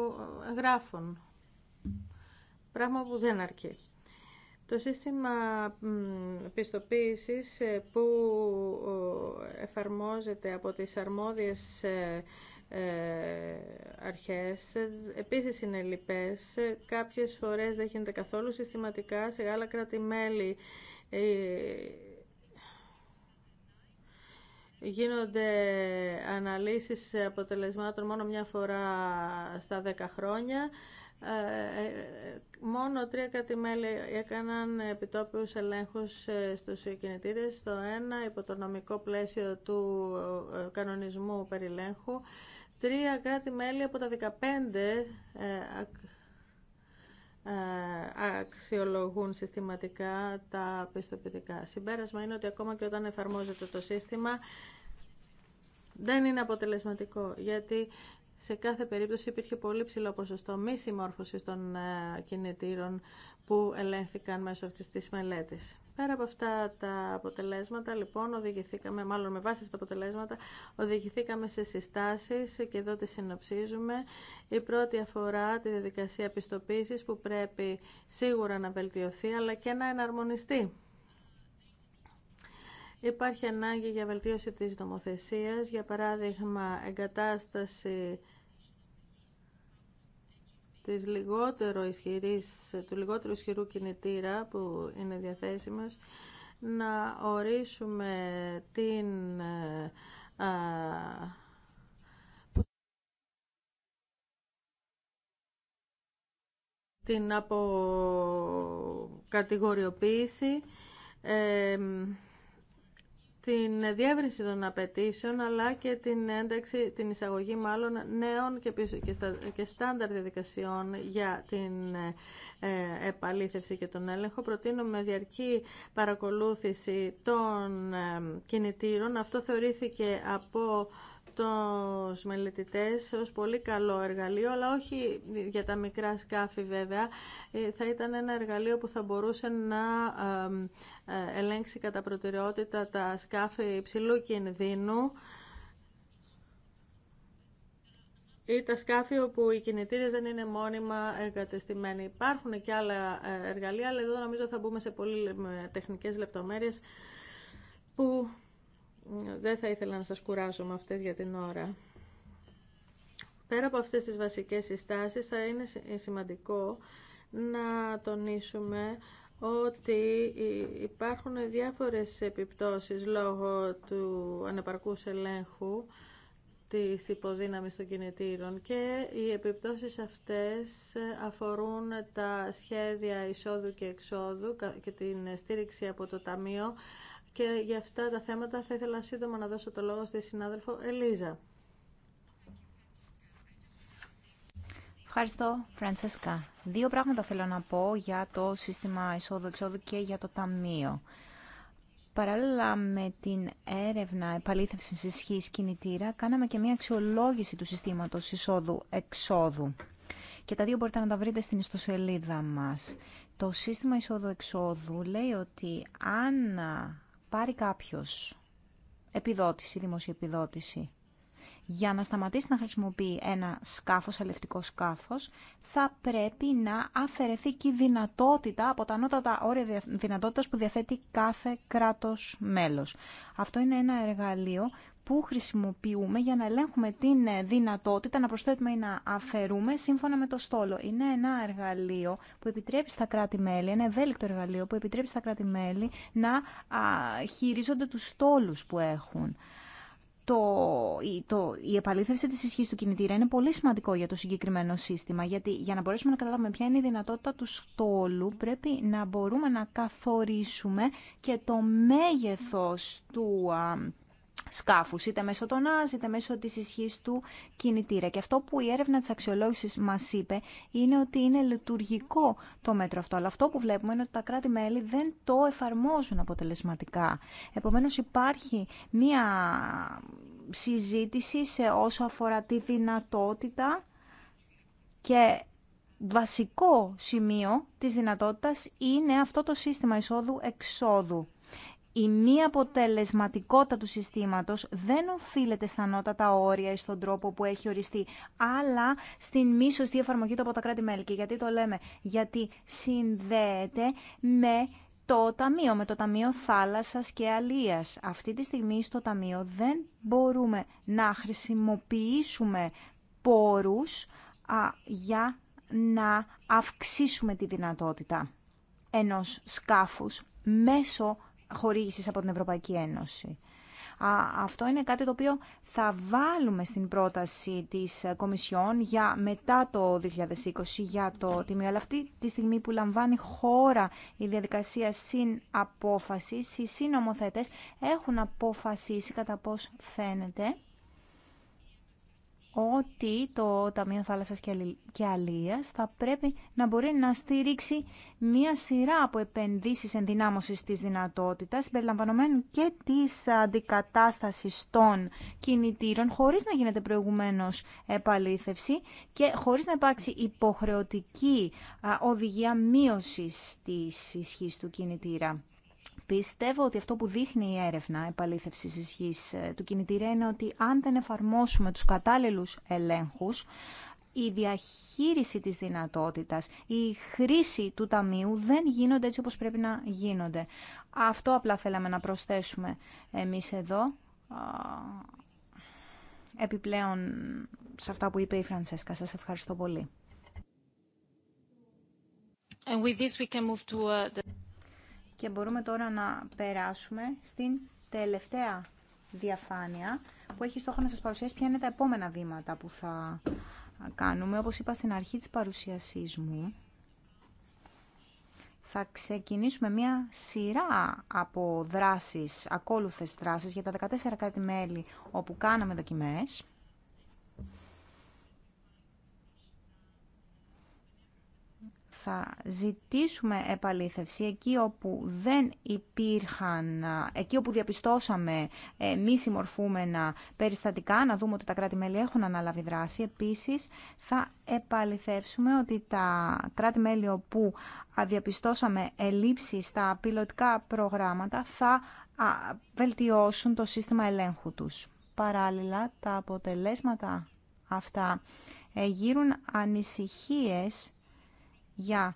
γράφων, πράγμα που δεν αρκεί. Το σύστημα πιστοποίησης ε, που εφαρμόζεται από τις αρμόδιες ε, ε, αρχές. Επίσης είναι λοιπές. Κάποιες φορές δεν γίνεται καθόλου συστηματικά. Σε άλλα κράτη-μέλη ε, γίνονται αναλύσεις αποτελεσμάτων μόνο μια φορά στα 10 χρόνια. Ε, μόνο τρία κατημέλη έκαναν επιτόπιους ελέγχους στους κινητήρες. στο ένα υπό το νομικό πλαίσιο του κανονισμού περιλέγχου Τρία κράτη-μέλη από τα 15 ε, ε, αξιολογούν συστηματικά τα πιστοποιητικά. Συμπέρασμα είναι ότι ακόμα και όταν εφαρμόζεται το σύστημα δεν είναι αποτελεσματικό, γιατί σε κάθε περίπτωση υπήρχε πολύ ψηλό ποσοστό μη συμμόρφωσης των ε, κινητήρων που ελέγχθηκαν μέσω αυτής της μελέτης. Πέρα από αυτά τα αποτελέσματα, λοιπόν, οδηγηθήκαμε, μάλλον με βάση αυτά τα αποτελέσματα, οδηγηθήκαμε σε συστάσεις και εδώ τι συνοψίζουμε. Η πρώτη αφορά τη διαδικασία πιστοποίησης που πρέπει σίγουρα να βελτιωθεί, αλλά και να εναρμονιστεί. Υπάρχει ανάγκη για βελτίωση της νομοθεσίας, για παράδειγμα εγκατάσταση της λιγότερο ισχυρής, του λιγότερου ισχυρού κινητήρα που είναι διαθέσιμος να ορίσουμε την ε, την αποκατηγοριοποίηση ε, την διεύρυνση των απαιτήσεων αλλά και την ένταξη, την εισαγωγή μάλλον νέων και, και, στα, και στάνταρ διαδικασιών για την ε, επαλήθευση και τον έλεγχο. Προτείνουμε διαρκή παρακολούθηση των ε, κινητήρων. Αυτό θεωρήθηκε από τους μελετητές ως πολύ καλό εργαλείο, αλλά όχι για τα μικρά σκάφη βέβαια. Ε, θα ήταν ένα εργαλείο που θα μπορούσε να ε, ελέγξει κατά προτεραιότητα τα σκάφη υψηλού κινδύνου ή τα σκάφη όπου οι κινητήρες δεν είναι μόνιμα εγκατεστημένοι. Υπάρχουν και άλλα ε, εργαλεία, αλλά εδώ νομίζω θα μπούμε σε πολύ τεχνικές λεπτομέρειες που δεν θα ήθελα να σας κουράσω με αυτές για την ώρα. Πέρα από αυτές τις βασικές συστάσεις θα είναι σημαντικό να τονίσουμε ότι υπάρχουν διάφορες επιπτώσεις λόγω του ανεπαρκούς ελέγχου της υποδύναμης των κινητήρων και οι επιπτώσεις αυτές αφορούν τα σχέδια εισόδου και εξόδου και την στήριξη από το Ταμείο και για αυτά τα θέματα θα ήθελα σύντομα να δώσω το λόγο στη συνάδελφο Ελίζα. Ευχαριστώ, Φρανσέσκα. Δύο πράγματα θέλω να πω για το σύστημα εισόδου-εξόδου και για το ταμείο. Παράλληλα με την έρευνα επαλήθευση ισχύ κινητήρα, κάναμε και μια αξιολόγηση του συστήματο εισοδου εισόδου-εξόδου. Και τα δύο μπορείτε να τα βρείτε στην ιστοσελίδα μας. Το σύστημα εισόδου-εξόδου λέει ότι αν πάρει κάποιος επιδότηση, δημοσιοεπιδότηση, για να σταματήσει να χρησιμοποιεί ένα σκάφος, αλευτικό σκάφος, θα πρέπει να αφαιρεθεί και η δυνατότητα από τα ανώτατα όρια δυνατότητας που διαθέτει κάθε κράτος μέλος. Αυτό είναι ένα εργαλείο που χρησιμοποιούμε για να ελέγχουμε την ε, δυνατότητα να προσθέτουμε ή να αφαιρούμε σύμφωνα με το στόλο. Είναι ένα εργαλείο που επιτρέπει στα κράτη-μέλη, ένα ευέλικτο εργαλείο που επιτρέπει στα κράτη-μέλη να χειρίζονται τους στόλους που έχουν. Το, το, η επαλήθευση της ισχύς του κινητήρα είναι πολύ σημαντικό για το συγκεκριμένο σύστημα, γιατί για να μπορέσουμε να καταλάβουμε ποια είναι η δυνατότητα του στόλου, πρέπει να μπορούμε να καθορίσουμε και το μέγεθος του σκάφους, είτε μέσω ΆΣ είτε μέσω της ισχύς του κινητήρα. Και αυτό που η έρευνα της αξιολόγησης μας είπε είναι ότι είναι λειτουργικό το μέτρο αυτό, αλλά αυτό που βλέπουμε είναι ότι τα κράτη-μέλη δεν το εφαρμόζουν αποτελεσματικά. Επομένως υπάρχει μία συζήτηση σε όσο αφορά τη δυνατότητα και βασικό σημείο της δυνατότητας είναι αυτό το σύστημα εισόδου-εξόδου η μη αποτελεσματικότητα του συστήματος δεν οφείλεται στα ανώτατα όρια ή στον τρόπο που έχει οριστεί, αλλά στην μη σωστή εφαρμογή του από τα κράτη-μέλη. Και γιατί το λέμε, γιατί συνδέεται με το Ταμείο, με το Ταμείο Θάλασσας και Αλίας. Αυτή τη στιγμή στο Ταμείο δεν μπορούμε να χρησιμοποιήσουμε πόρους α, για να αυξήσουμε τη δυνατότητα ενός σκάφους μέσω χορήγησης από την Ευρωπαϊκή Ένωση. Αυτό είναι κάτι το οποίο θα βάλουμε στην πρόταση της Κομισιόν για μετά το 2020 για το τιμίο. Αλλά αυτή τη στιγμή που λαμβάνει χώρα η διαδικασία συν οι συνομοθέτες έχουν αποφασίσει κατά πώς φαίνεται ότι το Ταμείο Θάλασσας και Αλίας θα πρέπει να μπορεί να στηρίξει μία σειρά από επενδύσεις ενδυνάμωσης της δυνατότητας, περιλαμβανομένου και της αντικατάστασης των κινητήρων, χωρίς να γίνεται προηγουμένως επαλήθευση και χωρίς να υπάρξει υποχρεωτική οδηγία μείωσης της ισχύς του κινητήρα. Πιστεύω ότι αυτό που δείχνει η έρευνα επαλήθευσης ισχύς ε, του κινητήρα είναι ότι αν δεν εφαρμόσουμε τους κατάλληλους ελέγχους, η διαχείριση της δυνατότητας, η χρήση του ταμείου δεν γίνονται έτσι όπως πρέπει να γίνονται. Αυτό απλά θέλαμε να προσθέσουμε εμείς εδώ, επιπλέον σε αυτά που είπε η Φρανσέσκα. Σας ευχαριστώ πολύ. And with this we can move uh, και μπορούμε τώρα να περάσουμε στην τελευταία διαφάνεια που έχει στόχο να σας παρουσιάσει ποια είναι τα επόμενα βήματα που θα κάνουμε. Όπως είπα στην αρχή της παρουσίασής μου, θα ξεκινήσουμε μια σειρά από δράσεις, ακόλουθες δράσεις για τα 14 κάτι μέλη όπου κάναμε δοκιμές. θα ζητήσουμε επαλήθευση εκεί όπου δεν υπήρχαν, εκεί όπου διαπιστώσαμε ε, μη συμμορφούμενα περιστατικά, να δούμε ότι τα κράτη-μέλη έχουν αναλάβει δράση. Επίσης, θα επαληθεύσουμε ότι τα κράτη-μέλη όπου διαπιστώσαμε ελλείψεις στα πιλωτικά προγράμματα θα βελτιώσουν το σύστημα ελέγχου τους. Παράλληλα, τα αποτελέσματα αυτά ε, γύρουν ανησυχίες για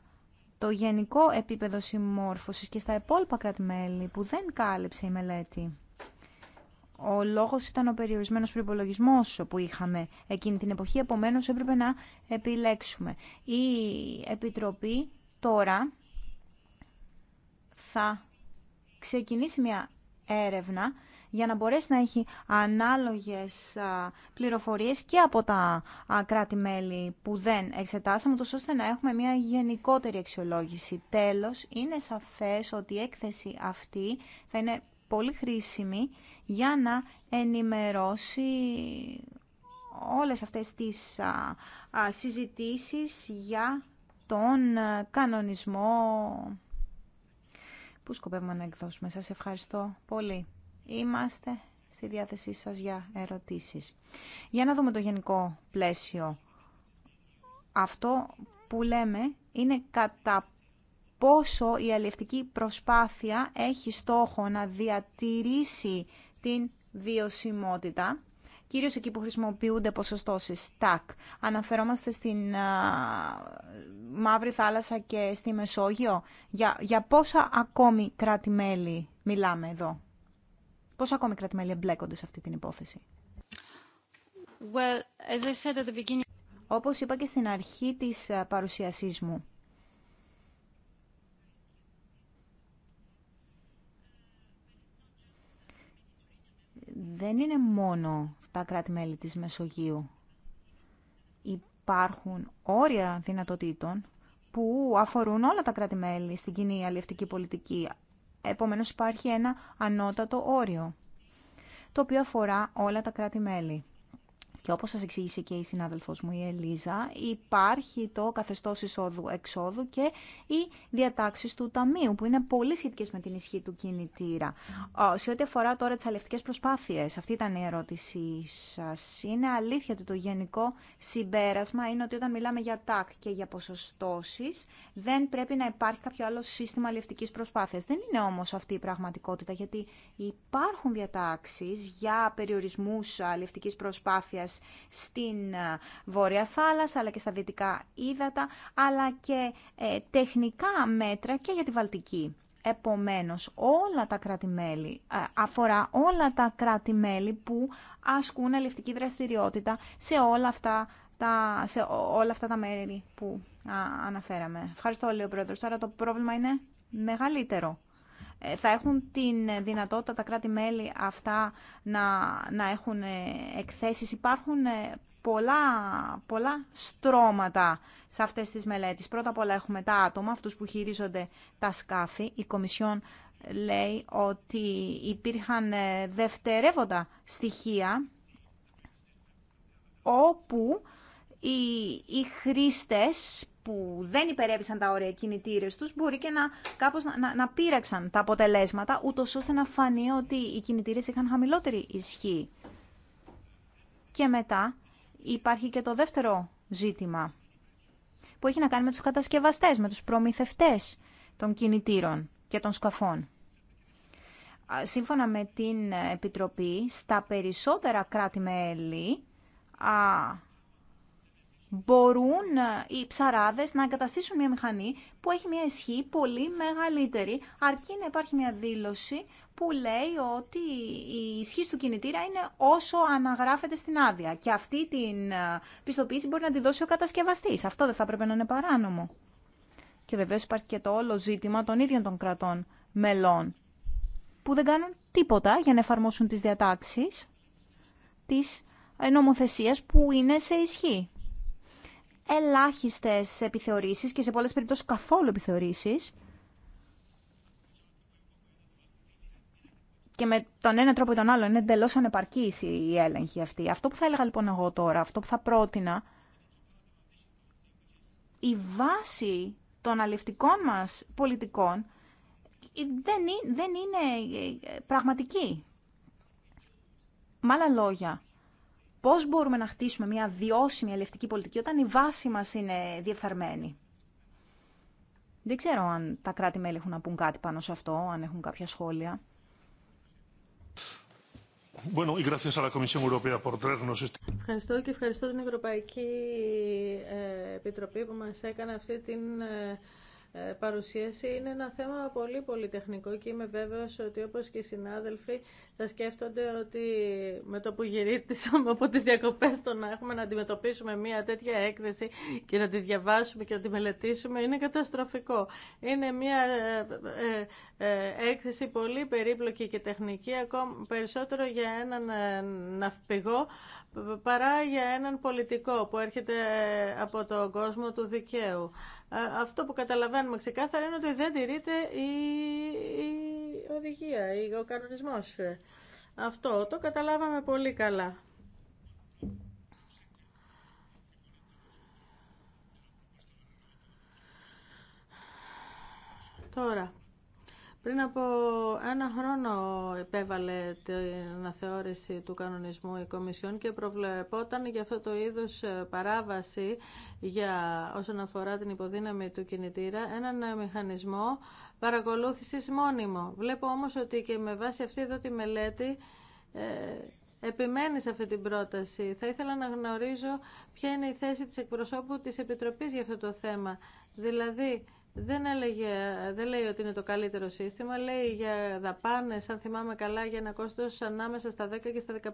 το γενικό επίπεδο συμμόρφωσης και στα υπόλοιπα που δεν κάλυψε η μελέτη. Ο λόγος ήταν ο περιορισμένος προπολογισμό που είχαμε εκείνη την εποχή, επομένως έπρεπε να επιλέξουμε. Η Επιτροπή τώρα θα ξεκινήσει μια έρευνα για να μπορέσει να έχει ανάλογες πληροφορίες και από τα κράτη-μέλη που δεν εξετάσαμε, τόσο ώστε να έχουμε μια γενικότερη αξιολόγηση. Τέλος, είναι σαφές ότι η έκθεση αυτή θα είναι πολύ χρήσιμη για να ενημερώσει όλες αυτές τις συζητήσεις για τον κανονισμό που σκοπεύουμε να εκδώσουμε. Σας ευχαριστώ πολύ. Είμαστε στη διάθεσή σας για ερωτήσεις. Για να δούμε το γενικό πλαίσιο. Αυτό που λέμε είναι κατά πόσο η αλληλευτική προσπάθεια έχει στόχο να διατηρήσει την βιωσιμότητα, κυρίως εκεί που χρησιμοποιούνται ποσοστώσεις ΤΑΚ. Αναφερόμαστε στην Μαύρη Θάλασσα και στη Μεσόγειο. Για, για πόσα ακόμη κράτη-μέλη μιλάμε εδώ. Πώς ακόμη κρατημέλη εμπλέκονται σε αυτή την υπόθεση. Well, Όπως είπα και στην αρχή της ε, παρουσιασής μου, δεν είναι μόνο τα κράτη-μέλη της Μεσογείου. Υπάρχουν όρια δυνατοτήτων που αφορούν όλα τα κρατη στην κοινή αλληλευτική πολιτική. Επομένως υπάρχει ένα ανώτατο όριο, το οποίο αφορά όλα τα κράτη-μέλη. Και όπως σας εξήγησε και η συνάδελφός μου η Ελίζα, υπάρχει το καθεστώς εισόδου-εξόδου και οι διατάξεις του Ταμείου, που είναι πολύ σχετικές με την ισχύ του κινητήρα. Σε ό,τι αφορά τώρα τις αλευτικές προσπάθειες, αυτή ήταν η ερώτησή σας. Είναι αλήθεια ότι το γενικό συμπέρασμα είναι ότι όταν μιλάμε για τάκ και για ποσοστώσεις, δεν πρέπει να υπάρχει κάποιο άλλο σύστημα αλευτικής προσπάθειας. Δεν είναι όμως αυτή η πραγματικότητα, γιατί υπάρχουν διατάξεις για περιορισμούς αλευτικής προσπάθειας στην ε, Βόρεια Θάλασσα αλλά και στα Δυτικά Ήδατα αλλά και ε, τεχνικά μέτρα και για τη Βαλτική. Επομένως, όλα τα κρατη ε, αφορά όλα τα κρατη που ασκούν αλληλευτική δραστηριότητα σε όλα αυτά τα, σε όλα αυτά τα μέρη που αναφέραμε. Ευχαριστώ, λέει ο Πρόεδρος. Τώρα το πρόβλημα είναι μεγαλύτερο θα έχουν την δυνατότητα τα κράτη-μέλη αυτά να, έχουν ε, εκθέσεις. Υπάρχουν ε, πολλά, πολλά στρώματα σε αυτές τις μελέτες. Πρώτα απ' όλα έχουμε τα άτομα, αυτούς που χειρίζονται τα σκάφη. Η Κομισιόν λέει ότι υπήρχαν ε, δευτερεύοντα στοιχεία όπου οι, οι χρήστες που δεν υπερέβησαν τα όρια κινητήρε του, μπορεί και να, κάπως να, να, πείραξαν τα αποτελέσματα, ούτω ώστε να φανεί ότι οι κινητήρε είχαν χαμηλότερη ισχύ. Και μετά υπάρχει και το δεύτερο ζήτημα, που έχει να κάνει με τους κατασκευαστές, με τους προμηθευτές των κινητήρων και των σκαφών. Σύμφωνα με την Επιτροπή, στα περισσότερα κράτη-μέλη μπορούν ε, οι ψαράδες να εγκαταστήσουν μια μηχανή που έχει μια ισχύ πολύ μεγαλύτερη, αρκεί να υπάρχει μια δήλωση που λέει ότι η ισχύ του κινητήρα είναι όσο αναγράφεται στην άδεια. Και αυτή την ε, πιστοποίηση μπορεί να τη δώσει ο κατασκευαστής. Αυτό δεν θα έπρεπε να είναι παράνομο. Και βεβαίως υπάρχει και το όλο ζήτημα των ίδιων των κρατών μελών που δεν κάνουν τίποτα για να εφαρμόσουν τις διατάξεις της νομοθεσίας που είναι σε ισχύ ελάχιστες επιθεωρήσεις και σε πολλές περιπτώσεις καθόλου επιθεωρήσεις. και με τον ένα τρόπο ή τον άλλο είναι εντελώ ανεπαρκή η έλεγχη εντελω ανεπαρκης η Αυτό που θα έλεγα λοιπόν εγώ τώρα, αυτό που θα πρότεινα, η βάση των αληφτικών μας πολιτικών ε, δεν, δεν είναι ε, ε, πραγματική. Με άλλα λόγια, Πώς μπορούμε να χτίσουμε μια διώσιμη ελευτική πολιτική όταν η βάση μας είναι διεφθαρμένη. Δεν ξέρω αν τα κράτη-μέλη έχουν να πούν κάτι πάνω σε αυτό, αν έχουν κάποια σχόλια. Ευχαριστώ και ευχαριστώ την Ευρωπαϊκή ε, Επιτροπή που μας έκανε αυτή την ε, ε, παρουσίαση. Είναι ένα θέμα πολύ πολύ τεχνικό και είμαι βέβαιος ότι όπως και οι συνάδελφοι θα σκέφτονται ότι με το που γυρίσαμε από τις διακοπές το να έχουμε να αντιμετωπίσουμε μια τέτοια έκθεση και να τη διαβάσουμε και να τη μελετήσουμε είναι καταστροφικό. Είναι μια ε, ε, έκθεση πολύ περίπλοκη και τεχνική ακόμα περισσότερο για έναν ναυπηγό παρά για έναν πολιτικό που έρχεται από τον κόσμο του δικαίου. Ε, αυτό που καταλαβαίνουμε ξεκάθαρα είναι ότι δεν τηρείται η, οδηγία, ο κανονισμός. Αυτό το καταλάβαμε πολύ καλά. Τώρα, πριν από ένα χρόνο επέβαλε την αναθεώρηση του κανονισμού η Κομισιόν και προβλεπόταν για αυτό το είδος ε, παράβαση για όσον αφορά την υποδύναμη του κινητήρα έναν ε, μηχανισμό παρακολούθησης μόνιμο. Βλέπω όμως ότι και με βάση αυτή εδώ τη μελέτη ε, επιμένει σε αυτή την πρόταση. Θα ήθελα να γνωρίζω ποια είναι η θέση της εκπροσώπου της Επιτροπής για αυτό το θέμα. Δηλαδή, δεν, έλεγε, δεν λέει ότι είναι το καλύτερο σύστημα, λέει για δαπάνε αν θυμάμαι καλά, για ένα κόστο ανάμεσα στα 10 και στα 15.000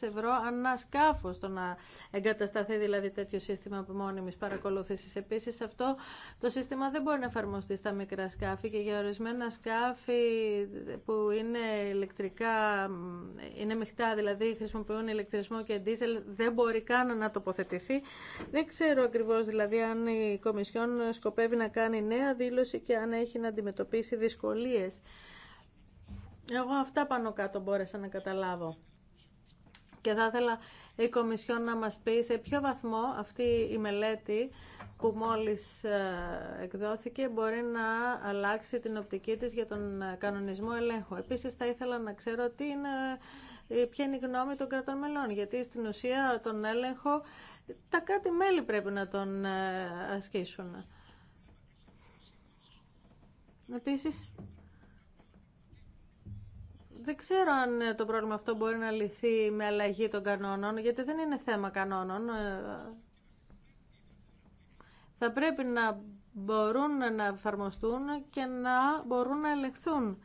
ευρώ ανά σκάφο το να εγκατασταθεί δηλαδή τέτοιο σύστημα μόνιμης παρακολουθήση. Επίση αυτό το σύστημα δεν μπορεί να εφαρμοστεί στα μικρά σκάφη και για ορισμένα σκάφη που είναι ηλεκτρικά, είναι μειχτά, δηλαδή χρησιμοποιούν ηλεκτρισμό και ντίζελ, δεν μπορεί καν να τοποθετηθεί. Δεν ξέρω ακριβώς δηλαδή αν η Κομισιόν σκοπεύει να κάνει κάνει νέα δήλωση και αν έχει να αντιμετωπίσει δυσκολίες. Εγώ αυτά πάνω κάτω μπόρεσα να καταλάβω. Και θα ήθελα η Κομισιόν να μας πει σε ποιο βαθμό αυτή η μελέτη που μόλις ε, εκδόθηκε μπορεί να αλλάξει την οπτική της για τον ε, κανονισμό ελέγχου. Επίσης θα ήθελα να ξέρω τι είναι, ε, ποια είναι η γνώμη των κρατών μελών, γιατί στην ουσία τον έλεγχο τα κάτι μελη πρέπει να τον ασκήσουν. Επίσης, δεν ξέρω αν ε, το πρόβλημα αυτό μπορεί να λυθεί με αλλαγή των κανόνων, γιατί δεν είναι θέμα κανόνων. Ε, θα πρέπει να μπορούν να εφαρμοστούν και να μπορούν να ελεγχθούν.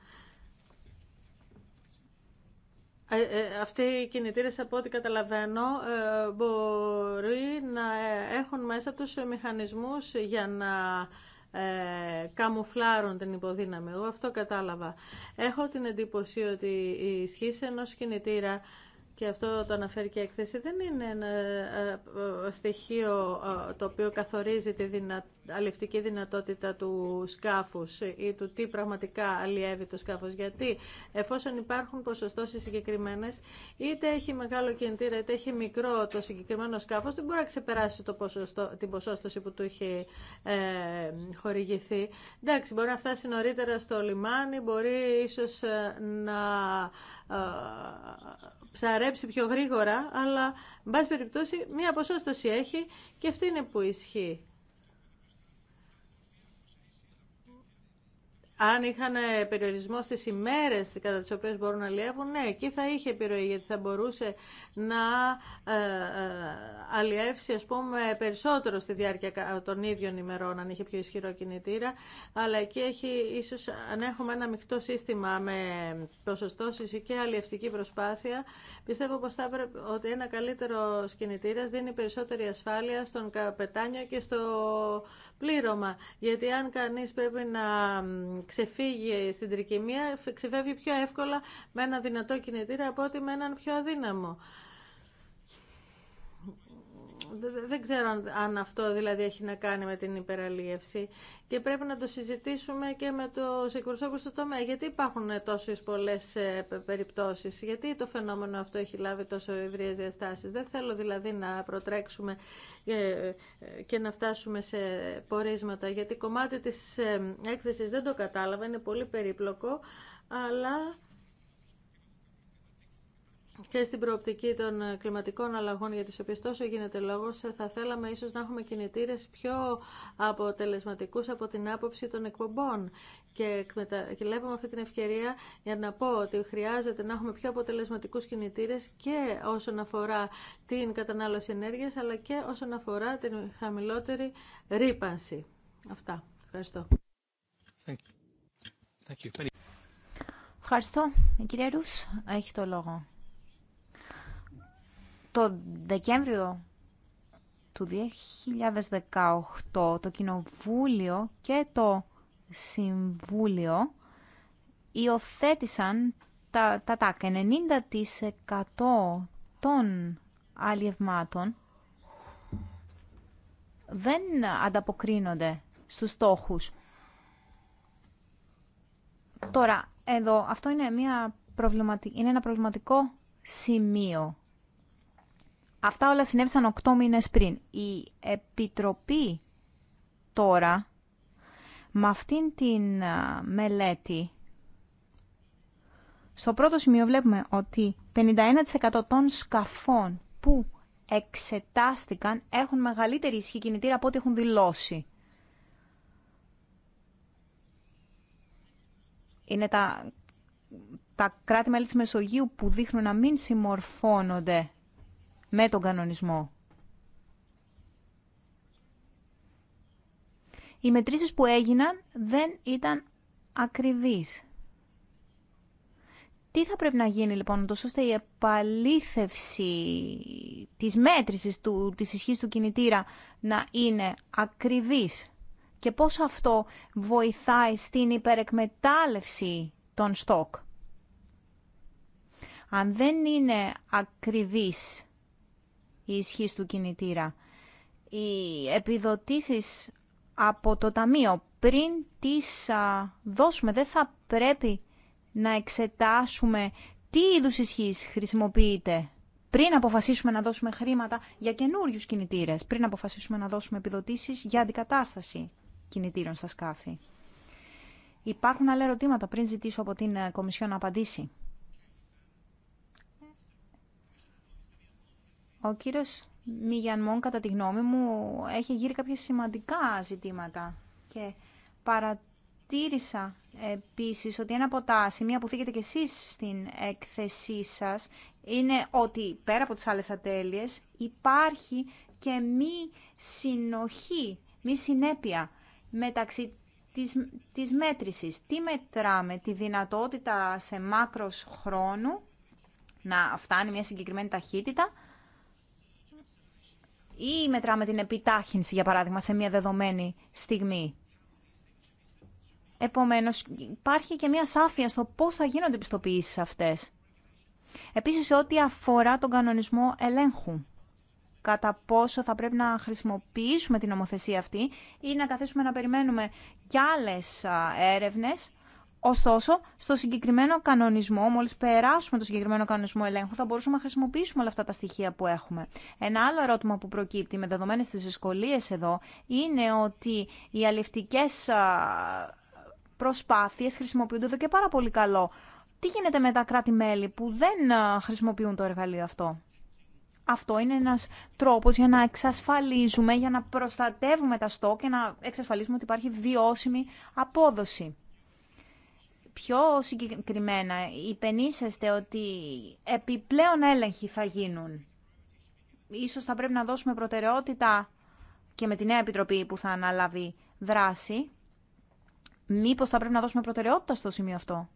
Ε, αυτοί οι κινητήρες, από ό,τι καταλαβαίνω, μπορεί να έχουν μέσα τους μηχανισμούς για να ε, καμουφλάρουν την υποδύναμη. Εγώ αυτό κατάλαβα. Έχω την εντύπωση ότι η ισχύ ενό κινητήρα και αυτό το αναφέρει και η έκθεση, δεν είναι ένα ε, ε, στοιχείο ε, το οποίο καθορίζει τη δυνα... αληφτική δυνατότητα του σκάφους ή του τι πραγματικά αλλιεύει το σκάφος. Γιατί εφόσον υπάρχουν ποσοστώσεις συγκεκριμένες, είτε έχει μεγάλο κινητήρα είτε έχει μικρό το συγκεκριμένο σκάφος, δεν μπορεί να ξεπεράσει το ποσοστό, την ποσόστοση που του έχει χορηγηθεί. Εντάξει, μπορεί να φτάσει νωρίτερα στο λιμάνι, μπορεί ίσως να ψαρέψει πιο γρήγορα, αλλά, εν πάση περιπτώσει, μία ποσόστοση έχει και αυτή είναι που ισχύει. αν είχαν περιορισμό στις ημέρες κατά τις οποίες μπορούν να αλλιεύουν, ναι, εκεί θα είχε επιρροή, γιατί θα μπορούσε να ε, ε, αλλιεύσει, ας πούμε, περισσότερο στη διάρκεια των ίδιων ημερών, αν είχε πιο ισχυρό κινητήρα, αλλά εκεί έχει, ίσως, αν έχουμε ένα μεικτό σύστημα με ποσοστώσεις και αλλιευτική προσπάθεια, πιστεύω πως θα έπρεπε ότι ένα καλύτερο κινητήρα δίνει περισσότερη ασφάλεια στον καπετάνιο και στο πλήρωμα. Γιατί αν κανείς πρέπει να ξεφύγει στην τρικυμία, ξεφεύγει πιο εύκολα με ένα δυνατό κινητήρα από ότι με έναν πιο αδύναμο δεν ξέρω αν αυτό δηλαδή έχει να κάνει με την υπεραλίευση και πρέπει να το συζητήσουμε και με το εκπροσώπους του τομέα. Γιατί υπάρχουν τόσες πολλές ε, περιπτώσεις, γιατί το φαινόμενο αυτό έχει λάβει τόσο ευρείες διαστάσεις. Δεν θέλω δηλαδή να προτρέξουμε ε, ε, και να φτάσουμε σε πορίσματα, γιατί κομμάτι της έκθεσης δεν το κατάλαβα, είναι πολύ περίπλοκο, αλλά και στην προοπτική των ε, κλιματικών αλλαγών για τις οποίες τόσο γίνεται λόγος ε, θα θέλαμε ίσως να έχουμε κινητήρες πιο αποτελεσματικούς από την άποψη των εκπομπών και, και αυτή την ευκαιρία για να πω ότι χρειάζεται να έχουμε πιο αποτελεσματικούς κινητήρες και όσον αφορά την κατανάλωση ενέργειας αλλά και όσον αφορά την χαμηλότερη ρήπανση. Αυτά. Ευχαριστώ. Thank you. Ευχαριστώ. Η Ρούς έχει το λόγο. Το Δεκέμβριο του 2018 το Κοινοβούλιο και το Συμβούλιο υιοθέτησαν τα, τα ΤΑΚ. 90% των αλλιευμάτων δεν ανταποκρίνονται στους στόχους. Τώρα, εδώ, αυτό είναι, μια προβληματι... είναι ένα προβληματικό σημείο. Αυτά όλα συνέβησαν 8 μήνες πριν. Η Επιτροπή τώρα, με αυτήν την μελέτη, στο πρώτο σημείο βλέπουμε ότι 51% των σκαφών που εξετάστηκαν έχουν μεγαλύτερη ισχύ κινητήρα από ό,τι έχουν δηλώσει. Είναι τα, τα κράτη-μέλη της Μεσογείου που δείχνουν να μην συμμορφώνονται με τον κανονισμό. Οι μετρήσεις που έγιναν δεν ήταν ακριβείς. Τι θα πρέπει να γίνει λοιπόν, τόσο ώστε η επαλήθευση της μέτρησης του, της ισχύς του κινητήρα να είναι ακριβής και πώς αυτό βοηθάει στην υπερεκμετάλλευση των στόκ. Αν δεν είναι ακριβής η ισχύ του κινητήρα. Οι επιδοτήσεις από το Ταμείο πριν τις δώσουμε δεν θα πρέπει να εξετάσουμε τι είδους ισχύ χρησιμοποιείται πριν αποφασίσουμε να δώσουμε χρήματα για καινούριου κινητήρες, πριν αποφασίσουμε να δώσουμε επιδοτήσεις για αντικατάσταση κινητήρων στα σκάφη. Υπάρχουν άλλα ερωτήματα πριν ζητήσω από την ε, Κομισιόν να απαντήσει. Ο κύριος Μιγιανμόν, κατά τη γνώμη μου, έχει γύρει κάποια σημαντικά ζητήματα και παρατήρησα επίσης ότι ένα από τα σημεία που θίγετε και εσείς στην έκθεσή σας είναι ότι πέρα από τις άλλες ατέλειες υπάρχει και μη συνοχή, μη συνέπεια μεταξύ της, της μέτρησης. Τι μετράμε, τη δυνατότητα σε μάκρος χρόνου να φτάνει μια συγκεκριμένη ταχύτητα ή μετράμε την επιτάχυνση, για παράδειγμα, σε μια δεδομένη στιγμή. Επομένως, υπάρχει και μια σάφια στο πώς θα γίνονται οι πιστοποιήσεις αυτές. Επίσης, σε ό,τι αφορά τον κανονισμό ελέγχου, κατά πόσο θα πρέπει να χρησιμοποιήσουμε την νομοθεσία αυτή ή να καθίσουμε να περιμένουμε κι άλλες έρευνες Ωστόσο, στο συγκεκριμένο κανονισμό, μόλι περάσουμε το συγκεκριμένο κανονισμό ελέγχου, θα μπορούσαμε να χρησιμοποιήσουμε όλα αυτά τα στοιχεία που έχουμε. Ένα άλλο ερώτημα που προκύπτει με δεδομένε τι δυσκολίε εδώ είναι ότι οι αληφτικέ προσπάθειε χρησιμοποιούνται εδώ και πάρα πολύ καλό. Τι γίνεται με τα κράτη-μέλη που δεν χρησιμοποιούν το εργαλείο αυτό. Αυτό είναι ένας τρόπος για να εξασφαλίζουμε, για να προστατεύουμε τα στόκ και να εξασφαλίσουμε ότι υπάρχει βιώσιμη απόδοση. Πιο συγκεκριμένα, υπενήσεστε ότι επιπλέον έλεγχοι θα γίνουν. Ίσως θα πρέπει να δώσουμε προτεραιότητα και με τη νέα επιτροπή που θα αναλάβει δράση. Μήπως θα πρέπει να δώσουμε προτεραιότητα στο σημείο αυτό.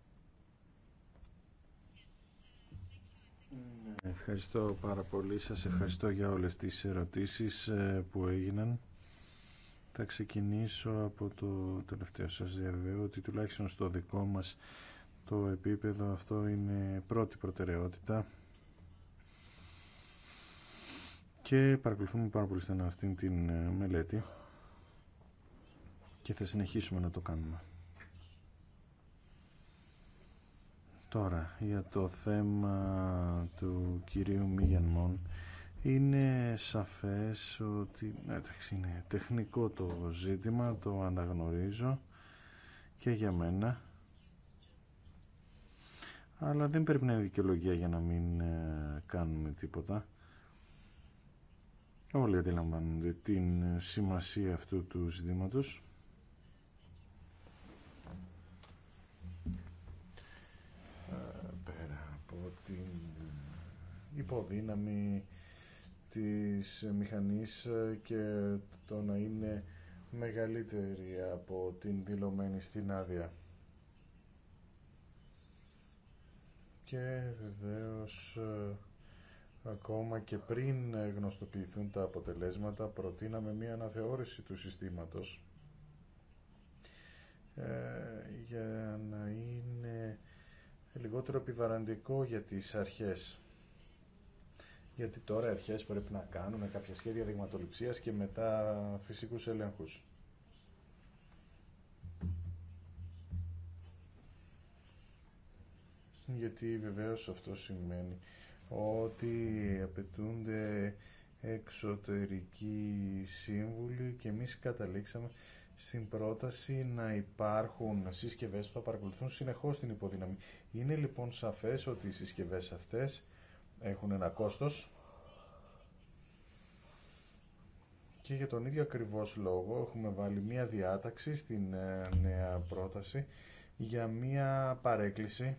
Ευχαριστώ πάρα πολύ. Σας ευχαριστώ για όλες τις ερωτήσεις ε, που έγιναν. Θα ξεκινήσω από το τελευταίο σας διαβεβαιώ ότι τουλάχιστον στο δικό μας το επίπεδο αυτό είναι πρώτη προτεραιότητα και παρακολουθούμε πάρα πολύ στενά αυτήν την ε, μελέτη και θα συνεχίσουμε να το κάνουμε. Τώρα, για το θέμα του κυρίου Μιγιανμόν είναι σαφές ότι εντάξει, είναι τεχνικό το ζήτημα, το αναγνωρίζω και για μένα. Αλλά δεν πρέπει να είναι δικαιολογία για να μην ε, κάνουμε τίποτα. Όλοι αντιλαμβάνονται την σημασία αυτού του ζητήματος. Ε, πέρα από την υποδύναμη της μηχανής ε, και το να είναι μεγαλύτερη από την δηλωμένη στην άδεια. Και βεβαίως ε, ακόμα και πριν γνωστοποιηθούν τα αποτελέσματα προτείναμε μία αναθεώρηση του συστήματος ε, για να είναι λιγότερο επιβαραντικό για τις αρχές γιατί τώρα οι αρχές πρέπει να κάνουν κάποια σχέδια δειγματοληψίας και μετά φυσικούς ελέγχους. Γιατί βεβαίως αυτό σημαίνει ότι απαιτούνται εξωτερικοί σύμβουλοι και εμείς καταλήξαμε στην πρόταση να υπάρχουν συσκευές που θα παρακολουθούν συνεχώς την υποδύναμη. Είναι λοιπόν σαφές ότι οι συσκευές αυτές έχουν ένα κόστος και για τον ίδιο ακριβώς λόγο έχουμε βάλει μία διάταξη στην ε, νέα πρόταση για μία παρέκκληση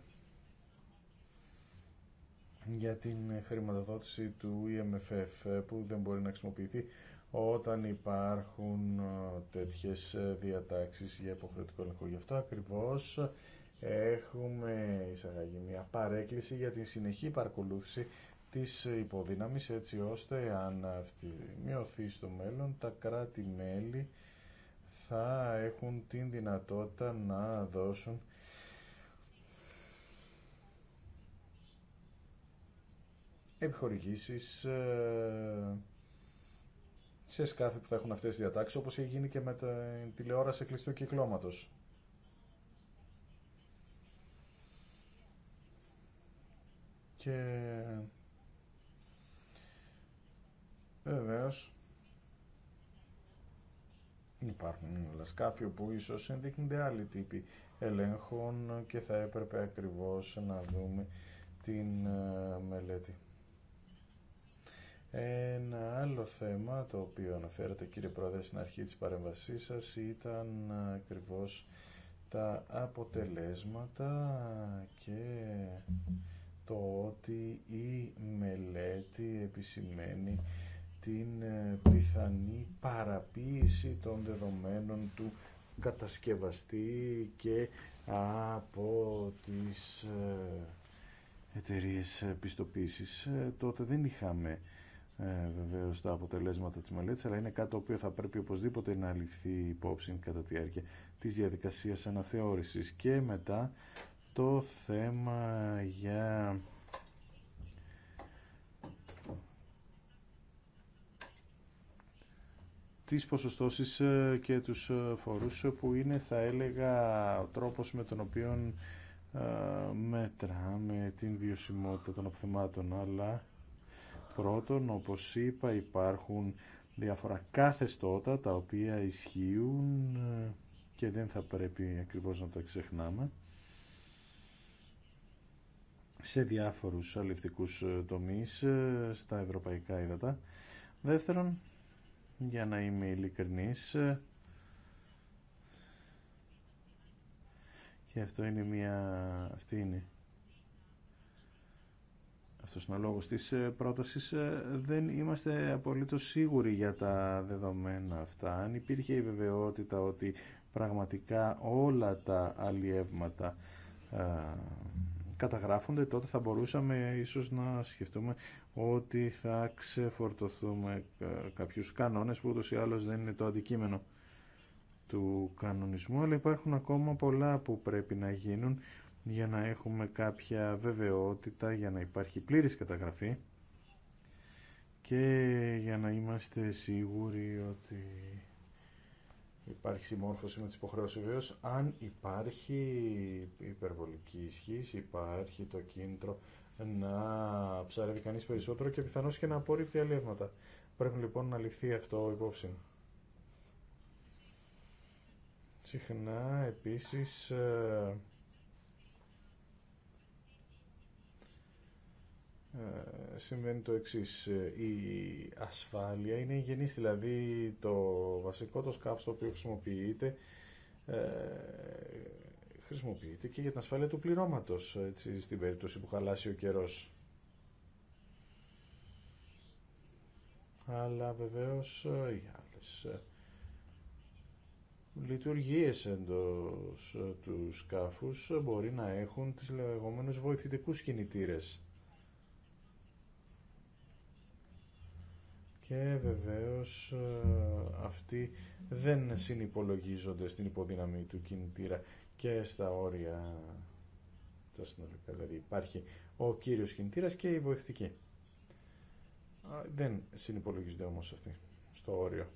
για την χρηματοδότηση του EMFF ε, που δεν μπορεί να χρησιμοποιηθεί όταν υπάρχουν ε, τέτοιες διατάξεις για υποχρεωτικό ελεγχό. Γι' αυτό έχουμε εισαγαγεί μια παρέκκληση για την συνεχή παρακολούθηση της υποδύναμης έτσι ώστε αν αυτή μειωθεί στο μέλλον τα κράτη-μέλη θα έχουν την δυνατότητα να δώσουν επιχορηγήσεις ε, σε σκάφη που θα έχουν αυτές τις διατάξεις όπως έχει γίνει και με τη τηλεόραση κλειστού κυκλώματος. και βεβαίως υπάρχουν λασκάφιο που ίσω ίσως άλλοι τύποι ελέγχων και θα έπρεπε ακριβώς να δούμε την ε, μελέτη. Ένα άλλο θέμα το οποίο αναφέρατε κύριε Πρόεδρε στην αρχή της παρέμβασής σας ήταν ακριβώς τα αποτελέσματα και το ότι η μελέτη επισημαίνει την ε, πιθανή παραποίηση των δεδομένων του κατασκευαστή και από τις ε, εταιρείες πιστοποίησης. Ε, τότε δεν είχαμε βεβαίως βεβαίω τα αποτελέσματα της μελέτης, αλλά είναι κάτι το οποίο θα πρέπει οπωσδήποτε να ληφθεί υπόψη κατά τη διάρκεια της διαδικασίας αναθεώρησης. Και μετά το θέμα για τις ποσοστώσεις ε, και τους ε, φορούς ε, που είναι θα έλεγα ο τρόπος με τον οποίο μετράμε την βιωσιμότητα των αποθεμάτων αλλά πρώτον όπως είπα υπάρχουν διάφορα καθεστώτα τα οποία ισχύουν και δεν θα πρέπει ακριβώς να τα ξεχνάμε σε διάφορους αλευτικούς ε, τομείς ε, στα ευρωπαϊκά ύδατα. Δεύτερον, για να είμαι ειλικρινής, ε, και αυτό είναι μια... αυτή είναι... Αυτός είναι ο λόγος της πρότασης. Δεν είμαστε απολύτως σίγουροι για τα δεδομένα αυτά. Αν υπήρχε η βεβαιότητα ότι πραγματικά όλα τα αλλιεύματα καταγράφονται, τότε θα μπορούσαμε ίσως να σκεφτούμε ότι θα ξεφορτωθούμε κάποιους κανόνες που ούτως ή άλλως δεν είναι το αντικείμενο του κανονισμού, αλλά υπάρχουν ακόμα πολλά που πρέπει να γίνουν για να έχουμε κάποια βεβαιότητα, για να υπάρχει πλήρης καταγραφή και για να είμαστε σίγουροι ότι υπάρχει συμμόρφωση με τις υποχρεώσεις βεβαίως, αν υπάρχει υπερβολική ισχύς, υπάρχει το κίνητρο να ψαρεύει κανείς περισσότερο και πιθανώς και να απορρίπτει αλλιεύματα. Πρέπει λοιπόν να ληφθεί αυτό υπόψη. Συχνά επίσης ε, Ε, συμβαίνει το εξή. Ε, η ασφάλεια είναι γενής, δηλαδή το βασικό το σκάφος το οποίο χρησιμοποιείται ε, χρησιμοποιείται και για την ασφάλεια του πληρώματος, έτσι, στην περίπτωση που χαλάσει ο καιρός. Αλλά βεβαίως οι άλλες λειτουργίες εντός του σκάφους μπορεί να έχουν τις λεγόμενους βοηθητικούς κινητήρες και βεβαίως ε, αυτοί δεν συνυπολογίζονται στην υποδύναμη του κινητήρα και στα όρια τα συνολικά. Δηλαδή υπάρχει ο κύριος κινητήρας και η βοηθητική. Δεν συνυπολογίζονται όμως αυτοί στο όριο.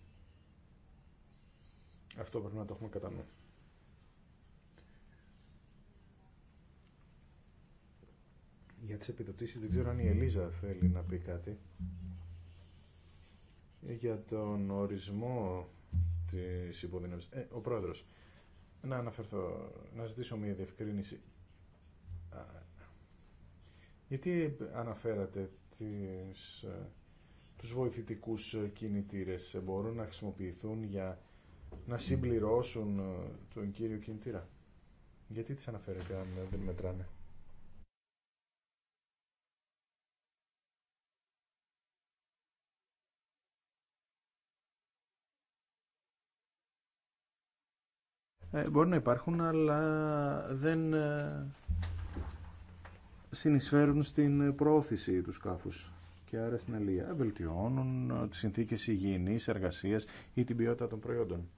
Αυτό πρέπει να το έχουμε κατά νου. Για τις επιδοτήσεις δεν ξέρω αν η Ελίζα θέλει να πει κάτι για τον ορισμό της υποδυναμίας... Ε, ο πρόεδρος, να αναφερθώ, να ζητήσω μια διευκρίνηση. Γιατί αναφέρατε τις, ε, τους βοηθητικούς κινητήρες μπορούν να χρησιμοποιηθούν για να συμπληρώσουν ε, τον κύριο κινητήρα. Γιατί τις αναφέρετε αν δεν μετράνε. Ε, μπορεί να υπάρχουν αλλά δεν ε, συνεισφέρουν στην προώθηση του σκάφους και άρα στην αλληλεία Βελτιώνουν ε, τις συνθήκες υγιεινής, εργασίας ή την ποιότητα των προϊόντων.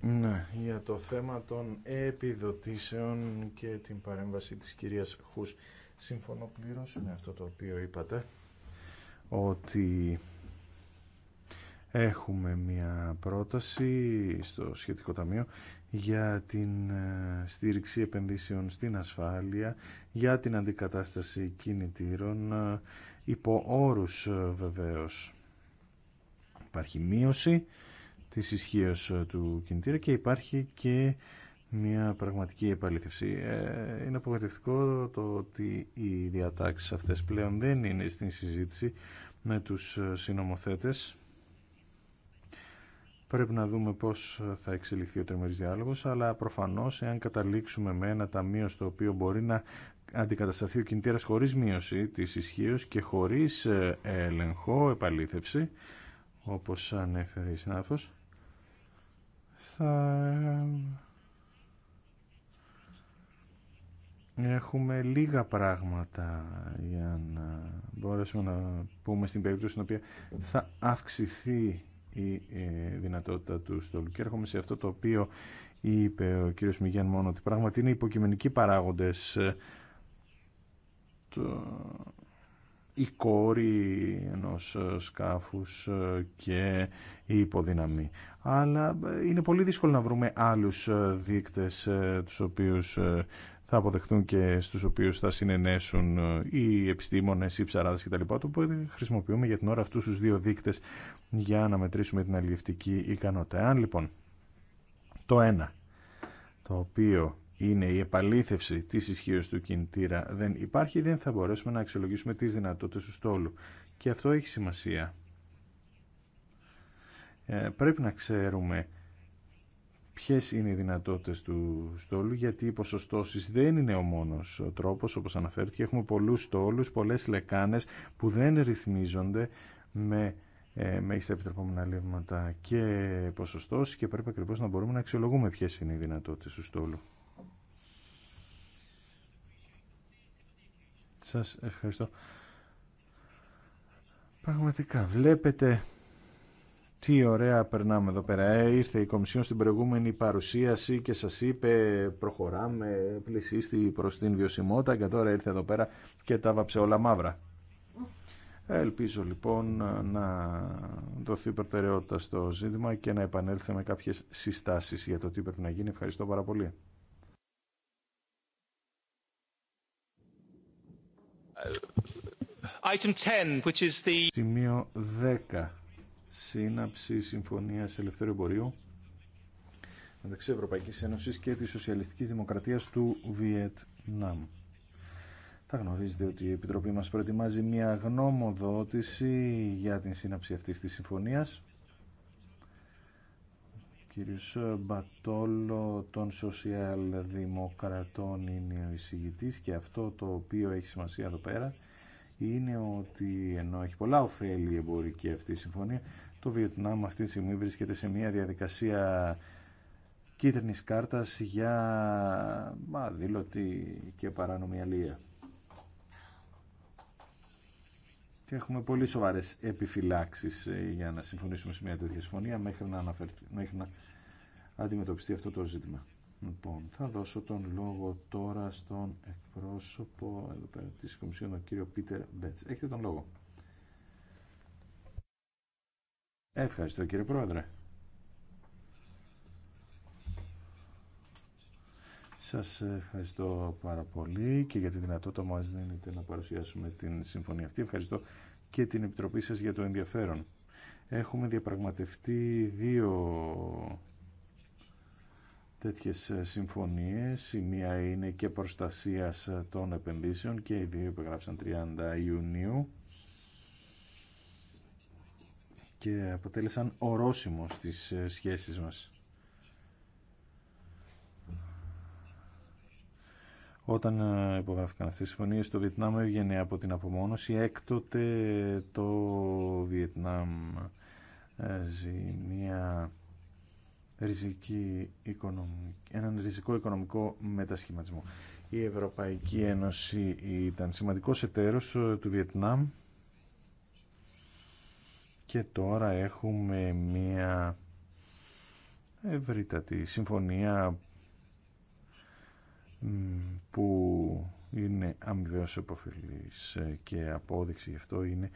Ναι, για το θέμα των επιδοτήσεων και την παρέμβαση της κυρίας Χούς. Συμφωνώ πλήρως με αυτό το οποίο είπατε ότι έχουμε μια πρόταση στο σχετικό ταμείο για την ε, στήριξη επενδύσεων στην ασφάλεια, για την αντικατάσταση κινητήρων, ε, υπό όρους ε, βεβαίως. Υπάρχει μείωση της ισχύω του κινητήρα και υπάρχει και μια πραγματική επαλήθευση. Είναι απογοητευτικό το ότι οι διατάξεις αυτές πλέον δεν είναι στην συζήτηση με τους ε, συνομοθέτες. Πρέπει να δούμε πώς ε, θα εξελιχθεί ο τριμερής διάλογος, αλλά προφανώς εάν καταλήξουμε με ένα ταμείο στο οποίο μπορεί να αντικατασταθεί ο κινητήρας χωρίς μείωση της ισχύω και χωρίς ε, έλεγχο, επαλήθευση, όπως ανέφερε η συνάδελφος, θα Έχουμε λίγα πράγματα για να μπορέσουμε να πούμε στην περίπτωση στην οποία θα αυξηθεί η ε, δυνατότητα του στόλου. Και έρχομαι σε αυτό το οποίο είπε ο κύριος Μιγιάν μόνο ότι πράγματι είναι υποκειμενικοί παράγοντες ε, το... η κόρη ενός ε, σκάφους και η υποδύναμη. Αλλά είναι πολύ δύσκολο να βρούμε άλλους δείκτες τους οποίους θα αποδεχτούν και στους οποίους θα συνενέσουν ε, οι επιστήμονε οι ψαράδε κτλ. Το που χρησιμοποιούμε για την ώρα αυτού του δύο δείκτε για να μετρήσουμε την αλληλευτική ικανότητα. Αν λοιπόν το ένα, το οποίο είναι η επαλήθευση της ισχύω του κινητήρα δεν υπάρχει, δεν θα μπορέσουμε να αξιολογήσουμε τι δυνατότητε του στόλου. Και αυτό έχει σημασία. Ε, πρέπει να ξέρουμε ποιες είναι οι δυνατότητες του στόλου, γιατί οι ποσοστώσεις δεν είναι ο μόνος ο τρόπος, όπως αναφέρθηκε. Έχουμε πολλούς στόλους, πολλές λεκάνες που δεν ρυθμίζονται με ε, μέγιστα επιτρεπόμενα λεύματα και ποσοστώσεις και πρέπει ακριβώς να μπορούμε να αξιολογούμε ποιες είναι οι δυνατότητες του στόλου. Σας ευχαριστώ. Πραγματικά βλέπετε τι ωραία περνάμε εδώ πέρα. Ε, ήρθε η Κομισιόν στην προηγούμενη παρουσίαση και σας είπε προχωράμε, πλησίστη προς την βιωσιμότητα και τώρα ήρθε εδώ πέρα και τα βάψε όλα μαύρα. Ελπίζω λοιπόν να δοθεί προτεραιότητα στο ζήτημα και να επανέλθουμε με κάποιες συστάσεις για το τι πρέπει να γίνει. Ευχαριστώ πάρα πολύ. Item 10, which is the... Σημείο 10 σύναψη συμφωνίας ελευθερίου εμπορίου μεταξύ Ευρωπαϊκή Ένωση και της Σοσιαλιστική Δημοκρατίας του Βιετνάμ. Θα γνωρίζετε ότι η Επιτροπή μας προετοιμάζει μια γνώμοδότηση για την σύναψη αυτής της συμφωνία, κύριο Μπατόλο των Σοσιαλδημοκρατών είναι ο εισηγητή και αυτό το οποίο έχει σημασία εδώ πέρα είναι ότι ενώ έχει πολλά ωφέλη η εμπορική αυτή η συμφωνία, το Βιετνάμ αυτή τη στιγμή βρίσκεται σε μια διαδικασία κίτρινης κάρτας για μα, δηλωτή και παράνομη αλία. Και έχουμε πολύ σοβαρές επιφυλάξεις ε, για να συμφωνήσουμε σε μια τέτοια συμφωνία μέχρι να, αναφερθεί, μέχρι να αντιμετωπιστεί αυτό το ζήτημα. Λοιπόν, θα δώσω τον λόγο τώρα στον εκπρόσωπο εδώ πέρα, της Κομισιόν, τον κύριο Πίτερ Μπέτς. Έχετε τον λόγο. Ευχαριστώ κύριε Πρόεδρε. Σας ευχαριστώ πάρα πολύ και για τη δυνατότητα που μας δίνετε να παρουσιάσουμε την συμφωνία αυτή. Ευχαριστώ και την Επιτροπή σας για το ενδιαφέρον. Έχουμε διαπραγματευτεί δύο τέτοιες ε, συμφωνίες. Η μία είναι και προστασίας ε, των επενδύσεων και οι δύο υπεγράψαν 30 Ιουνίου και αποτέλεσαν ορόσημο στις ε, σχέσεις μας. Όταν υπογράφηκαν αυτές οι συμφωνίες, το Βιετνάμ έβγαινε από την απομόνωση. Έκτοτε το Βιετνάμ ζει ριζική έναν ριζικό οικονομικό μετασχηματισμό. Η Ευρωπαϊκή Ένωση ήταν σημαντικός εταίρος ε, του Βιετνάμ και τώρα έχουμε μία ευρύτατη συμφωνία που είναι αμοιβαίως υποφιλής ε, και απόδειξη γι' αυτό είναι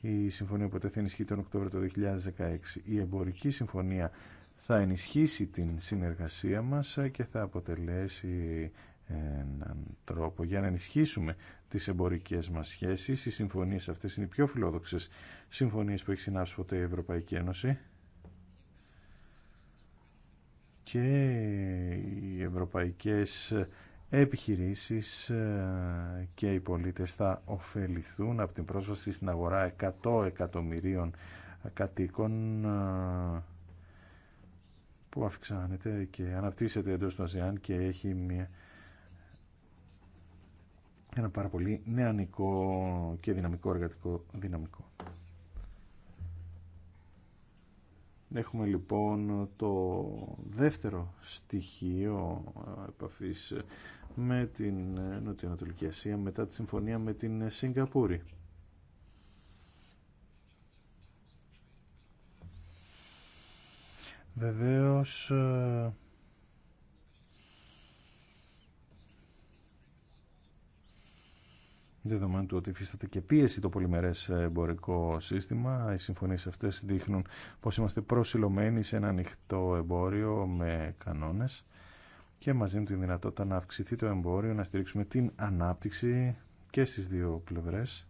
η συμφωνία που τέθει ενισχύει τον Οκτώβριο του 2016. Η εμπορική συμφωνία θα ενισχύσει την συνεργασία μας και θα αποτελέσει έναν τρόπο για να ενισχύσουμε τις εμπορικές μας σχέσεις. Οι συμφωνίες αυτές είναι οι πιο φιλόδοξες συμφωνίες που έχει συνάψει ποτέ η Ευρωπαϊκή Ένωση και οι ευρωπαϊκές επιχειρήσεις και οι πολίτες θα ωφεληθούν από την πρόσβαση στην αγορά 100 εκατομμυρίων κατοίκων που αυξάνεται και αναπτύσσεται εντός του ΑΣΕΑΝ και έχει μια, ένα πάρα πολύ νεανικό και δυναμικό εργατικό δυναμικό. Έχουμε λοιπόν το δεύτερο στοιχείο επαφής με την Νοτιοανατολική Ασία μετά τη συμφωνία με την Σιγκαπούρη. Βεβαίως ε, Δεδομένου του ότι υφίσταται και πίεση το πολυμερέ εμπορικό σύστημα, οι συμφωνίε αυτέ δείχνουν πω είμαστε προσιλωμένοι σε ένα ανοιχτό εμπόριο με κανόνε και μαζί με τη δυνατότητα να αυξηθεί το εμπόριο, να στηρίξουμε την ανάπτυξη και στι δύο πλευρές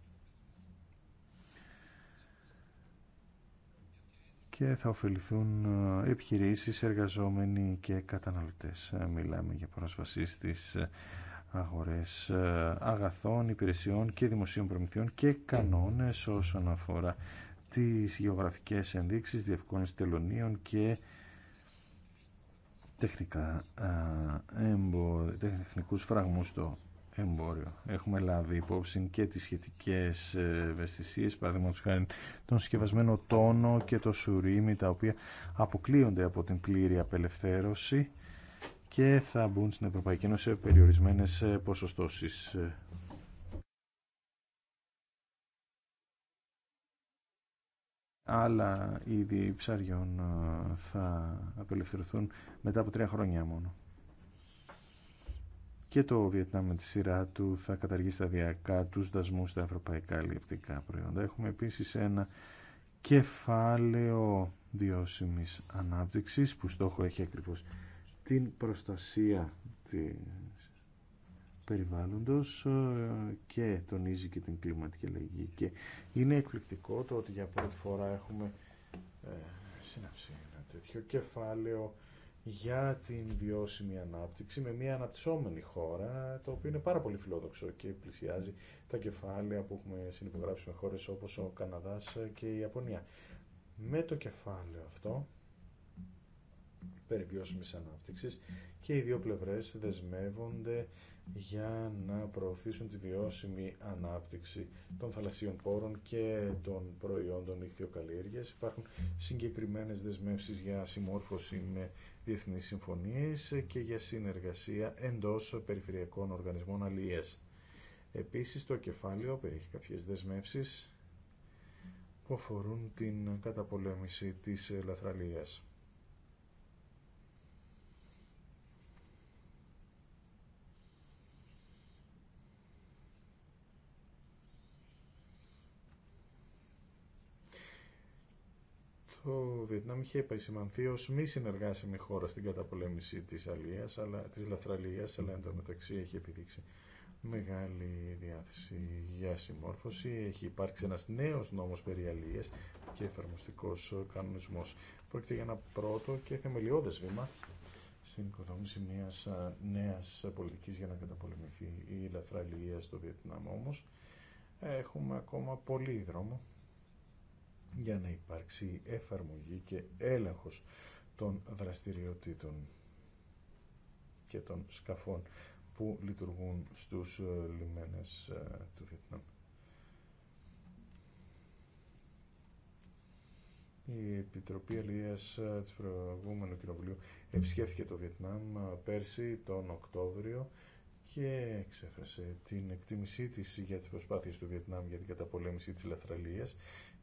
και θα ωφεληθούν ε, επιχειρήσεις, εργαζόμενοι και καταναλωτές. Ε, μιλάμε για πρόσβαση στις ε, αγορές αγαθών, υπηρεσιών και δημοσίων προμηθειών και κανόνες όσον αφορά τις γεωγραφικές ενδείξεις, διευκόνες τελωνίων και τεχνικά, εμπο, τεχνικούς φραγμούς στο εμπόριο. Έχουμε λάβει υπόψη και τις σχετικές ε, ευαισθησίες, παραδείγματο χάρη τον συσκευασμένο τόνο και το σουρίμι, τα οποία αποκλείονται από την πλήρη απελευθέρωση και θα μπουν στην Ευρωπαϊκή Ένωση σε περιορισμένες ε, ποσοστώσεις. Άλλα είδη ψαριών ε, θα απελευθερωθούν μετά από τρία χρόνια μόνο και το Βιετνάμ με τη σειρά του θα καταργήσει σταδιακά τους δασμούς στα ευρωπαϊκά αλληλευτικά προϊόντα. Έχουμε επίσης ένα κεφάλαιο βιώσιμης ανάπτυξης που στόχο έχει ακριβώς την προστασία της περιβάλλοντος ε, και τονίζει και την κλιματική αλλαγή και είναι εκπληκτικό το ότι για πρώτη φορά έχουμε ε, ένα τέτοιο κεφάλαιο για την βιώσιμη ανάπτυξη με μια αναπτυσσόμενη χώρα, το οποίο είναι πάρα πολύ φιλόδοξο και πλησιάζει τα κεφάλαια που έχουμε συνυπογράψει με χώρες όπως ο Καναδάς και η Ιαπωνία. Με το κεφάλαιο αυτό, περί βιώσιμης ανάπτυξης, και οι δύο πλευρές δεσμεύονται για να προωθήσουν τη βιώσιμη ανάπτυξη των θαλασσίων πόρων και των προϊόντων ηχθειοκαλλιέργειας. Υπάρχουν συγκεκριμένες δεσμεύσεις για συμμόρφωση με διεθνείς συμφωνίες και για συνεργασία εντός περιφερειακών οργανισμών αλληλείας. Επίσης το κεφάλαιο περιέχει κάποιες δεσμεύσεις που αφορούν την καταπολέμηση της λαθραλίας. το Βιετνάμ είχε επισημανθεί ως μη συνεργάσιμη χώρα στην καταπολέμηση της, αλίας, αλλά, της λαθραλίας, αλλά εν τω μεταξύ έχει επιδείξει μεγάλη διάθεση για συμμόρφωση. Έχει υπάρξει ένας νέος νόμος περί αλίες και εφαρμοστικός κανονισμός. Πρόκειται για ένα πρώτο και θεμελιώδες βήμα στην οικοδόμηση μιας νέας πολιτικής για να καταπολεμηθεί η λαθραλία στο Βιετνάμ όμως. Έχουμε ακόμα πολύ δρόμο για να υπάρξει εφαρμογή και έλεγχος των δραστηριοτήτων και των σκαφών που λειτουργούν στους ε, λιμένες ε, του Βιετνάμ. Η Επιτροπή Αλληλείας ε, της προηγούμενου κοινοβουλίου επισκέφθηκε το Βιετνάμ πέρσι τον Οκτώβριο και εξέφρασε την εκτίμησή της για τις προσπάθειες του Βιετνάμ για την καταπολέμηση της λαθραλίας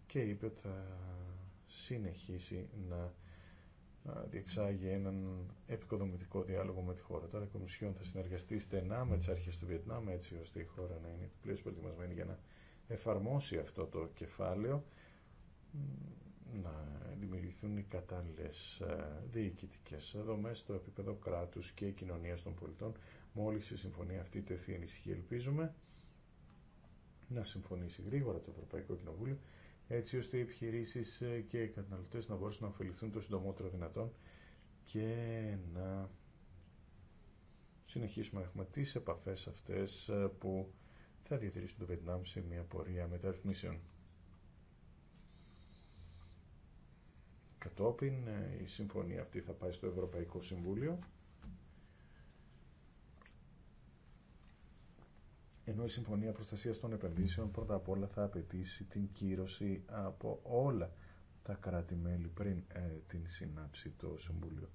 και είπε ότι θα συνεχίσει να διεξάγει έναν επικοδομητικό διάλογο με τη χώρα. Τώρα η Κομισιόν θα συνεργαστεί στενά με τις αρχές του Βιετνάμ έτσι ώστε η χώρα να είναι πλήρω προετοιμασμένη για να εφαρμόσει αυτό το κεφάλαιο να δημιουργηθούν οι κατάλληλε διοικητικέ δομέ στο επίπεδο κράτου και κοινωνία των πολιτών Μόλι η συμφωνία αυτή τεθεί ενισχύει ελπίζουμε να συμφωνήσει γρήγορα το Ευρωπαϊκό Κοινοβούλιο έτσι ώστε οι επιχειρήσει ε, και οι καταναλωτέ να μπορούν να ωφεληθούν το συντομότερο δυνατόν και να συνεχίσουμε να έχουμε τι επαφές αυτές ε, που θα διατηρήσουν το Βιετνάμ σε μια πορεία μεταρρυθμίσεων. Κατόπιν ε, η συμφωνία αυτή θα πάει στο Ευρωπαϊκό Συμβούλιο ενώ η Συμφωνία προστασία των Επενδύσεων πρώτα απ' όλα θα απαιτήσει την κύρωση από όλα τα κράτη-μέλη πριν ε, την συνάψει το Συμβούλιο.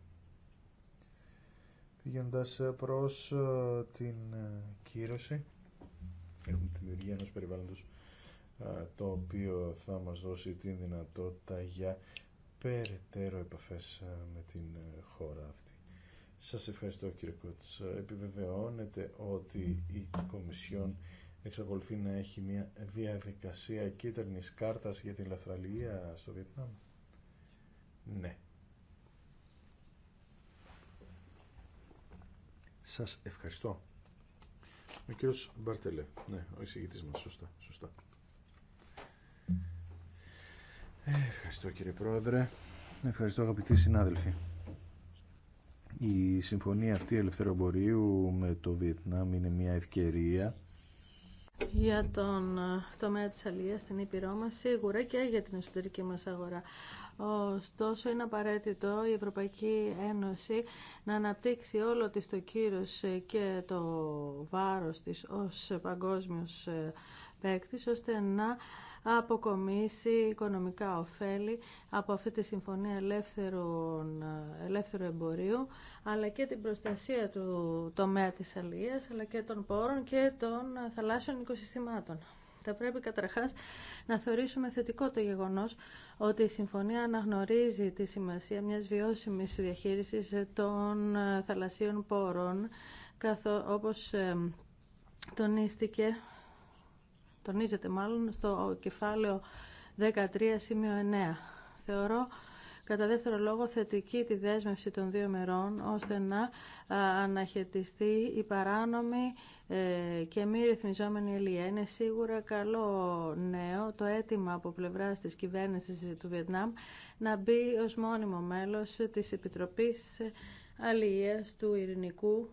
Πηγαίνοντα ε, προς ε, την κύρωση, έχουμε τη δημιουργία ενός περιβάλλοντος το οποίο θα μας δώσει τη δυνατότητα για περαιτέρω επαφές με την χώρα αυτή. Σας ευχαριστώ κύριε Κότς. Επιβεβαιώνεται ότι η Κομισιόν εξακολουθεί να έχει μια διαδικασία κίτρινης κάρτας για την λαθραλία στο Βιετνάμ. Ναι. Σας ευχαριστώ. Ο κύριος Μπαρτελέ, ναι, ο εισηγητής μας, σωστά, σωστά. Ε, ευχαριστώ κύριε Πρόεδρε. Ευχαριστώ αγαπητοί συνάδελφοι. Η συμφωνία αυτή ελευθεροπορίου με το Βιετνάμ είναι μια ευκαιρία για τον ε, τομέα της αλληλείας στην Ήπειρό μας σίγουρα και για την εσωτερική μας αγορά. Ωστόσο, είναι απαραίτητο η Ευρωπαϊκή Ένωση να αναπτύξει όλο της το κύρος ε, και το βάρος της ως παγκόσμιος ε, παίκτης, ώστε να αποκομίσει οικονομικά ωφέλη από αυτή τη συμφωνία ελεύθερου εμπορίου, αλλά και την προστασία του τομέα της αλληλείας, αλλά και των πόρων και των θαλάσσιων οικοσυστημάτων. Θα πρέπει καταρχάς να θεωρήσουμε θετικό το γεγονός ότι η Συμφωνία αναγνωρίζει τη σημασία μιας βιώσιμης διαχείρισης των θαλασσίων πόρων, καθώς όπως τονίστηκε τονίζεται μάλλον στο κεφάλαιο 13 σημείο 9. Θεωρώ κατά δεύτερο λόγο θετική τη δέσμευση των δύο μερών ώστε να αναχαιτιστεί η παράνομη ε, και μη ρυθμιζόμενη ελία. Είναι σίγουρα καλό νέο το αίτημα από πλευρά τη κυβέρνηση του Βιετνάμ να μπει ω μόνιμο μέλος της Επιτροπή Αλληλεία του Ειρηνικού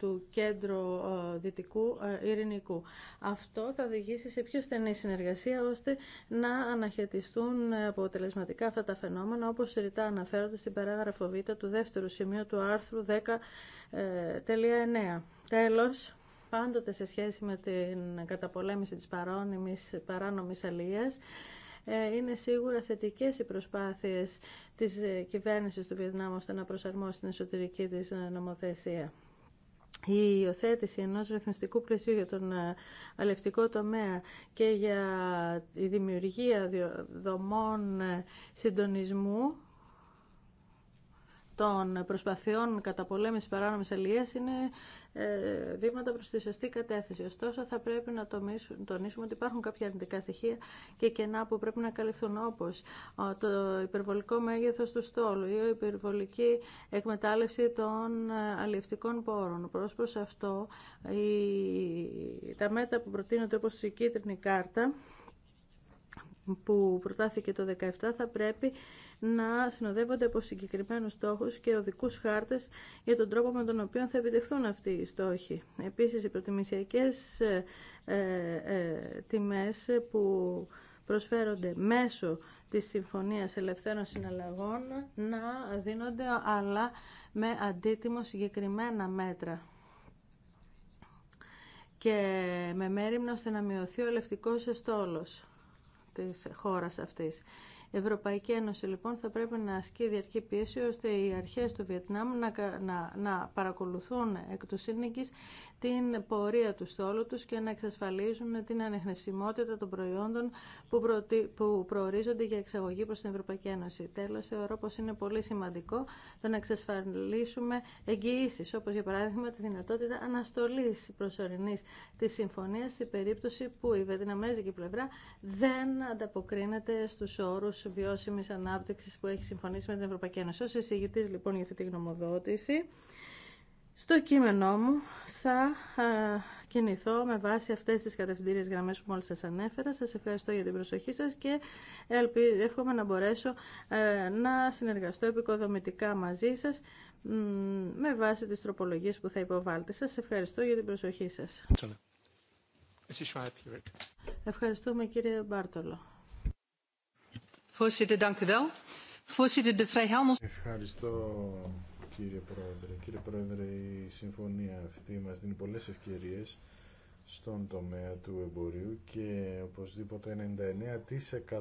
του κέντρου ε, δυτικού ε, ειρηνικού. Αυτό θα οδηγήσει σε πιο στενή συνεργασία ώστε να αναχαιτιστούν αποτελεσματικά αυτά τα φαινόμενα όπως ρητά αναφέρονται στην παράγραφο Β του δεύτερου σημείου του άρθρου 10.9. Ε, Τέλος, πάντοτε σε σχέση με την καταπολέμηση της παράνομη παράνομης είναι σίγουρα θετικές οι προσπάθειες της κυβέρνησης του Βιετνάμ ώστε να προσαρμόσει την εσωτερική της νομοθεσία η υιοθέτηση ενός ρυθμιστικού πλαισίου για τον ε, αλευτικό τομέα και για τη δημιουργία δομών ε, συντονισμού των προσπαθειών κατά πολέμηση παράνομη αλληλεία είναι ε, βήματα προ τη σωστή κατεύθυνση. Ωστόσο, θα πρέπει να τονίσουμε ότι υπάρχουν κάποια αρνητικά στοιχεία και κενά που πρέπει να καλυφθούν, όπω. το υπερβολικό μέγεθος του στόλου ή η υπερβολική εκμετάλλευση των ε, αλληλευτικών πόρων. Προς προς αυτό, τα μέτρα που προτείνονται όπω η κίτρινη κάρτα, που προτάθηκε το 2017 θα πρέπει να συνοδεύονται από συγκεκριμένους στόχους και οδικούς χάρτες για τον τρόπο με τον οποίο θα επιτευχθούν αυτοί οι στόχοι. Επίσης, οι προτιμησιακές ε, ε τιμές που προσφέρονται μέσω της Συμφωνίας Ελευθέρων Συναλλαγών να δίνονται αλλά με αντίτιμο συγκεκριμένα μέτρα και με μέρημνα ώστε να μειωθεί ο ελευτικός στόλος της χώρας αυτής. Η Ευρωπαϊκή Ένωση λοιπόν θα πρέπει να ασκεί διαρκή πίεση ώστε οι αρχές του Βιετνάμ να, να, να παρακολουθούν εκ του σύνοικης την πορεία του στόλου τους και να εξασφαλίζουν την ανεχνευσιμότητα των προϊόντων που, προορίζονται για εξαγωγή προς την Ευρωπαϊκή Ένωση. Τέλος, θεωρώ πως είναι πολύ σημαντικό το να εξασφαλίσουμε εγγυήσει, όπως για παράδειγμα τη δυνατότητα αναστολής προσωρινής της συμφωνίας στην περίπτωση που η Βιετναμέζικη πλευρά δεν ανταποκρίνεται στους όρους βιώσιμη βιώσιμης ανάπτυξης που έχει συμφωνήσει με την Ευρωπαϊκή Ένωση. Ως εισηγητής λοιπόν για αυτή τη γνωμοδότηση, στο κείμενό μου θα κινηθώ με βάση αυτές τις κατευθυντήριες γραμμές που μόλις σας ανέφερα. Σας ευχαριστώ για την προσοχή σας και εύχομαι να μπορέσω ε, να συνεργαστώ επικοδομητικά μαζί σας με βάση τις τροπολογίες που θα υποβάλλετε. Σας ευχαριστώ για την προσοχή σας. Ευχαριστούμε κύριε Μπάρτολο. Ευχαριστώ κύριε Πρόεδρε. Κύριε Πρόεδρε, η συμφωνία αυτή μας δίνει πολλές ευκαιρίες στον τομέα του εμπορίου και οπωσδήποτε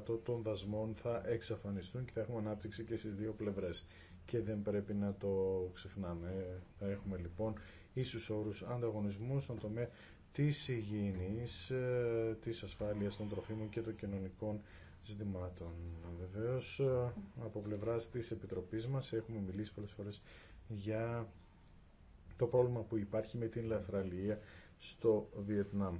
99% των δασμών θα εξαφανιστούν και θα έχουμε ανάπτυξη και στις δύο πλευρές και δεν πρέπει να το ξεχνάμε. Θα έχουμε λοιπόν ίσους όρους ανταγωνισμού στον τομέα της υγιεινής, ε, της ασφάλειας των τροφίμων και των κοινωνικών ζητημάτων. Βεβαίως, ε, από πλευρά της Επιτροπής μας έχουμε μιλήσει πολλές φορές για το πρόβλημα που υπάρχει με την λαθραλία στο Βιετνάμ.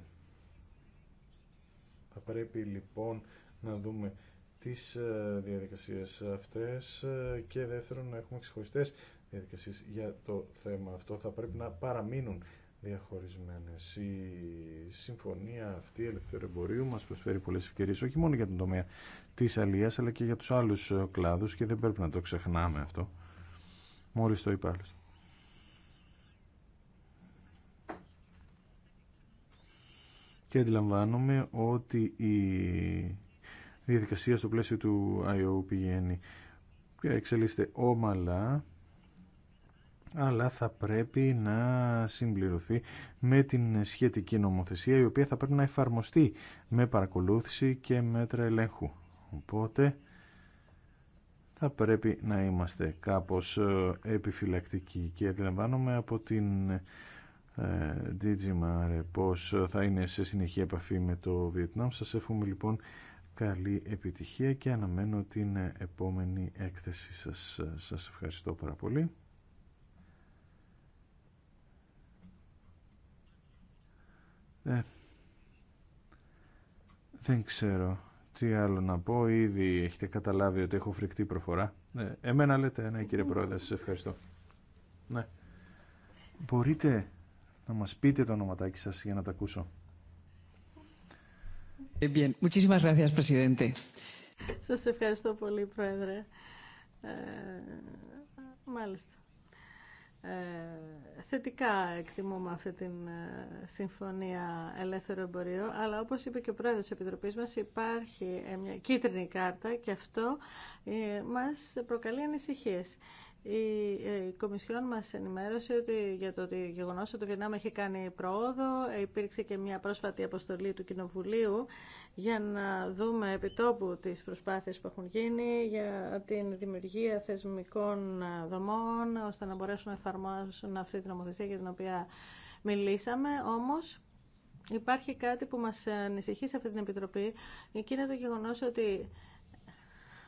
Θα πρέπει λοιπόν να δούμε τις ε, διαδικασίες αυτές ε, και δεύτερον να έχουμε ξεχωριστές διαδικασίες για το θέμα αυτό. Θα πρέπει να παραμείνουν διαχωρισμένες. Η συμφωνία αυτή ελευθερου εμπορίου μας προσφέρει πολλές ευκαιρίες όχι μόνο για τον τομέα της αλίας αλλά και για τους άλλους κλάδους και δεν πρέπει να το ξεχνάμε αυτό. Μόλις το είπα άλλωστε. Και αντιλαμβάνομαι ότι η διαδικασία στο πλαίσιο του IO πηγαίνει και εξελίσσεται όμαλα αλλά θα πρέπει να συμπληρωθεί με την σχετική νομοθεσία η οποία θα πρέπει να εφαρμοστεί με παρακολούθηση και μέτρα ελέγχου. Οπότε θα πρέπει να είμαστε κάπως ε, επιφυλακτικοί και αντιλαμβάνομαι από την ε, Digimare πως θα είναι σε συνεχή επαφή με το Βιετνάμ. Σας εύχομαι λοιπόν καλή επιτυχία και αναμένω την επόμενη έκθεση σας. Σας ευχαριστώ πάρα πολύ. Ε, δεν ξέρω τι άλλο να πω. Ήδη έχετε καταλάβει ότι έχω φρικτή προφορά. Ε, εμένα λέτε, ναι κύριε Πρόεδρε, σας ευχαριστώ. Ναι. Μπορείτε να μας πείτε το ονοματάκι σας για να τα ακούσω. Ε, bien. Muchísimas gracias, Presidente. Σας ευχαριστώ πολύ, Πρόεδρε. μάλιστα. Ε, θετικά εκτιμούμε αυτή την ε, συμφωνία ελεύθερο εμπορίο, αλλά όπως είπε και ο πρόεδρος της Επιτροπής μας υπάρχει ε, μια κίτρινη κάρτα και αυτό μας προκαλεί ανησυχίες. Ε, η Κομισιόν μας ενημέρωσε ότι για το γεγονό γεγονός ότι το Βιετνάμ έχει κάνει προόδο. Υπήρξε και μια πρόσφατη αποστολή του Κοινοβουλίου για να δούμε επιτόπου τις προσπάθειες που έχουν γίνει για την δημιουργία θεσμικών δομών ώστε να μπορέσουν να εφαρμόσουν αυτή την νομοθεσία για την οποία μιλήσαμε. Όμως υπάρχει κάτι που μας ανησυχεί σε αυτή την Επιτροπή και είναι το γεγονός ότι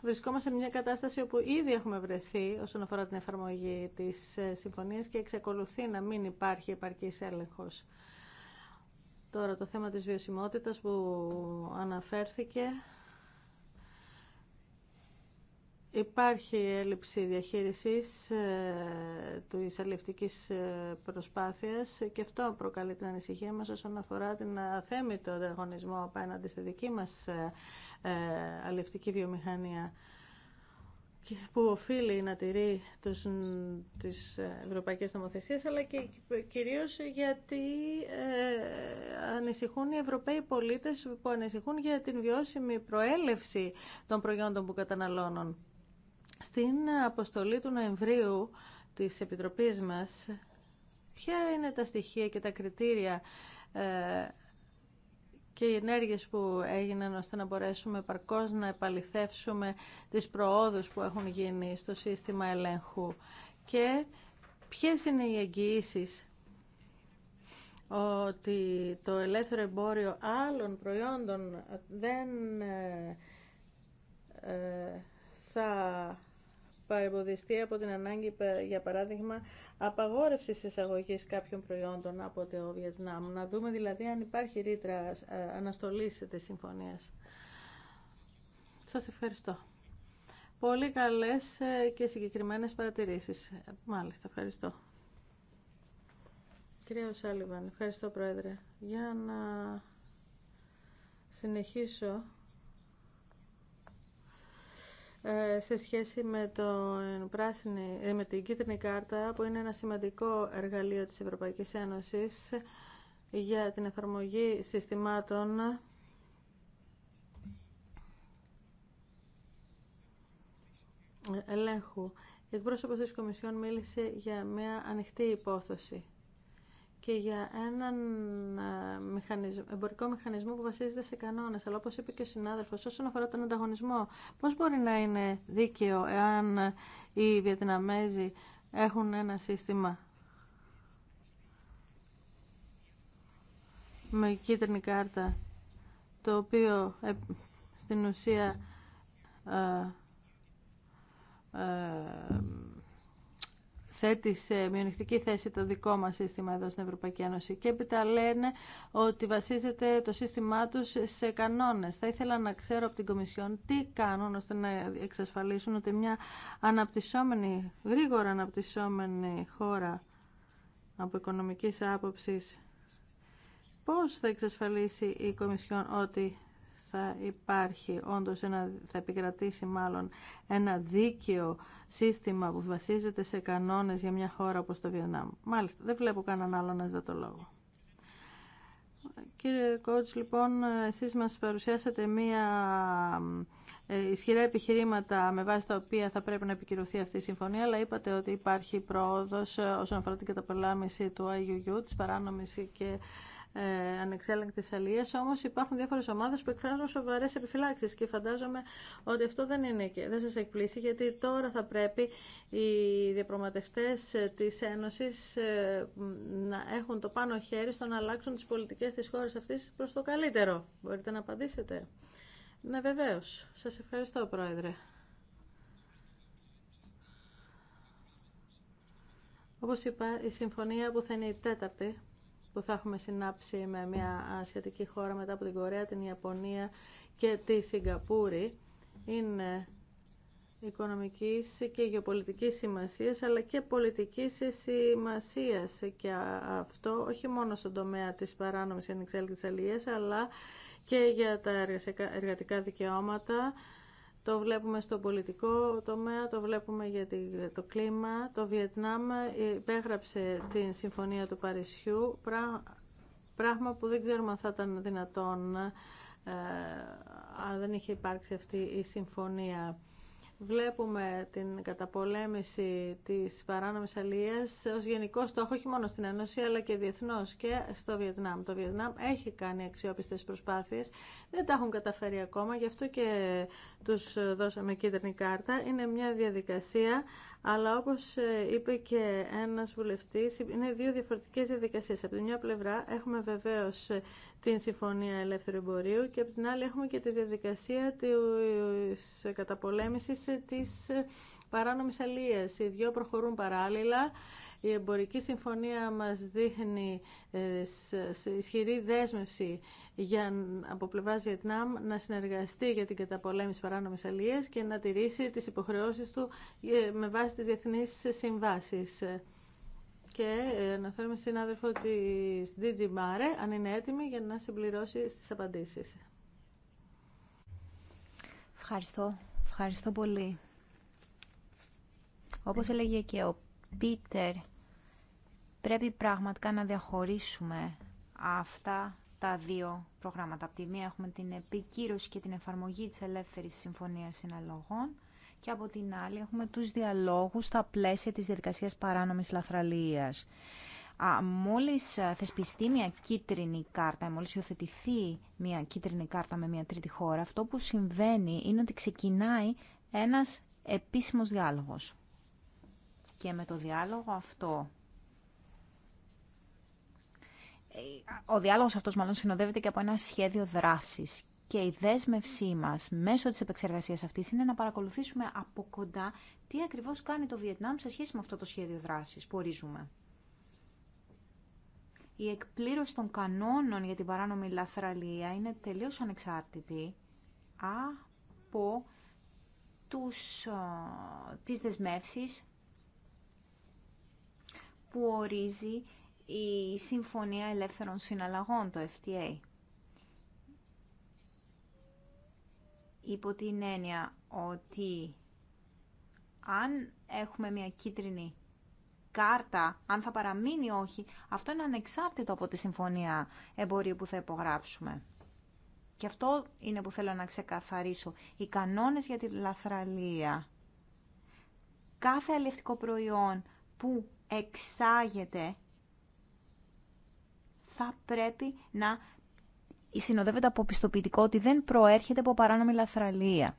βρισκόμαστε σε μια κατάσταση όπου ήδη έχουμε βρεθεί όσον αφορά την εφαρμογή της ε, συμφωνίας και εξακολουθεί να μην υπάρχει επαρκής έλεγχος. Τώρα το θέμα της βιωσιμότητας που αναφέρθηκε. Υπάρχει έλλειψη διαχείρισης ε, του αλληλευτικής ε, προσπάθειας και αυτό προκαλεί την ανησυχία μας όσον αφορά την αθέμητο ανταγωνισμό απέναντι στη δική μας ε, αλληλευτική βιομηχανία που οφείλει να τηρεί τους, τις ε, ευρωπαϊκές νομοθεσίες, αλλά και κυρίως γιατί ε, ανησυχούν οι Ευρωπαίοι πολίτες που ανησυχούν για την βιώσιμη προέλευση των προϊόντων που καταναλώνουν. Στην αποστολή του Νοεμβρίου της Επιτροπής μας, ποια είναι τα στοιχεία και τα κριτήρια ε, και οι ενέργειες που έγιναν ώστε να μπορέσουμε παρκώς να επαληθεύσουμε τις προόδους που έχουν γίνει στο σύστημα ελέγχου και ποιες είναι οι εγγυήσει ότι το ελεύθερο εμπόριο άλλων προϊόντων δεν ε, ε, θα παρεμποδιστεί από την ανάγκη, για παράδειγμα, απαγόρευσης εισαγωγής κάποιων προϊόντων από το Βιετνάμ. Να δούμε δηλαδή αν υπάρχει ρήτρα ε, αναστολής της συμφωνίας. Σας ευχαριστώ. Πολύ καλές ε, και συγκεκριμένες παρατηρήσεις. Μάλιστα, ευχαριστώ. Κύριε Σάλιβαν, ευχαριστώ Πρόεδρε. Για να συνεχίσω ε, σε σχέση με, τον ε, πράσινη, ε, με την κίτρινη κάρτα που είναι ένα σημαντικό εργαλείο της Ευρωπαϊκής Ένωσης για την εφαρμογή συστημάτων ελέγχου. Η εκπρόσωπος της Κομισιόν μίλησε για μια ανοιχτή υπόθεση και για έναν ε, εμπορικό μηχανισμό που βασίζεται σε κανόνε. Αλλά όπω είπε και ο συνάδελφο, όσον αφορά τον ανταγωνισμό, πώ μπορεί να είναι δίκαιο εάν οι Βιετναμέζοι έχουν ένα σύστημα με κίτρινη κάρτα, το οποίο ε, στην ουσία ε, θέτει σε μειονεκτική θέση το δικό μας σύστημα εδώ στην Ευρωπαϊκή Ένωση. Και έπειτα λένε ότι βασίζεται το σύστημά τους σε κανόνες. Θα ήθελα να ξέρω από την Κομισιόν τι κάνουν ώστε να εξασφαλίσουν ότι μια αναπτυσσόμενη, γρήγορα αναπτυσσόμενη χώρα από οικονομικής άποψης πώς θα εξασφαλίσει η Κομισιόν ότι θα υπάρχει όντως ένα, θα επικρατήσει μάλλον ένα δίκαιο σύστημα που βασίζεται σε κανόνες για μια χώρα όπως το Βιετνάμ. Μάλιστα, δεν βλέπω κανέναν άλλο να ζητά το λόγο. Κύριε Κότς, λοιπόν, εσείς μας παρουσιάσατε μία ε, ισχυρά επιχειρήματα με βάση τα οποία θα πρέπει να επικυρωθεί αυτή η συμφωνία, αλλά είπατε ότι υπάρχει πρόοδος ε, όσον αφορά την καταπολάμηση του IUU, της παράνομης και ε, ανεξέλεγκτης αλληλείας, όμως υπάρχουν διάφορες ομάδες που εκφράζουν σοβαρές επιφυλάξεις και φαντάζομαι ότι αυτό δεν, είναι, και δεν σας εκπλήσει γιατί τώρα θα πρέπει οι διαπραγματευτές ε, της Ένωσης ε, να έχουν το πάνω χέρι στο να αλλάξουν τις πολιτικές της χώρας αυτής προς το καλύτερο. Μπορείτε να απαντήσετε. Ναι, βεβαίως. Σας ευχαριστώ, Πρόεδρε. Όπως είπα, η συμφωνία που θα είναι η τέταρτη που θα έχουμε συνάψει με μια ασιατική χώρα μετά από την Κορέα, την Ιαπωνία και τη Σιγκαπούρη είναι οικονομικής και γεωπολιτικής σημασίας αλλά και πολιτικής σημασίας και αυτό όχι μόνο στον τομέα της παράνομης ανεξέλεγκτης αλληλείας αλλά και για τα εργατικά δικαιώματα το βλέπουμε στο πολιτικό τομέα, το βλέπουμε για το κλίμα. Το Βιετνάμ ε, υπέγραψε την Συμφωνία του Παρισιού, πράγμα που δεν ξέρουμε αν θα ήταν δυνατόν ε, αν δεν είχε υπάρξει αυτή η συμφωνία βλέπουμε την καταπολέμηση της παράνομης αλληλείας ως γενικό στόχο όχι μόνο στην Ένωση αλλά και διεθνώς και στο Βιετνάμ. Το Βιετνάμ έχει κάνει αξιόπιστες προσπάθειες, δεν τα έχουν καταφέρει ακόμα, γι' αυτό και τους δώσαμε κίτρινη κάρτα. Είναι μια διαδικασία αλλά όπως ε, είπε και ένας βουλευτής, είναι δύο διαφορετικές διαδικασίες. Από τη μια πλευρά έχουμε βεβαίως ε, την Συμφωνία Ελεύθερου Εμπορίου και από την άλλη έχουμε και τη διαδικασία της καταπολέμησης ε, της παράνομης αλίας. Οι δυο προχωρούν παράλληλα. Η εμπορική συμφωνία μας δείχνει ισχυρή δέσμευση για, από πλευρά Βιετνάμ να συνεργαστεί για την καταπολέμηση παράνομη αλληλεία και να τηρήσει τι υποχρεώσει του ε, με βάση τι διεθνεί συμβάσει. Και ε, αναφέρουμε στην συνάδελφο τη DG Mare, αν είναι έτοιμη για να συμπληρώσει στις απαντήσεις. Ευχαριστώ. Ευχαριστώ πολύ. Όπως έλεγε και ο Πίτερ, πρέπει πραγματικά να διαχωρίσουμε αυτά τα δύο προγράμματα. Από τη μία έχουμε την επικύρωση και την εφαρμογή της ελεύθερης συμφωνίας συναλλογών και από την άλλη έχουμε τους διαλόγους στα πλαίσια της διαδικασίας παράνομης λαθραλίας. Α, μόλις θεσπιστεί μια κίτρινη κάρτα, μόλις υιοθετηθεί μια κίτρινη κάρτα με μια τρίτη χώρα, αυτό που συμβαίνει είναι ότι ξεκινάει ένας επίσημος διάλογος. Και με το διάλογο αυτό ο διάλογος αυτός μάλλον συνοδεύεται και από ένα σχέδιο δράσης και η δέσμευσή μας μέσω της επεξεργασίας αυτής είναι να παρακολουθήσουμε από κοντά τι ακριβώς κάνει το Βιετνάμ σε σχέση με αυτό το σχέδιο δράσης που ορίζουμε. Η εκπλήρωση των κανόνων για την παράνομη λαθραλία είναι τελείως ανεξάρτητη από τους, τις δεσμεύσεις που ορίζει η Συμφωνία Ελεύθερων Συναλλαγών, το FTA. Υπό την έννοια ότι αν έχουμε μια κίτρινη κάρτα, αν θα παραμείνει όχι, αυτό είναι ανεξάρτητο από τη Συμφωνία Εμπορίου που θα υπογράψουμε. Και αυτό είναι που θέλω να ξεκαθαρίσω. Οι κανόνες για τη λαθραλία. Κάθε αλληλευτικό προϊόν που εξάγεται θα πρέπει να συνοδεύεται από πιστοποιητικό ότι δεν προέρχεται από παράνομη λαθραλία.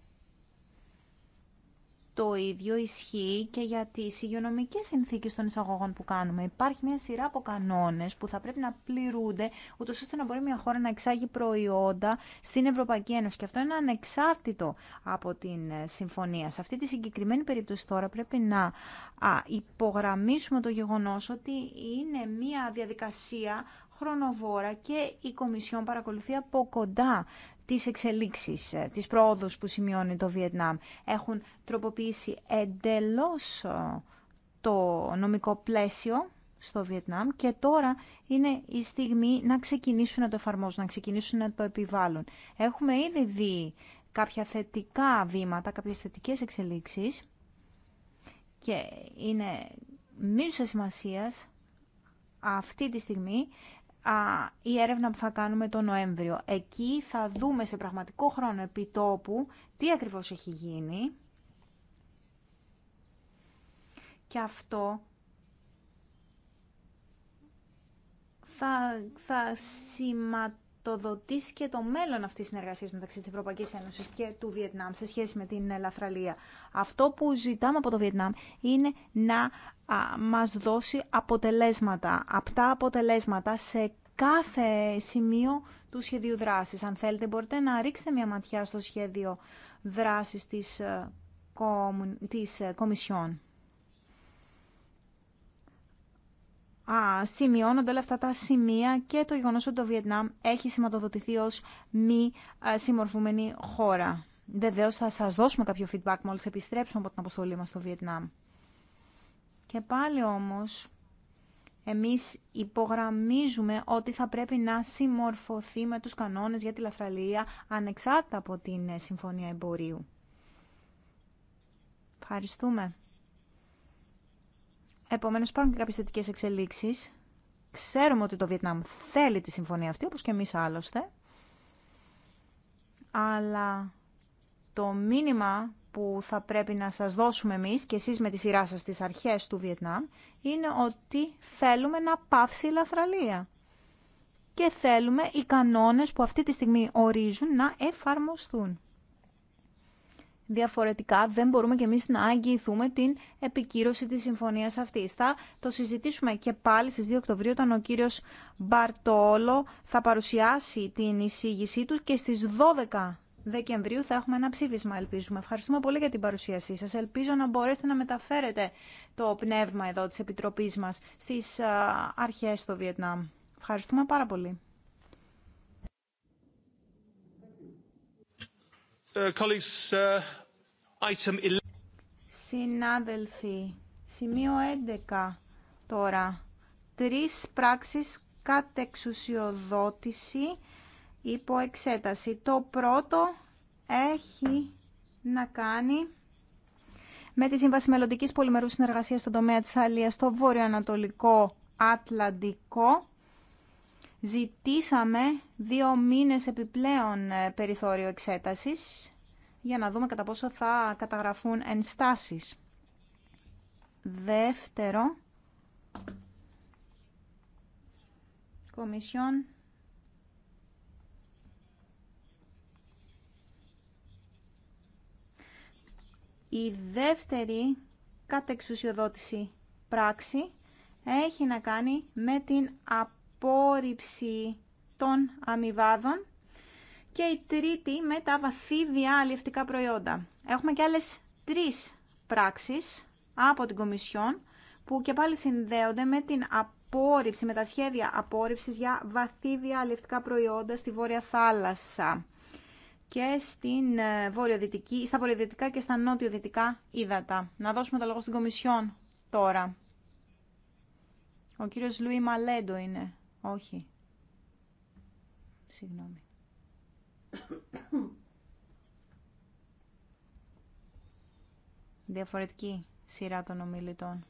Το ίδιο ισχύει και για τι υγειονομικέ συνθήκε των εισαγωγών που κάνουμε. Υπάρχει μια σειρά από κανόνε που θα πρέπει να πληρούνται, ούτω ώστε να μπορεί μια χώρα να εξάγει προϊόντα στην Ευρωπαϊκή Ένωση. Και αυτό είναι ανεξάρτητο από την συμφωνία. Σε αυτή τη συγκεκριμένη περίπτωση τώρα πρέπει να υπογραμμίσουμε το γεγονό ότι είναι μια διαδικασία και η Κομισιόν παρακολουθεί από κοντά τις εξελίξεις, ε, τις πρόοδους που σημειώνει το Βιετνάμ. Έχουν τροποποιήσει εντελώς ε, το νομικό πλαίσιο στο Βιετνάμ και τώρα είναι η στιγμή να ξεκινήσουν να το εφαρμόζουν, να ξεκινήσουν να το επιβάλλουν. Έχουμε ήδη δει κάποια θετικά βήματα, κάποιες θετικές εξελίξεις και είναι μίλουσα σημασίας αυτή τη στιγμή η έρευνα που θα κάνουμε τον Νοέμβριο. Εκεί θα δούμε σε πραγματικό χρόνο επιτόπου τι ακριβώς έχει γίνει και αυτό θα, θα σηματοδοτήσει και το μέλλον αυτής της συνεργασίας μεταξύ της Ευρωπαϊκής Ένωσης και του Βιετνάμ σε σχέση με την ελαφραλία. Αυτό που ζητάμε από το Βιετνάμ είναι να μας δώσει αποτελέσματα, απτά αποτελέσματα σε κάθε σημείο του σχεδίου δράσης. Αν θέλετε μπορείτε να ρίξετε μια ματιά στο σχέδιο δράσης της, ε, της ε, Κομισιόν. Α, σημειώνονται όλα αυτά τα σημεία και το γεγονός ότι το Βιετνάμ έχει σηματοδοτηθεί ως μη ε, συμμορφούμενη χώρα. Βεβαίω θα σας δώσουμε κάποιο feedback μόλις επιστρέψουμε από την αποστολή μας στο Βιετνάμ. Και πάλι όμως, εμείς υπογραμμίζουμε ότι θα πρέπει να συμμορφωθεί με τους κανόνες για τη λαθραλία ανεξάρτητα από την ε, Συμφωνία Εμπορίου. Ευχαριστούμε. Επομένως υπάρχουν και κάποιες θετικές εξελίξεις. Ξέρουμε ότι το Βιετνάμ θέλει τη συμφωνία αυτή, όπως και εμείς άλλωστε. Αλλά το μήνυμα που θα πρέπει να σας δώσουμε εμείς και εσείς με τη σειρά σας στις αρχές του Βιετνάμ είναι ότι θέλουμε να πάψει η λαθραλία. Και θέλουμε οι κανόνες που αυτή τη στιγμή ορίζουν να εφαρμοστούν. Διαφορετικά δεν μπορούμε και εμείς να αγγιηθούμε την επικύρωση της συμφωνίας αυτής. Θα το συζητήσουμε και πάλι στις 2 Οκτωβρίου όταν ο κύριος Μπαρτόλο θα παρουσιάσει την εισήγησή του και στις 12 Δεκεμβρίου θα έχουμε ένα ψήφισμα, ελπίζουμε. Ευχαριστούμε πολύ για την παρουσίασή σας. Ελπίζω να μπορέσετε να μεταφέρετε το πνεύμα εδώ της Επιτροπής μας στις αρχές στο Βιετνάμ. Ευχαριστούμε πάρα πολύ. Uh, Συνάδελφοι, σημείο 11 τώρα. Τρεις πράξεις κατεξουσιοδότηση υπό εξέταση. Το πρώτο έχει να κάνει με τη Σύμβαση Μελλοντικής Πολυμερούς Συνεργασίας στον τομέα της Αλίας στο Βόρειο-Ανατολικό Ατλαντικό. Ζητήσαμε δύο μήνες επιπλέον ε, περιθώριο εξέτασης για να δούμε κατά πόσο θα καταγραφούν ενστάσεις. Δεύτερο, Κομισιόν Η δεύτερη κατεξουσιοδότηση πράξη έχει να κάνει με την απόρριψη των αμοιβάδων και η τρίτη με τα βαθύβια αλληλευτικά προϊόντα. Έχουμε και άλλες τρεις πράξεις από την Κομισιόν που και πάλι συνδέονται με την απόρριψη, με τα σχέδια απόρριψης για βαθύβια αλληλευτικά προϊόντα στη Βόρεια Θάλασσα και στην ε, βορειοδυτική, στα βορειοδυτικά και στα νότιοδυτικά ύδατα. Να δώσουμε το λόγο στην Κομισιόν τώρα. Ο κύριος Λουί Μαλέντο είναι. Όχι. Συγγνώμη. Διαφορετική σειρά των ομιλητών.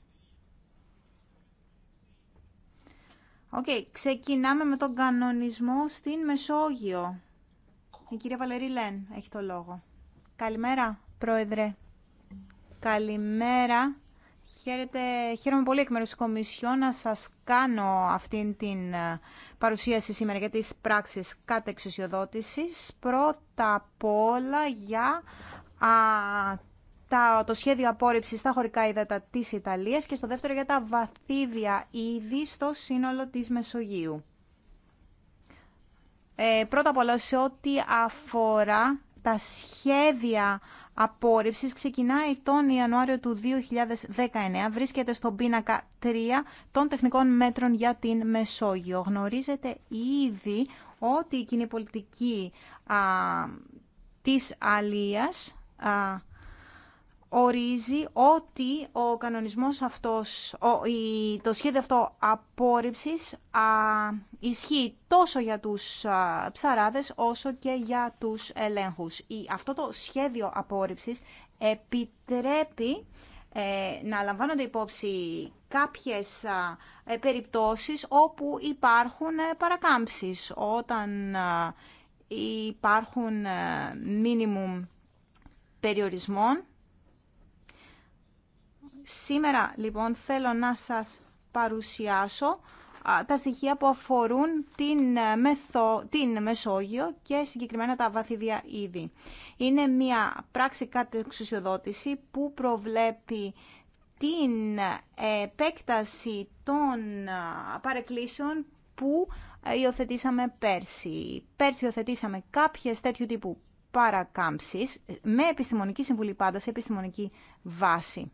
Οκ, okay, ξεκινάμε με τον κανονισμό στην Μεσόγειο. Η κυρία Βαλερή Λέν έχει το λόγο. Καλημέρα, Πρόεδρε. Καλημέρα. Χαίρετε, χαίρομαι πολύ εκ μέρους της Κομισιόν να σας κάνω αυτήν την ε, παρουσίαση σήμερα για τις πράξεις κάτω εξουσιοδότησης. Πρώτα απ' όλα για το σχέδιο απόρριψης στα χωρικά ύδατα της Ιταλίας και στο δεύτερο για τα βαθύβια είδη στο σύνολο της Μεσογείου. Ε, πρώτα απ' όλα, σε ό,τι αφορά τα σχέδια απόρριψης, ξεκινάει τον Ιανουάριο του 2019. Βρίσκεται στον πίνακα 3 των τεχνικών μέτρων για την Μεσόγειο. Γνωρίζετε ήδη ότι η κοινή πολιτική α, της Αλίας ορίζει ότι ο κανονισμός αυτός, το σχέδιο αυτό απόρριψης ισχύει τόσο για τους ψαράδες όσο και για τους ελέγχους. Αυτό το σχέδιο απόρριψης επιτρέπει ε, να λαμβάνονται υπόψη κάποιες ε, περιπτώσεις όπου υπάρχουν ε, παρακάμψεις, όταν υπάρχουν μίνιμουμ περιορισμών Σήμερα λοιπόν θέλω να σας παρουσιάσω τα στοιχεία που αφορούν την, ε, μεθο... την Μεσόγειο και συγκεκριμένα τα βαθύβια είδη. Είναι μια πράξη κάτω εξουσιοδότηση που προβλέπει την ε, επέκταση των ε, παρεκκλήσεων που υιοθετήσαμε πέρσι. Πέρσι υιοθετήσαμε κάποιες τέτοιου τύπου παρακάμψεις με επιστημονική συμβουλή πάντα σε επιστημονική βάση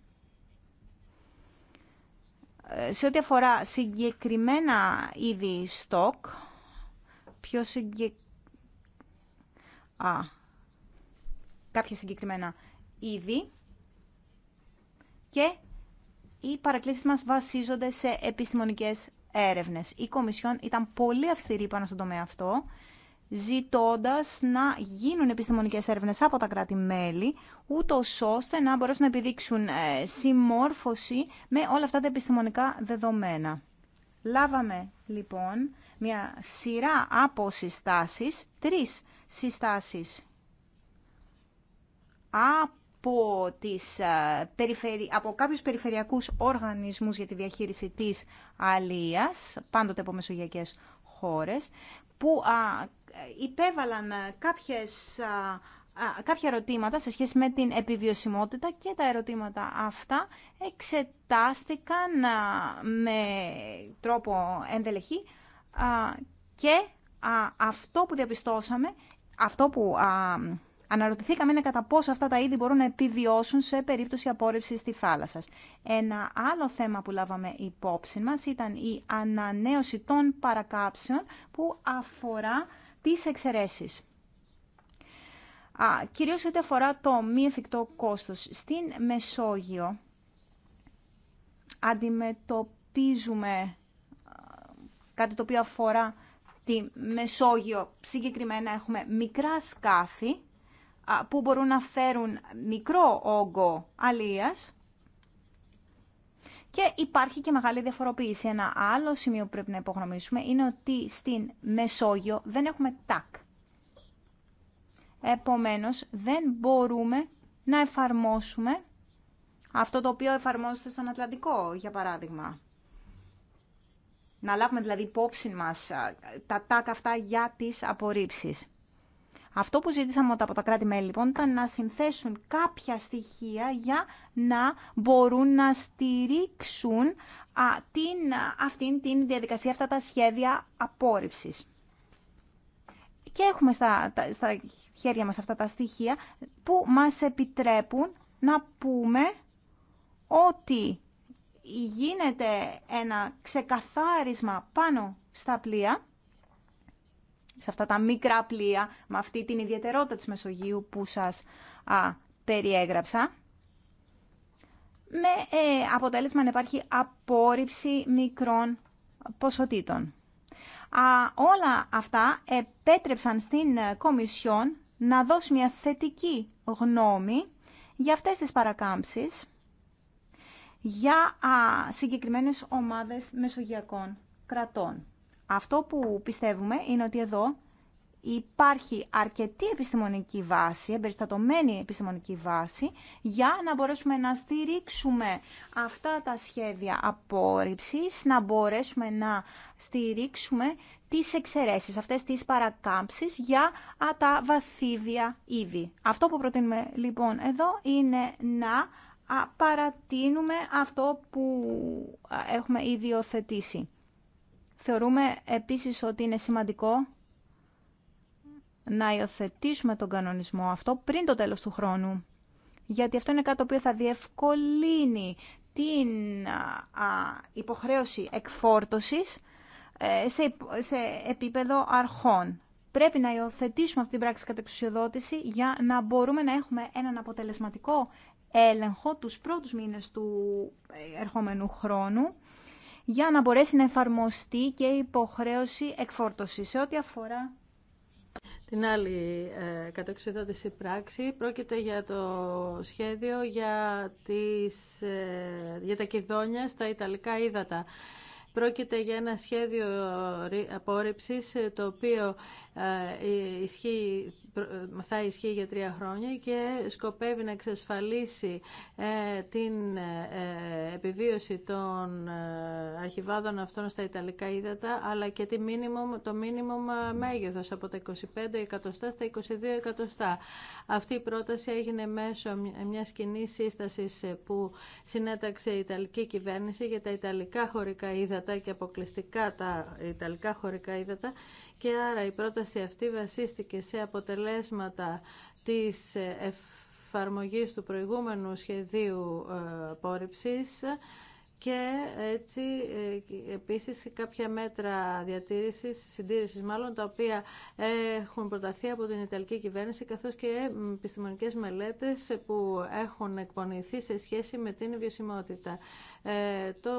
σε ό,τι αφορά συγκεκριμένα είδη στόκ, πιο συγκεκριμένα... κάποια συγκεκριμένα είδη και οι παρακλήσεις μας βασίζονται σε επιστημονικές έρευνες. Η Κομισιόν ήταν πολύ αυστηρή πάνω στον τομέα αυτό Ζητώντα να γίνουν επιστημονικές έρευνες από τα κράτη-μέλη, ούτω ώστε να μπορέσουν να επιδείξουν ε, συμμόρφωση με όλα αυτά τα επιστημονικά δεδομένα. Λάβαμε λοιπόν μια σειρά από συστάσεις, τρεις συστάσεις από, τις, ε, από κάποιους περιφερειακούς οργανισμούς για τη διαχείριση της αλίας, πάντοτε από μεσογειακές χώρες, που υπέβαλαν ε, κάποιες, κάποια ερωτήματα σε σχέση με την επιβιωσιμότητα και τα ερωτήματα αυτά εξετάστηκαν με τρόπο ενδελεχή και αυτό που διαπιστώσαμε, αυτό που Αναρωτηθήκαμε είναι κατά πόσο αυτά τα είδη μπορούν να επιβιώσουν σε περίπτωση απόρριψης στη θάλασσα. Ένα άλλο θέμα που λάβαμε υπόψη μας ήταν η ανανέωση των παρακάψεων που αφορά τις εξαιρεσει. Κυρίω κυρίως ό,τι αφορά το μη εφικτό κόστος. Στην Μεσόγειο αντιμετωπίζουμε κάτι το οποίο αφορά τη Μεσόγειο. Συγκεκριμένα έχουμε μικρά σκάφη που μπορούν να φέρουν μικρό όγκο αλίας και υπάρχει και μεγάλη διαφοροποίηση. Ένα άλλο σημείο που πρέπει να υπογνωμίσουμε είναι ότι στην Μεσόγειο δεν έχουμε τάκ. Επομένως, δεν μπορούμε να εφαρμόσουμε αυτό το οποίο εφαρμόζεται στον Ατλαντικό, για παράδειγμα. Να λάβουμε δηλαδή υπόψη μας τα τάκ αυτά για τις απορρίψεις. Αυτό που ζήτησαμε από τα κράτη-μέλη λοιπόν ήταν να συνθέσουν κάποια στοιχεία για να μπορούν να στηρίξουν α, αυτήν την διαδικασία, αυτά τα σχέδια απόρριψης. Και έχουμε στα, στα χέρια μας αυτά τα στοιχεία που μας επιτρέπουν να πούμε ότι γίνεται ένα ξεκαθάρισμα πάνω στα πλοία σε αυτά τα μικρά πλοία, με αυτή την ιδιαιτερότητα της Μεσογείου που σας περιέγραψα, με ε, αποτέλεσμα να υπάρχει απόρριψη μικρών ποσοτήτων. Α, όλα αυτά επέτρεψαν στην ε, Κομισιόν να δώσει μια θετική γνώμη για αυτές τις παρακάμψεις για α, συγκεκριμένες ομάδες μεσογειακών κρατών. Αυτό που πιστεύουμε είναι ότι εδώ υπάρχει αρκετή επιστημονική βάση, εμπεριστατωμένη επιστημονική βάση, για να μπορέσουμε να στηρίξουμε αυτά τα σχέδια απόρριψης, να μπορέσουμε να στηρίξουμε τις εξαιρέσεις, αυτές τις παρακάμψεις για τα βαθύβια είδη. Αυτό που προτείνουμε λοιπόν εδώ είναι να παρατείνουμε αυτό που έχουμε ήδη οθετήσει. Θεωρούμε επίσης ότι είναι σημαντικό να υιοθετήσουμε τον κανονισμό αυτό πριν το τέλος του χρόνου. Γιατί αυτό είναι κάτι το οποίο θα διευκολύνει την υποχρέωση εκφόρτωσης ε, σε επίπεδο αρχών. Πρέπει να υιοθετήσουμε αυτή την πράξη εξουσιοδότηση για να μπορούμε να έχουμε έναν αποτελεσματικό έλεγχο τους πρώτους μήνες του ε, ερχόμενου χρόνου για να μπορέσει να εφαρμοστεί και η υποχρέωση εκφόρτωση. Σε ό,τι αφορά την άλλη ε, κατεξοδότηση πράξη πρόκειται για το σχέδιο για, τις, ε, για τα κηδόνια στα Ιταλικά ύδατα. Πρόκειται για ένα σχέδιο απόρριψης ε, το οποίο ε, ισχύει ε, θα ισχύει για τρία χρόνια και σκοπεύει να εξασφαλίσει την επιβίωση των αρχιβάδων αυτών στα Ιταλικά ύδατα αλλά και το μήνυμο μέγεθος από τα 25 εκατοστά στα 22 εκατοστά. Αυτή η πρόταση έγινε μέσω μιας κοινή σύστασης που συνέταξε η Ιταλική κυβέρνηση για τα Ιταλικά χωρικά ύδατα και αποκλειστικά τα ιταλικά χωρικά ύδατα και άρα η πρόταση αυτή βασίστηκε σε αποτελέσματα της εφαρμογής του προηγούμενου σχεδίου ε, πόρυψης και έτσι ε, επίσης κάποια μέτρα διατήρησης, συντήρησης μάλλον, τα οποία έχουν προταθεί από την Ιταλική κυβέρνηση, καθώς και ε, επιστημονικές μελέτες που έχουν εκπονηθεί σε σχέση με την βιωσιμότητα. Ε, το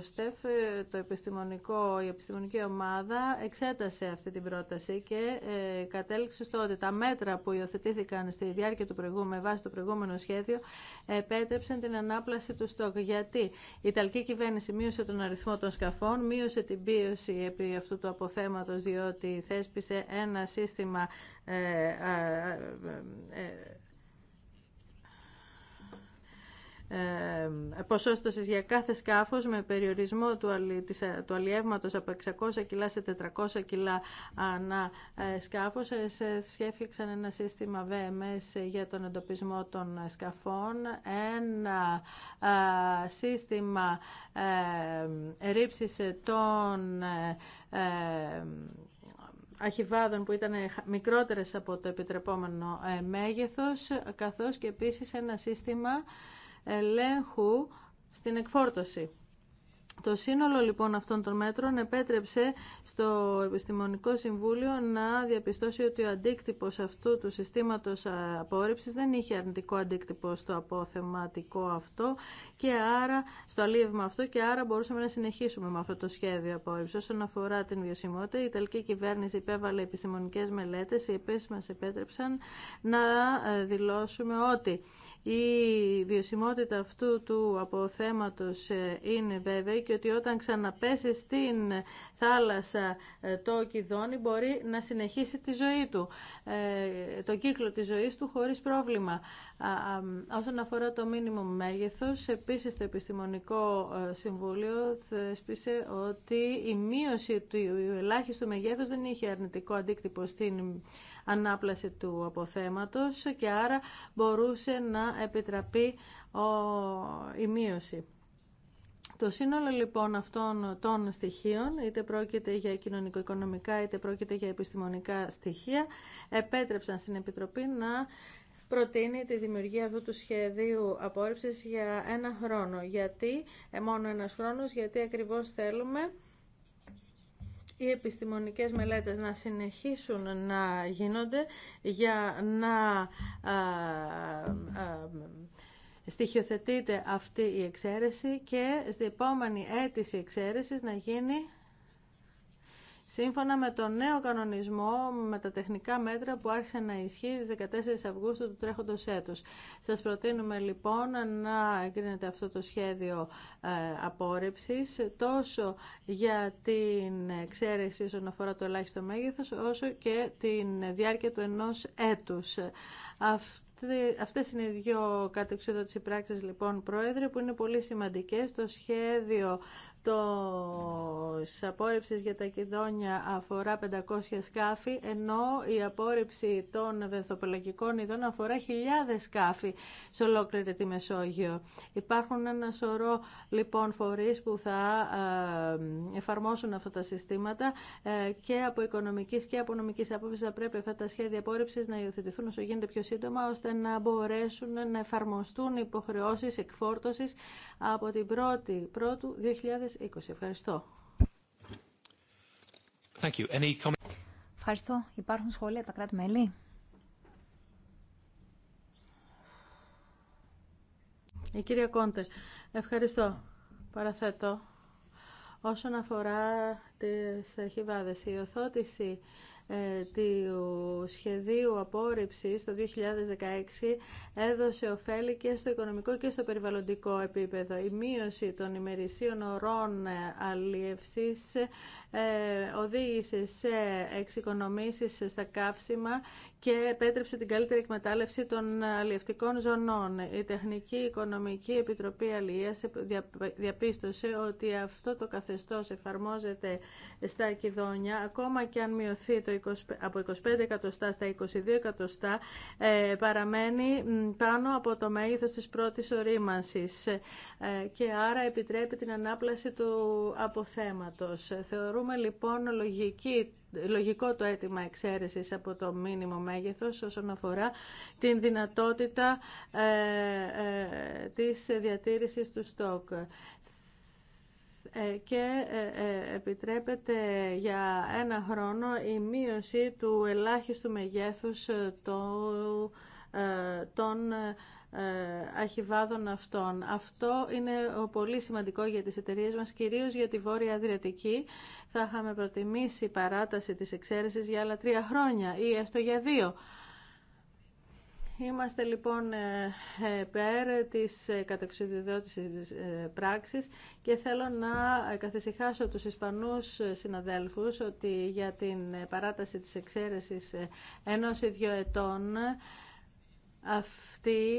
ΣΤΕΦ, το επιστημονικό, η επιστημονική ομάδα, εξέτασε αυτή την πρόταση και κατέληξε στο ότι τα μέτρα που υιοθετήθηκαν στη διάρκεια του προηγούμενου, βάση το προηγούμενο σχέδιο, επέτρεψαν την ανάπλαση του στόκ η Ιταλική κυβέρνηση μείωσε τον αριθμό των σκαφών, μείωσε την πίεση επί αυτού του αποθέματος διότι θέσπισε ένα σύστημα ε, ε, ε, ε, ποσόστοσης για κάθε σκάφος με περιορισμό του, ε, του αλλιεύματος από 600 κιλά σε 400 κιλά ανά ε, σκάφος. Σχέφηξαν ένα σύστημα VMS για τον εντοπισμό των σκαφών, ένα σύστημα ρήψης των αχιβάδων που ήταν μικρότερες από το επιτρεπόμενο μέγεθος, καθώς και επίσης ένα σύστημα ελέγχου στην εκφόρτωση. Το σύνολο λοιπόν αυτών των μέτρων επέτρεψε στο Επιστημονικό Συμβούλιο να διαπιστώσει ότι ο αντίκτυπος αυτού του συστήματος απόρριψης δεν είχε αρνητικό αντίκτυπο στο αποθεματικό αυτό και άρα στο αλίευμα αυτό και άρα μπορούσαμε να συνεχίσουμε με αυτό το σχέδιο απόρριψης. Όσον αφορά την βιωσιμότητα, η Ιταλική κυβέρνηση υπέβαλε επιστημονικές μελέτες οι οποίες μας επέτρεψαν να ε, δηλώσουμε ότι η βιωσιμότητα αυτού του αποθέματος ε, είναι βέβαιη και ότι όταν ξαναπέσει στην θάλασσα ε, το κηδόνι μπορεί να συνεχίσει τη ζωή του, ε, το κύκλο της ζωής του χωρίς πρόβλημα. Όσον αφορά το μήνυμο μέγεθος, επίσης το Επιστημονικό ε, Συμβούλιο θέσπισε ότι η μείωση του ελάχιστου μεγέθους δεν είχε αρνητικό αντίκτυπο στην ανάπλαση του αποθέματος και άρα μπορούσε να επιτραπεί η μείωση. Το σύνολο λοιπόν αυτών των στοιχείων, είτε πρόκειται για κοινωνικο-οικονομικά, είτε πρόκειται για επιστημονικά στοιχεία, επέτρεψαν στην Επιτροπή να προτείνει τη δημιουργία αυτού του σχεδίου απόρριψης για ένα χρόνο. Γιατί, ε, μόνο ένας χρόνος, γιατί ακριβώς θέλουμε οι επιστημονικές μελέτες να συνεχίσουν να γίνονται για να στοιχειοθετείται αυτή η εξαίρεση και στην επόμενη αίτηση εξαίρεσης να γίνει σύμφωνα με τον νέο κανονισμό με τα τεχνικά μέτρα που άρχισε να ισχύει στις 14 Αυγούστου του τρέχοντος έτους. Σας προτείνουμε λοιπόν να εγκρίνετε αυτό το σχέδιο ε, απόρριψης τόσο για την εξαίρεση όσον αφορά το ελάχιστο μέγεθος όσο και την διάρκεια του ενός έτους. Αυτές είναι οι δύο κατεξοδότησε πράξεις λοιπόν πρόεδρε που είναι πολύ σημαντικές. στο σχέδιο το απόρριψης για τα κυδόνια αφορά 500 σκάφη, ενώ η απόρριψη των βενθοπελαγικών ειδών αφορά χιλιάδες σκάφη σε ολόκληρη τη Μεσόγειο. Υπάρχουν ένα σωρό λοιπόν φορείς που θα ε, εφαρμόσουν αυτά τα συστήματα ε, και από οικονομικής και από νομικής άποψης θα πρέπει αυτά τα σχέδια απόρριψης να υιοθετηθούν όσο γίνεται πιο σύντομα, ώστε να μπορέσουν να εφαρμοστούν υποχρεώσεις εκφόρτωσης από την 1η Πρώτου Ευχαριστώ. Thank you. Any comment... Ευχαριστώ. Υπάρχουν σχόλια από τα κράτη-μέλη. Η κυρία Κόντε, ευχαριστώ. Παραθέτω. Όσον αφορά τις χιβάδες, η οθότηση ε, του σχεδίου απόρριψης το 2016 έδωσε ωφέλη και στο οικονομικό και στο περιβαλλοντικό επίπεδο. Η μείωση των ημερησίων ορών ε, αλλιευσής ε, οδήγησε σε εξοικονομήσεις στα καύσιμα και επέτρεψε την καλύτερη εκμετάλλευση των αλλιευτικών ζωνών. Η Τεχνική Οικονομική Επιτροπή Αλλιείας διαπίστωσε ότι αυτό το καθεστώς εφαρμόζεται στα κηδόνια, ακόμα και αν μειωθεί το 20, από 25 εκατοστά στα 22 εκατοστά ε, παραμένει πάνω από το μέγεθος της πρώτης ορίμανσης ε, και άρα επιτρέπει την ανάπλαση του αποθέματος. Θεωρούμε Θεωρούμε λοιπόν λογική λογικό το αίτημα εξαίρεσης από το μήνυμο μέγεθος όσον αφορά την δυνατότητα ε, ε, της διατήρησης του στόκ ε, και ε, ε, επιτρέπεται για ένα χρόνο η μείωση του ελάχιστου μεγέθους των ε, αχιβάδων αυτών. Αυτό είναι πολύ σημαντικό για τις εταιρείες μας, κυρίως για τη Βόρεια Αδριατική. Θα είχαμε προτιμήσει παράταση της εξαίρεσης για άλλα τρία χρόνια ή έστω για δύο. Είμαστε λοιπόν ε, ε, πέρ της καταξιδιώτησης πράξης και θέλω να καθησυχάσω τους Ισπανούς συναδέλφους ότι για την παράταση της εξαίρεσης ενός ή δύο ετών αυτή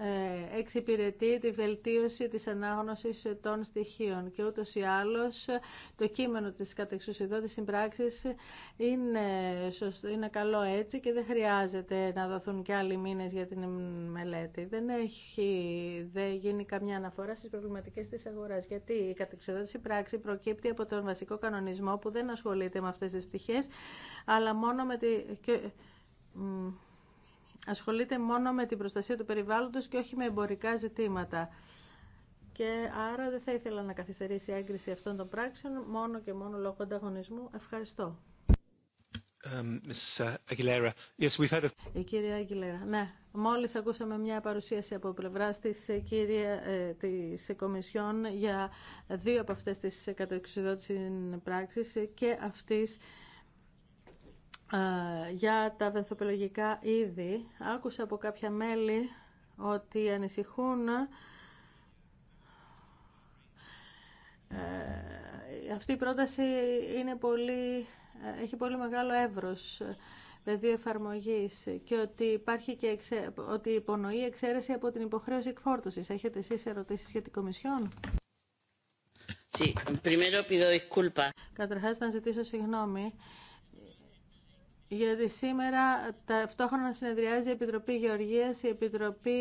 ε, εξυπηρετεί τη βελτίωση της ανάγνωσης των στοιχείων και ούτως ή άλλως ε, το κείμενο της κατεξουσιδότησης συμπράξης είναι, σωστό, είναι καλό έτσι και δεν χρειάζεται να δοθούν και άλλοι μήνες για την μελέτη. Δεν έχει δεν γίνει καμιά αναφορά στις προβληματικές της αγοράς γιατί η κατεξουσιδότηση συμπράξη προκύπτει από τον βασικό κανονισμό που δεν ασχολείται με αυτές τις πτυχές αλλά μόνο με τη ασχολείται μόνο με την προστασία του περιβάλλοντος και όχι με εμπορικά ζητήματα. Και άρα δεν θα ήθελα να καθυστερήσει η έγκριση αυτών των πράξεων μόνο και μόνο λόγω ανταγωνισμού. Ευχαριστώ. Um, uh, η κυρία Αγγιλέρα, ναι. Μόλις ακούσαμε μια παρουσίαση από πλευρά της, ε, κυρία, ε, της Κομισιόν για δύο από αυτές τις κατοεξιδότητες πράξεις και αυτής για τα βενθοπελογικά είδη. Άκουσα από κάποια μέλη ότι ανησυχούν ε, αυτή η πρόταση είναι πολύ, έχει πολύ μεγάλο εύρος πεδίο εφαρμογή και ότι υπάρχει και ότι υπονοεί εξαίρεση από την υποχρέωση εκφόρτωση. Έχετε εσεί ερωτήσει για την Κομισιόν. Sí, Καταρχά, να ζητήσω συγγνώμη γιατί σήμερα ταυτόχρονα συνεδριάζει η Επιτροπή Γεωργίας, η Επιτροπή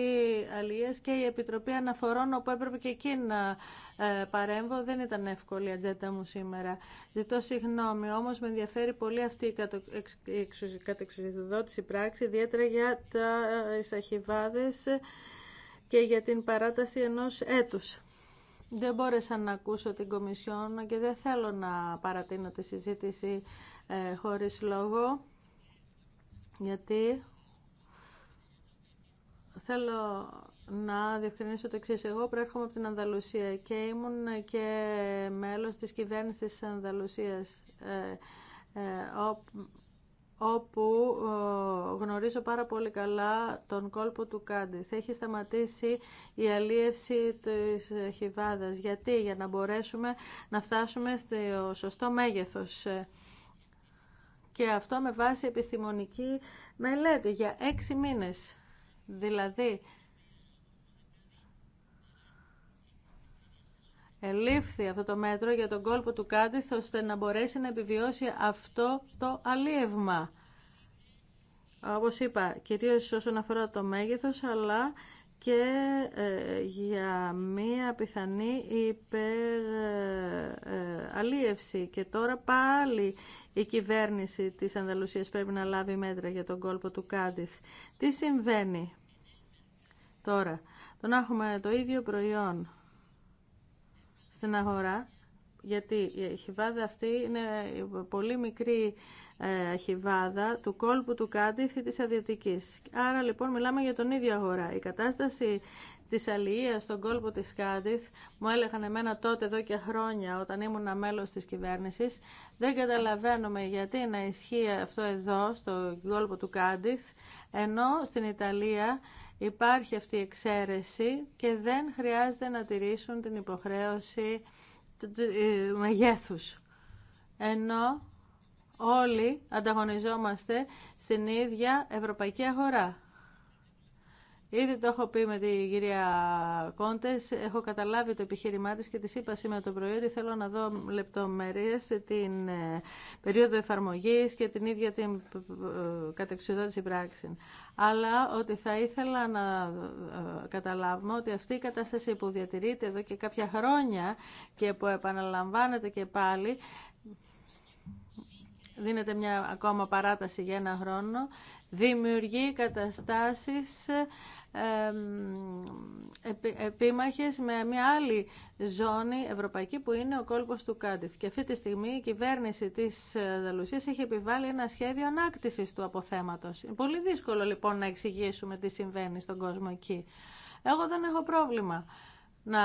Αλίας και η Επιτροπή Αναφορών, όπου έπρεπε και εκεί να ε, παρέμβω. Δεν ήταν εύκολη η ατζέντα μου σήμερα. Ζητώ συγγνώμη, όμως με ενδιαφέρει πολύ αυτή η κατεξουσιοδότηση πράξη, ιδιαίτερα για τα ε, εισαχιβάδες και για την παράταση ενός έτους. Δεν μπόρεσα να ακούσω την Κομισιόν και δεν θέλω να παρατείνω τη συζήτηση ε, χωρίς λόγο γιατί θέλω να διευκρινίσω το εξή. Εγώ προέρχομαι από την Ανδαλουσία και ήμουν και μέλος της κυβέρνησης της Ανδαλουσίας ε, ε, όπου ε, γνωρίζω πάρα πολύ καλά τον κόλπο του Κάντι. έχει σταματήσει η αλίευση της χιβάδας. Γιατί, για να μπορέσουμε να φτάσουμε στο σωστό μέγεθος και αυτό με βάση επιστημονική μελέτη για έξι μήνες. Δηλαδή, ελήφθη αυτό το μέτρο για τον κόλπο του κάτι, ώστε να μπορέσει να επιβιώσει αυτό το αλίευμα. Όπως είπα, κυρίως όσον αφορά το μέγεθος, αλλά και ε, για μία πιθανή υπεραλίευση. Ε, ε, και τώρα πάλι η κυβέρνηση της Ανδαλουσίας πρέπει να λάβει μέτρα για τον κόλπο του Κάντιθ. Τι συμβαίνει τώρα, το να έχουμε το ίδιο προϊόν στην αγορά, γιατί η χιβάδα αυτή είναι πολύ μικρή ε, χιβάδα του κόλπου του Κάντιθ ή της Άρα λοιπόν μιλάμε για τον ίδιο αγορά. Η κατάσταση της αλληλείας στον κόλπο της Κάντιθ μου έλεγαν εμένα τότε εδώ και χρόνια όταν ήμουν μέλος της κυβέρνησης δεν καταλαβαίνουμε γιατί να ισχύει αυτό εδώ στον κόλπο του Κάντιθ ενώ στην Ιταλία υπάρχει αυτή η εξαίρεση και δεν χρειάζεται να τηρήσουν την υποχρέωση ε, μεγέθους. Ενώ όλοι ανταγωνιζόμαστε στην ίδια ευρωπαϊκή αγορά. Ήδη το έχω πει με την κυρία Κόντε. Έχω καταλάβει το επιχείρημά τη και τη είπα σήμερα το πρωί ότι θέλω να δω λεπτομέρειε την ε, περίοδο εφαρμογή και την ίδια την ε, κατεξουδότηση πράξη. Αλλά ότι θα ήθελα να ε, καταλάβουμε ότι αυτή η κατάσταση που διατηρείται εδώ και κάποια χρόνια και που επαναλαμβάνεται και πάλι δίνεται μια ακόμα παράταση για ένα χρόνο, δημιουργεί καταστάσεις επίμαχες με μια άλλη ζώνη ευρωπαϊκή που είναι ο κόλπος του Κάντιθ. Και αυτή τη στιγμή η κυβέρνηση της Δαλουσίας ε, έχει επιβάλει ένα σχέδιο ανάκτησης του αποθέματος. Είναι πολύ δύσκολο λοιπόν να εξηγήσουμε τι συμβαίνει στον κόσμο εκεί. Εγώ δεν έχω πρόβλημα να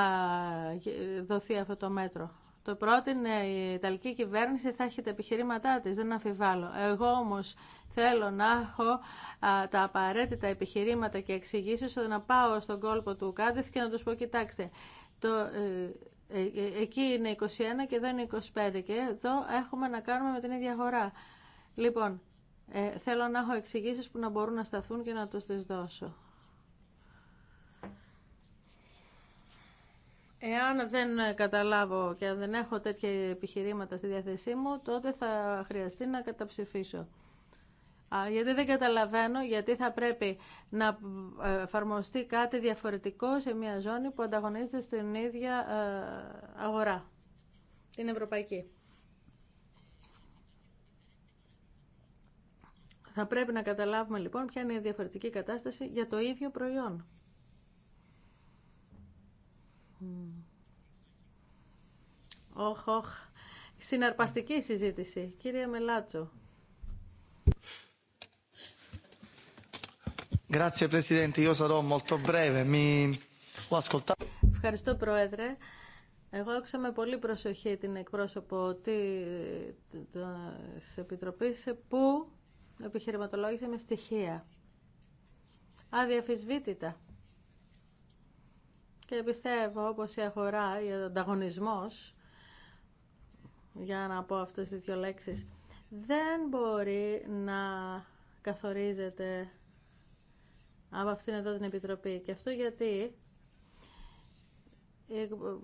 δοθεί αυτό το μέτρο το πρότεινε η Ιταλική κυβέρνηση, θα έχει τα επιχειρήματά της, δεν αφιβάλλω. Εγώ όμως θέλω να έχω τα απαραίτητα επιχειρήματα και εξηγήσει ώστε να πάω στον κόλπο του Κάντεθ και να τους πω, κοιτάξτε, το, ε, ε, ε, εκεί είναι 21 και εδώ είναι 25 και εδώ έχουμε να κάνουμε με την ίδια αγορά. Λοιπόν, θέλω να έχω εξηγήσει που να μπορούν να σταθούν και να τους τις δώσω. Εάν δεν καταλάβω και αν δεν έχω τέτοια επιχειρήματα στη διάθεσή μου, τότε θα χρειαστεί να καταψηφίσω. Γιατί δεν καταλαβαίνω γιατί θα πρέπει να ε, εφαρμοστεί κάτι διαφορετικό σε μια ζώνη που ανταγωνίζεται στην ίδια ε, αγορά, την ευρωπαϊκή. Θα πρέπει να καταλάβουμε λοιπόν ποια είναι η διαφορετική κατάσταση για το ίδιο προϊόν. Όχ, όχ. Συναρπαστική συζήτηση. Κύριε Μελάτσο. Ευχαριστώ, Πρόεδρε. Εγώ άκουσα με πολύ προσοχή την εκπρόσωπο τη Επιτροπή που επιχειρηματολόγησε με στοιχεία. Αδιαφυσβήτητα και πιστεύω πως η αγορά, ο ανταγωνισμός, για να πω αυτές τις δύο λέξεις, δεν μπορεί να καθορίζεται από αυτήν εδώ την Επιτροπή. Και αυτό γιατί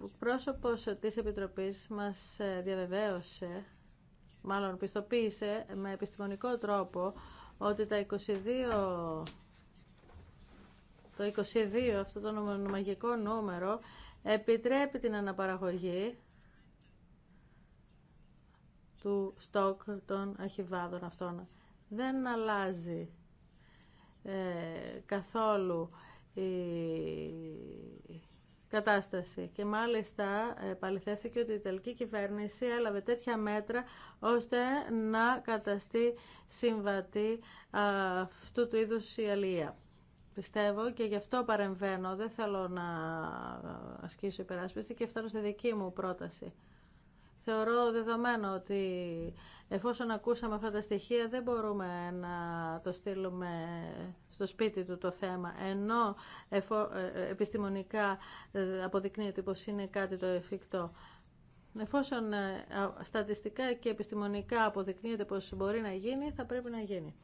ο πρόσωπος της Επιτροπής μας διαβεβαίωσε, μάλλον πιστοποίησε με επιστημονικό τρόπο, ότι τα 22 το 22, αυτό το μαγικό νούμερο, επιτρέπει την αναπαραγωγή του στόκ των αχιβάδων αυτών. Δεν αλλάζει ε, καθόλου η κατάσταση και μάλιστα ε, παληθεύθηκε ότι η Ιταλική κυβέρνηση έλαβε τέτοια μέτρα ώστε να καταστεί συμβατή ε, αυτού του είδους η αλληλεία πιστεύω και γι' αυτό παρεμβαίνω. Δεν θέλω να ασκήσω υπεράσπιση και φτάνω στη δική μου πρόταση. Θεωρώ δεδομένο ότι εφόσον ακούσαμε αυτά τα στοιχεία δεν μπορούμε να το στείλουμε στο σπίτι του το θέμα, ενώ εφο... Ε, ε, επιστημονικά ε, αποδεικνύεται πως είναι κάτι το εφικτό. Εφόσον στατιστικά και επιστημονικά αποδεικνύεται πως μπορεί να γίνει, θα πρέπει να γίνει.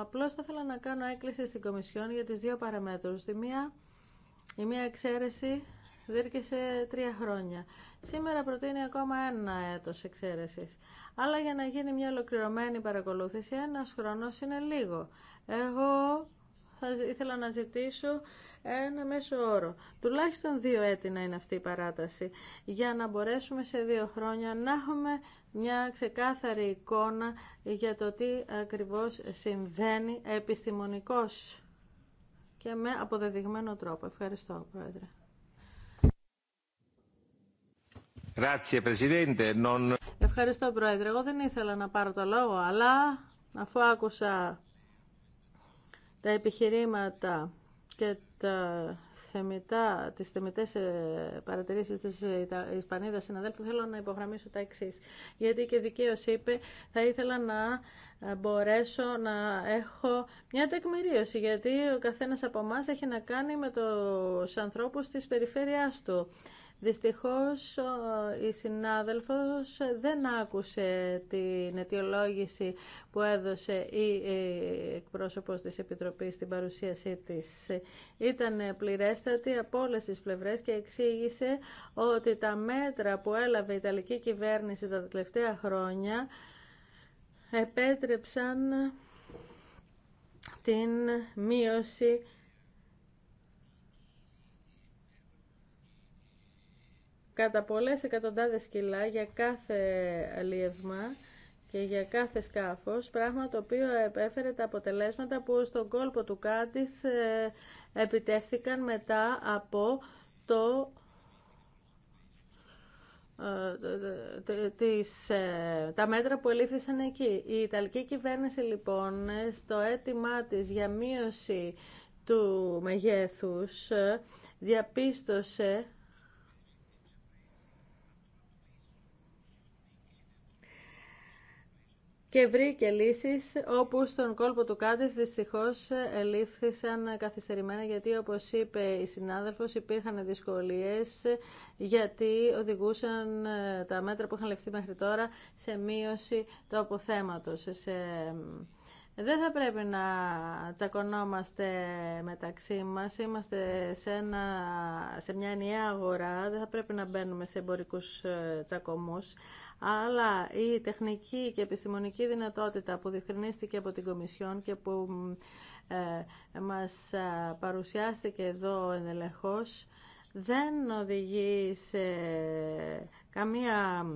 Απλώ θα ήθελα να κάνω έκκληση στην Κομισιόν για τις δύο παραμέτρους. Η μία, η μία εξαίρεση δίρκεσε τρία χρόνια. Σήμερα προτείνει ακόμα ένα έτο εξαίρεση. Αλλά για να γίνει μια ολοκληρωμένη παρακολούθηση, ένα χρόνος είναι λίγο. Εγώ θα ήθελα να ζητήσω ένα μέσο όρο. Τουλάχιστον δύο έτη να είναι αυτή η παράταση, για να μπορέσουμε σε δύο χρόνια να έχουμε μια ξεκάθαρη εικόνα για το τι ακριβώς συμβαίνει επιστημονικός και με αποδεδειγμένο τρόπο. Ευχαριστώ, Πρόεδρε. Ευχαριστώ, Πρόεδρε. Εγώ δεν ήθελα να πάρω το λόγο, αλλά αφού άκουσα τα επιχειρήματα και τα θεμητά, τις θεμητές ε, παρατηρήσεις της ε, Ισπανίδας συναδέλφου θέλω να υπογραμμίσω τα εξή. γιατί και δικαίως είπε θα ήθελα να ε, μπορέσω να έχω μια τεκμηρίωση γιατί ο καθένας από εμά έχει να κάνει με τους ανθρώπους της περιφέρειάς του Δυστυχώς η συνάδελφος δεν άκουσε την αιτιολόγηση που έδωσε η εκπρόσωπος της Επιτροπής στην παρουσίασή της. Ήταν πληρέστατη από όλες τις πλευρές και εξήγησε ότι τα μέτρα που έλαβε η Ιταλική κυβέρνηση τα τελευταία χρόνια επέτρεψαν την μείωση κατά πολλές εκατοντάδες κιλά για κάθε αλίευμα και για κάθε σκάφος, πράγμα το οποίο επέφερε τα αποτελέσματα που στον κόλπο του Κάντιθ ε, επιτεύθηκαν μετά από το ε, ε, τα μέτρα που ελήφθησαν εκεί. Η Ιταλική κυβέρνηση λοιπόν στο αίτημά της για μείωση του μεγέθους διαπίστωσε και βρήκε λύσεις όπου στον κόλπο του Κάντιθ δυστυχώς ελήφθησαν καθυστερημένα γιατί όπως είπε η συνάδελφος υπήρχαν δυσκολίες γιατί οδηγούσαν ε, τα μέτρα που είχαν ληφθεί μέχρι τώρα σε μείωση του αποθέματος, δεν θα πρέπει να τσακωνόμαστε μεταξύ μας. Είμαστε σε, ένα, σε μια ενιαία αγορά. Δεν θα πρέπει να μπαίνουμε σε εμπορικού ε, τσακωμούς. Αλλά η τεχνική και επιστημονική δυνατότητα που διευκρινίστηκε από την Κομισιόν και που ε, μας ε, παρουσιάστηκε εδώ ενδελεχώς δεν οδηγεί σε καμία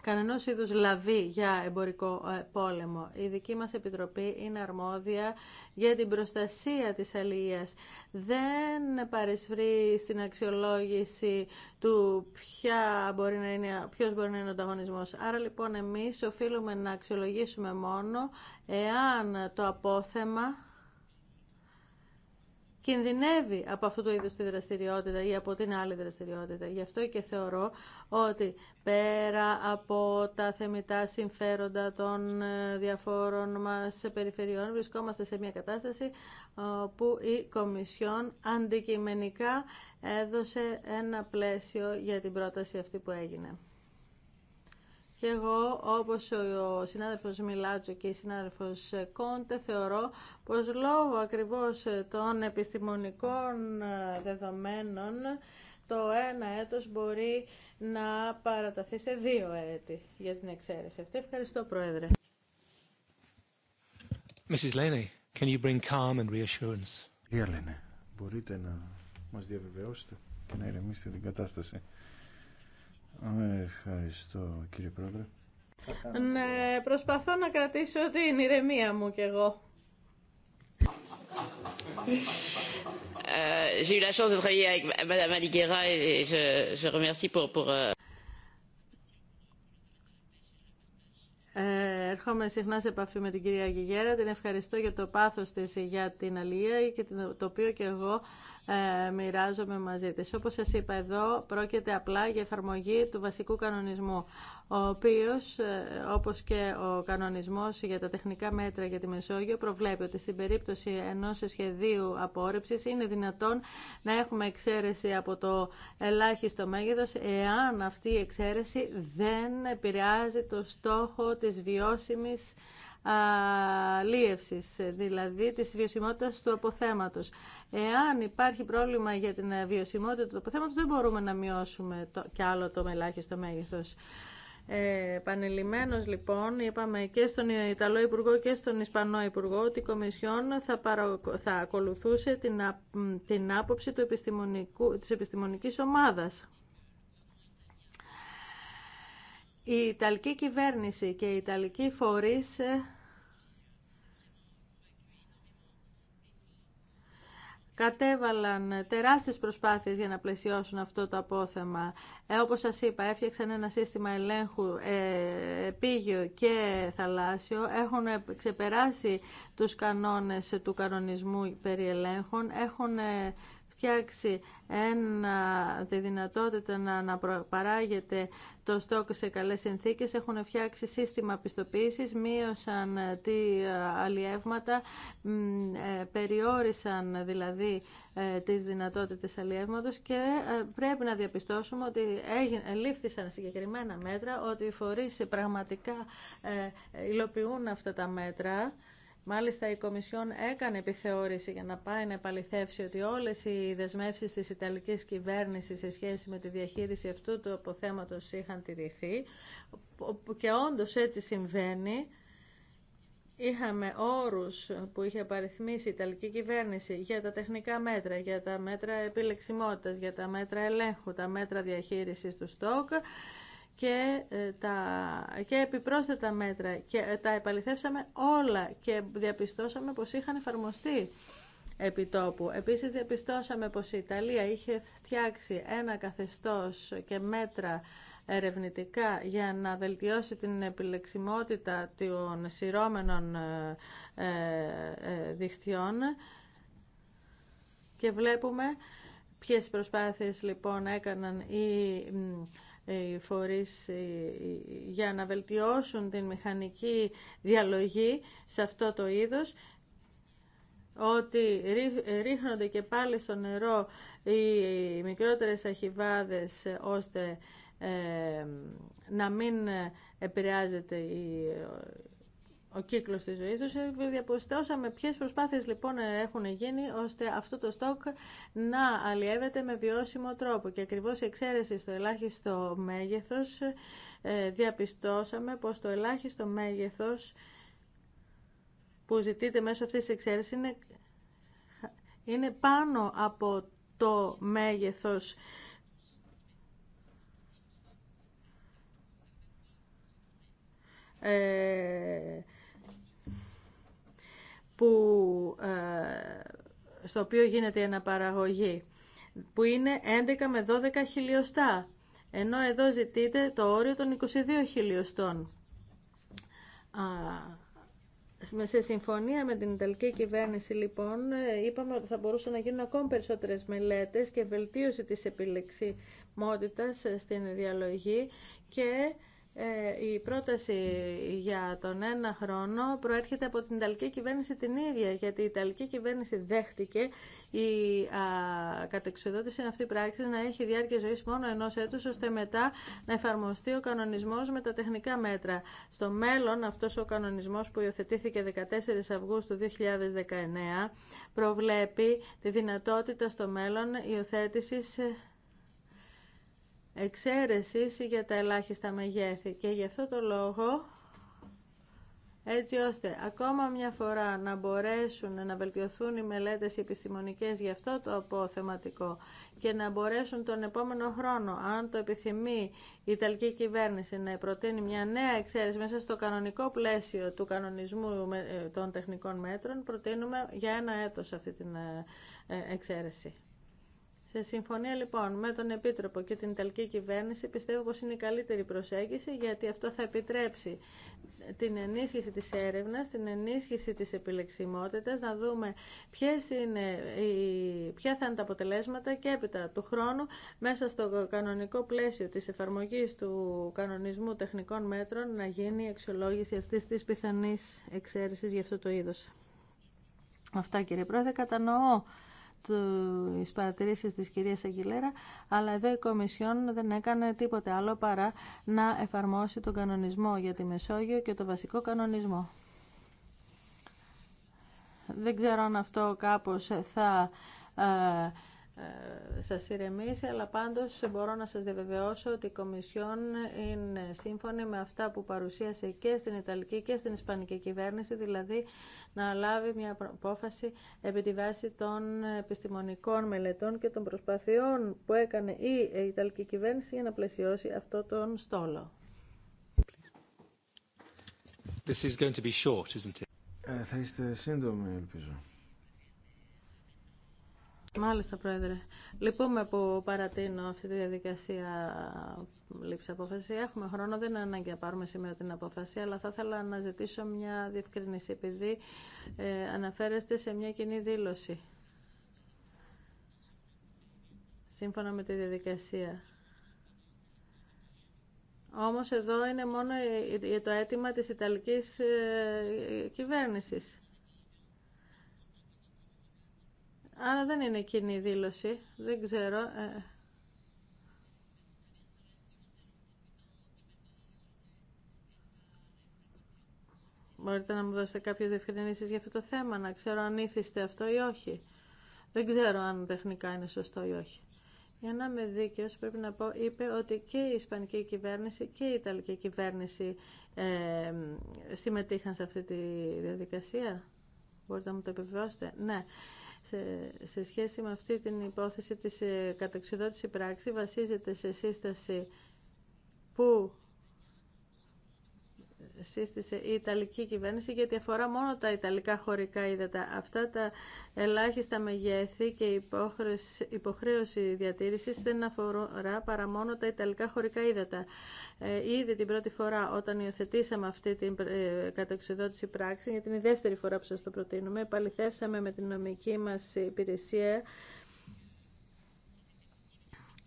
κανενός είδους λαβή για εμπορικό ε, πόλεμο. Η δική μας Επιτροπή είναι αρμόδια για την προστασία της αλληλείας. Δεν παρεσβρεί στην αξιολόγηση του ποια μπορεί να είναι, ποιος μπορεί να είναι ο ανταγωνισμός. Άρα λοιπόν εμείς οφείλουμε να αξιολογήσουμε μόνο εάν το απόθεμα κινδυνεύει από αυτού του είδους τη δραστηριότητα ή από την άλλη δραστηριότητα. Γι' αυτό και θεωρώ ότι πέρα από τα θεμητά συμφέροντα των ε, διαφόρων μας περιφερειών βρισκόμαστε σε μια κατάσταση ε, που η Κομισιόν αντικειμενικά έδωσε ένα πλαίσιο για την πρόταση αυτή που έγινε. Και εγώ, όπως ο συνάδελφος Μιλάτζο και η συνάδελφος Κόντε, θεωρώ πως λόγω ακριβώς των επιστημονικών δεδομένων το ένα έτος μπορεί να παραταθεί σε δύο έτη για την εξαίρεση αυτή. Ευχαριστώ, Πρόεδρε. Mrs. Lenny, can you bring calm and reassurance? Κυρία Λένε, μπορείτε να μας διαβεβαιώσετε και να ηρεμήσετε την κατάσταση. Ε, ευχαριστώ κύριε Πρόεδρε. Ναι, προσπαθώ να κρατήσω την ηρεμία μου κι εγώ. ερχόμαι euh, ε, συχνά σε επαφή με την κυρία Γιγέρα. Την ευχαριστώ για το πάθος της για την αλληλεία και το οποίο και εγώ ε, μοιράζομαι μαζί της. Όπως σας είπα εδώ, πρόκειται απλά για εφαρμογή του βασικού κανονισμού, ο οποίος, ε, όπως και ο κανονισμός για τα τεχνικά μέτρα για τη Μεσόγειο, προβλέπει ότι στην περίπτωση ενός σχεδίου απόρριψης είναι δυνατόν να έχουμε εξαίρεση από το ελάχιστο μέγεθος, εάν αυτή η εξαίρεση δεν επηρεάζει το στόχο της βιώσιμης λίευση, δηλαδή της βιωσιμότητα του αποθέματος. Εάν υπάρχει πρόβλημα για την βιωσιμότητα του αποθέματος, δεν μπορούμε να μειώσουμε το, κι άλλο το μελάχιστο μέγεθο. Ε, λοιπόν είπαμε και στον Ιταλό Υπουργό και στον Ισπανό Υπουργό ότι η Κομισιόν θα, θα ακολουθούσε την, άποψη του επιστημονικού... της επιστημονικής ομάδας. Η Ιταλική κυβέρνηση και οι Ιταλικοί φορείς ε, κατέβαλαν τεράστιες προσπάθειες για να πλαισιώσουν αυτό το απόθεμα. Ε, όπως σας είπα, έφτιαξαν ένα σύστημα ελέγχου ε, και θαλάσσιο. Έχουν ξεπεράσει τους κανόνες του κανονισμού περί ελέγχων. Έχουν ε, φτιάξει ένα, τη δυνατότητα να, να παράγεται το στόκ σε καλές συνθήκες, έχουν φτιάξει σύστημα πιστοποίησης, μείωσαν τι ε, αλλιεύματα, ε, περιόρισαν δηλαδή ε, τις δυνατότητες αλλιεύματος και πρέπει να διαπιστώσουμε ότι λήφθησαν συγκεκριμένα μέτρα, ότι οι φορείς πραγματικά υλοποιούν αυτά τα μέτρα Μάλιστα η Κομισιόν έκανε επιθεώρηση για να πάει να επαληθεύσει ότι όλες οι δεσμεύσεις τη ιταλική κυβέρνηση σε σχέση με τη διαχείριση αυτού του αποθέματος είχαν τηρηθεί και όντω έτσι συμβαίνει. Είχαμε όρους που είχε απαριθμίσει η Ιταλική κυβέρνηση για τα τεχνικά μέτρα, για τα μέτρα επιλεξιμότητας, για τα μέτρα ελέγχου, τα μέτρα διαχείρισης του στόκ και, ε, τα, και επιπρόσθετα μέτρα και ε, τα επαληθεύσαμε όλα και διαπιστώσαμε πως είχαν εφαρμοστεί επιτόπου. Επίσης διαπιστώσαμε πως η Ιταλία είχε φτιάξει ένα καθεστώς και μέτρα ερευνητικά για να βελτιώσει την επιλεξιμότητα των σειρώμενων ε, δικτυών και βλέπουμε ποιες προσπάθειες λοιπόν έκαναν οι φορείς για να βελτιώσουν την μηχανική διαλογή σε αυτό το είδος ότι ρίχνονται και πάλι στο νερό οι μικρότερες αχιβάδες ώστε ε, να μην επηρεάζεται η ο κύκλος της ζωής τους. Διαπιστώσαμε ποιες προσπάθειες λοιπόν έχουν γίνει ώστε αυτό το στόκ να αλλιεύεται με βιώσιμο τρόπο και ακριβώς η εξαίρεση στο ελάχιστο μέγεθος ε, διαπιστώσαμε πως το ελάχιστο μέγεθος που ζητείται μέσω αυτής της εξαίρεσης είναι, είναι πάνω από το μέγεθος ε, που, ε, στο οποίο γίνεται η αναπαραγωγή, που είναι 11 με 12 χιλιοστά, ενώ εδώ ζητείται το όριο των 22 χιλιοστών. Σε συμφωνία με την Ιταλική κυβέρνηση, λοιπόν, ε, είπαμε ότι θα μπορούσαν να γίνουν ακόμη περισσότερες μελέτες και βελτίωση της επιλεξιμότητας ε, στην διαλογή και ε, η πρόταση για τον ένα χρόνο προέρχεται από την Ιταλική κυβέρνηση την ίδια, γιατί η Ιταλική κυβέρνηση δέχτηκε η κατεξοδότηση αυτή πράξη να έχει διάρκεια ζωής μόνο ενός έτους, ώστε μετά να εφαρμοστεί ο κανονισμός με τα τεχνικά μέτρα. Στο μέλλον, αυτός ο κανονισμός που υιοθετήθηκε 14 Αυγούστου 2019, προβλέπει τη δυνατότητα στο μέλλον υιοθέτησης εξαίρεσης για τα ελάχιστα μεγέθη και γι' αυτό το λόγο έτσι ώστε ακόμα μια φορά να μπορέσουν να βελτιωθούν οι μελέτες επιστημονικές για αυτό το αποθεματικό και να μπορέσουν τον επόμενο χρόνο, αν το επιθυμεί η Ιταλική κυβέρνηση, να προτείνει μια νέα εξαίρεση μέσα στο κανονικό πλαίσιο του κανονισμού ε, των τεχνικών μέτρων, προτείνουμε για ένα έτος αυτή την ε, ε, εξαίρεση. Σε συμφωνία λοιπόν με τον Επίτροπο και την Ιταλική Κυβέρνηση πιστεύω πως είναι η καλύτερη προσέγγιση γιατί αυτό θα επιτρέψει την ενίσχυση της έρευνας, την ενίσχυση της επιλεξιμότητας, να δούμε ποιες είναι, ποια θα είναι τα αποτελέσματα και έπειτα του χρόνου μέσα στο κανονικό πλαίσιο της εφαρμογής του κανονισμού τεχνικών μέτρων να γίνει η αξιολόγηση αυτής της πιθανής εξαίρεσης για αυτό το είδος. Αυτά κύριε Πρόεδρε, κατανοώ τις παρατηρήσεις της κυρίας Αγγιλέρα, αλλά εδώ η Κομισιόν δεν έκανε τίποτε άλλο παρά να εφαρμόσει τον κανονισμό για τη Μεσόγειο και το βασικό κανονισμό. Δεν ξέρω αν αυτό κάπως θα ε, ε, σας ηρεμήσει, αλλά πάντως μπορώ να σας διαβεβαιώσω ότι η Κομισιόν είναι σύμφωνη με αυτά που παρουσίασε και στην Ιταλική και στην Ισπανική κυβέρνηση, δηλαδή να λάβει μια απόφαση επί τη βάση των επιστημονικών μελετών και των προσπαθειών που έκανε η Ιταλική κυβέρνηση για να πλαισιώσει αυτό τον στόλο. This is going to be ε, θα είστε σύντομοι, ελπίζω. Μάλιστα, Πρόεδρε. Λυπούμε λοιπόν, που παρατείνω αυτή τη διαδικασία λήψη απόφαση. Έχουμε χρόνο, δεν είναι ανάγκη να πάρουμε σήμερα την απόφαση, αλλά θα ήθελα να ζητήσω μια διευκρινήση, επειδή ε, αναφέρεστε σε μια κοινή δήλωση. Σύμφωνα με τη διαδικασία. Όμως εδώ είναι μόνο το αίτημα της Ιταλικής ε, κυβέρνησης. Άρα δεν είναι κοινή δήλωση. Δεν ξέρω. Ε. Μπορείτε να μου δώσετε κάποιες διευκρινήσεις για αυτό το θέμα, να ξέρω αν ήθιστε αυτό ή όχι. Δεν ξέρω αν τεχνικά είναι σωστό ή όχι. Για να είμαι δίκαιος πρέπει να πω, είπε ότι και η Ισπανική κυβέρνηση και η Ιταλική κυβέρνηση ε, συμμετείχαν σε αυτή τη διαδικασία. Μπορείτε να μου το επιβεβαιώσετε. Ναι σε, σχέση με αυτή την υπόθεση της ε, κατεξοδότηση πράξη βασίζεται σε σύσταση που σύστησε η Ιταλική κυβέρνηση γιατί αφορά μόνο τα Ιταλικά χωρικά ύδατα. Αυτά τα ελάχιστα μεγέθη και υποχρέωση διατήρησης δεν αφορά παρά μόνο τα Ιταλικά χωρικά ύδατα. Ε, ήδη την πρώτη φορά όταν υιοθετήσαμε αυτή την ε, κατοξιδότηση πράξη, για την δεύτερη φορά που σας το προτείνουμε, επαληθεύσαμε με την νομική μας υπηρεσία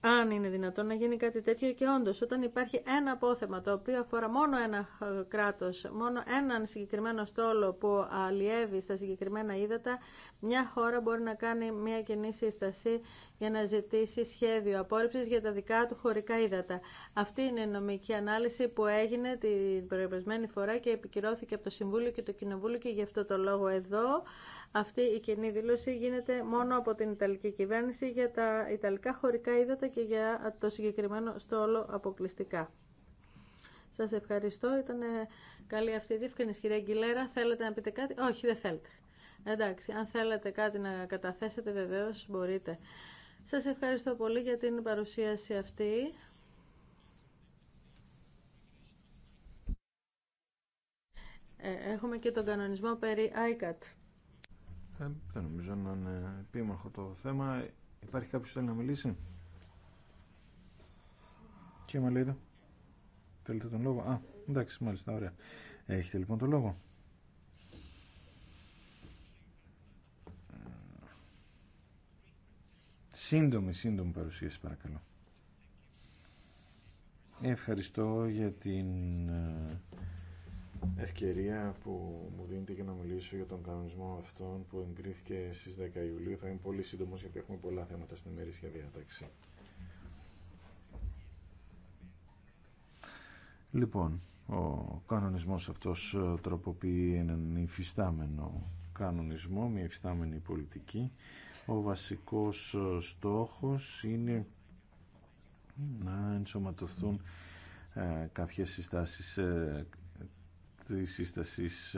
αν είναι δυνατόν να γίνει κάτι τέτοιο και όντως όταν υπάρχει ένα απόθεμα το οποίο αφορά μόνο ένα ε, κράτος, μόνο έναν συγκεκριμένο στόλο που αλλιεύει στα συγκεκριμένα ύδατα, μια χώρα μπορεί να κάνει μια κοινή σύσταση για να ζητήσει σχέδιο απόρριψης για τα δικά του χωρικά ύδατα. Αυτή είναι η νομική ανάλυση που έγινε την προεπισμένη φορά και επικυρώθηκε από το Συμβούλιο και το Κοινοβούλιο και γι' αυτό το λόγο εδώ αυτή η κοινή δήλωση γίνεται μόνο από την Ιταλική κυβέρνηση για τα Ιταλικά χωρικά είδατα και για το συγκεκριμένο στόλο αποκλειστικά. Σας ευχαριστώ. Ήταν καλή αυτή η διευκρινήση. Κυρία Αγγιλέρα, θέλετε να πείτε κάτι. Όχι, δεν θέλετε. Εντάξει, αν θέλετε κάτι να καταθέσετε βεβαίως μπορείτε. Σας ευχαριστώ πολύ για την παρουσίαση αυτή. Ε, έχουμε και τον κανονισμό περί ICAT. Ε, δεν νομίζω να είναι επίμαχο το θέμα. Υπάρχει κάποιος που θέλει να μιλήσει. Κύριε Μαλίδα, θέλετε τον λόγο. Α, εντάξει, μάλιστα, ωραία. Έχετε λοιπόν τον λόγο. Σύντομη, σύντομη παρουσίαση παρακαλώ. Ευχαριστώ για την ε, ευκαιρία που μου δίνετε για να μιλήσω για τον κανονισμό αυτόν που εγκρίθηκε στις 10 Ιουλίου. Θα είμαι πολύ σύντομος γιατί έχουμε πολλά θέματα στην ημερήσια διάταξη. Λοιπόν, ο κανονισμός αυτός ε, τροποποιεί έναν υφιστάμενο κανονισμό, μια υφιστάμενη πολιτική. Ο βασικός ε, στόχος είναι να ενσωματωθούν ε, κάποιες συστάσεις τη σύστασης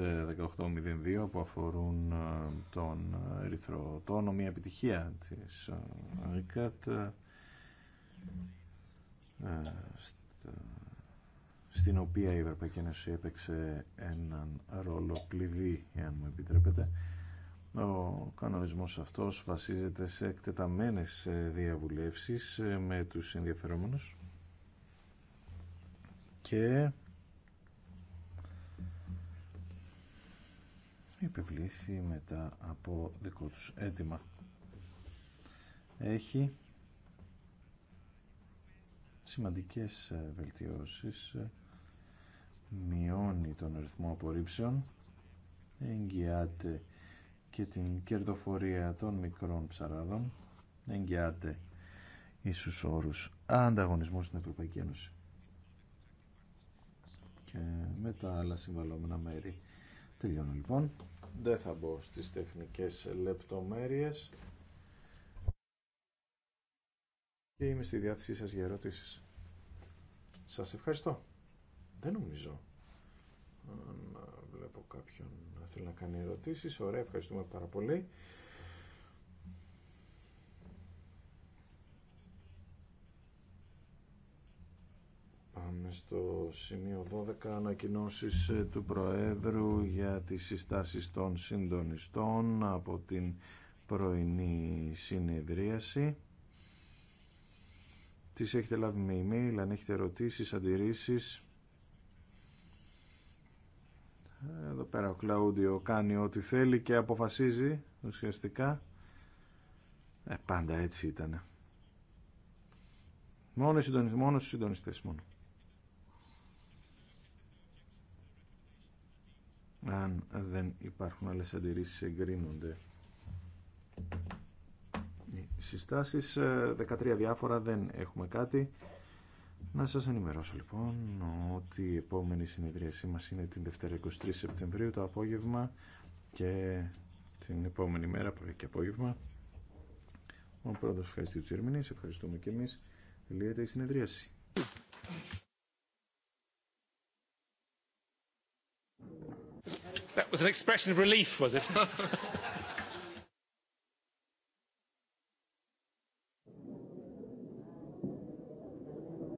1802 ε, που αφορούν ε, τον Ερυθρό μια επιτυχία της ε, ΑΕΚΑΤ στην οποία η Ευρωπαϊκή Ένωση έπαιξε έναν ρόλο κλειδί, εάν μου επιτρέπετε. Ο κανονισμός αυτός βασίζεται σε εκτεταμένες διαβουλεύσεις με τους ενδιαφερόμενους και επιβλήθη μετά από δικό τους αίτημα. Έχει σημαντικές ε, βελτιώσεις, ε, μειώνει τον αριθμό απορρίψεων, εγγυάται και την κερδοφορία των μικρών ψαράδων, εγγυάται ίσους όρους ανταγωνισμού στην Ευρωπαϊκή Ένωση και με τα άλλα συμβαλόμενα μέρη Τελειώνω λοιπόν. Δεν θα μπω στις τεχνικές λεπτομέρειες. Και είμαι στη διάθεσή σας για ερωτήσεις. Σας ευχαριστώ. Δεν νομίζω να βλέπω κάποιον να θέλει να κάνει ερωτήσεις. Ωραία, ευχαριστούμε πάρα πολύ. στο σημείο 12, ανακοινώσεις ε, του Προέδρου για τις συστάσεις των συντονιστών από την πρωινή συνεδρίαση. Τις έχετε λάβει με email, αν έχετε ερωτήσεις, αντιρρήσεις. Εδώ πέρα ο Κλαούντιο κάνει ό,τι θέλει και αποφασίζει ουσιαστικά. Ε, πάντα έτσι ήταν. Μόνο οι συντονιστέ μόνο μόνο. Αν δεν υπάρχουν άλλες αντιρρήσεις εγκρίνονται. Συστάσεις 13 ε, διάφορα δεν έχουμε κάτι. Να σας ενημερώσω λοιπόν ότι η επόμενη συνεδρίασή μας είναι την Δευτέρα 23 Σεπτεμβρίου το απόγευμα και την επόμενη μέρα, πρωί και απόγευμα. Ο πρώτο ευχαριστή τους Ιερμηνείς, ευχαριστούμε και εμείς. Λύεται η συνεδρίαση. That was an expression of relief, was it?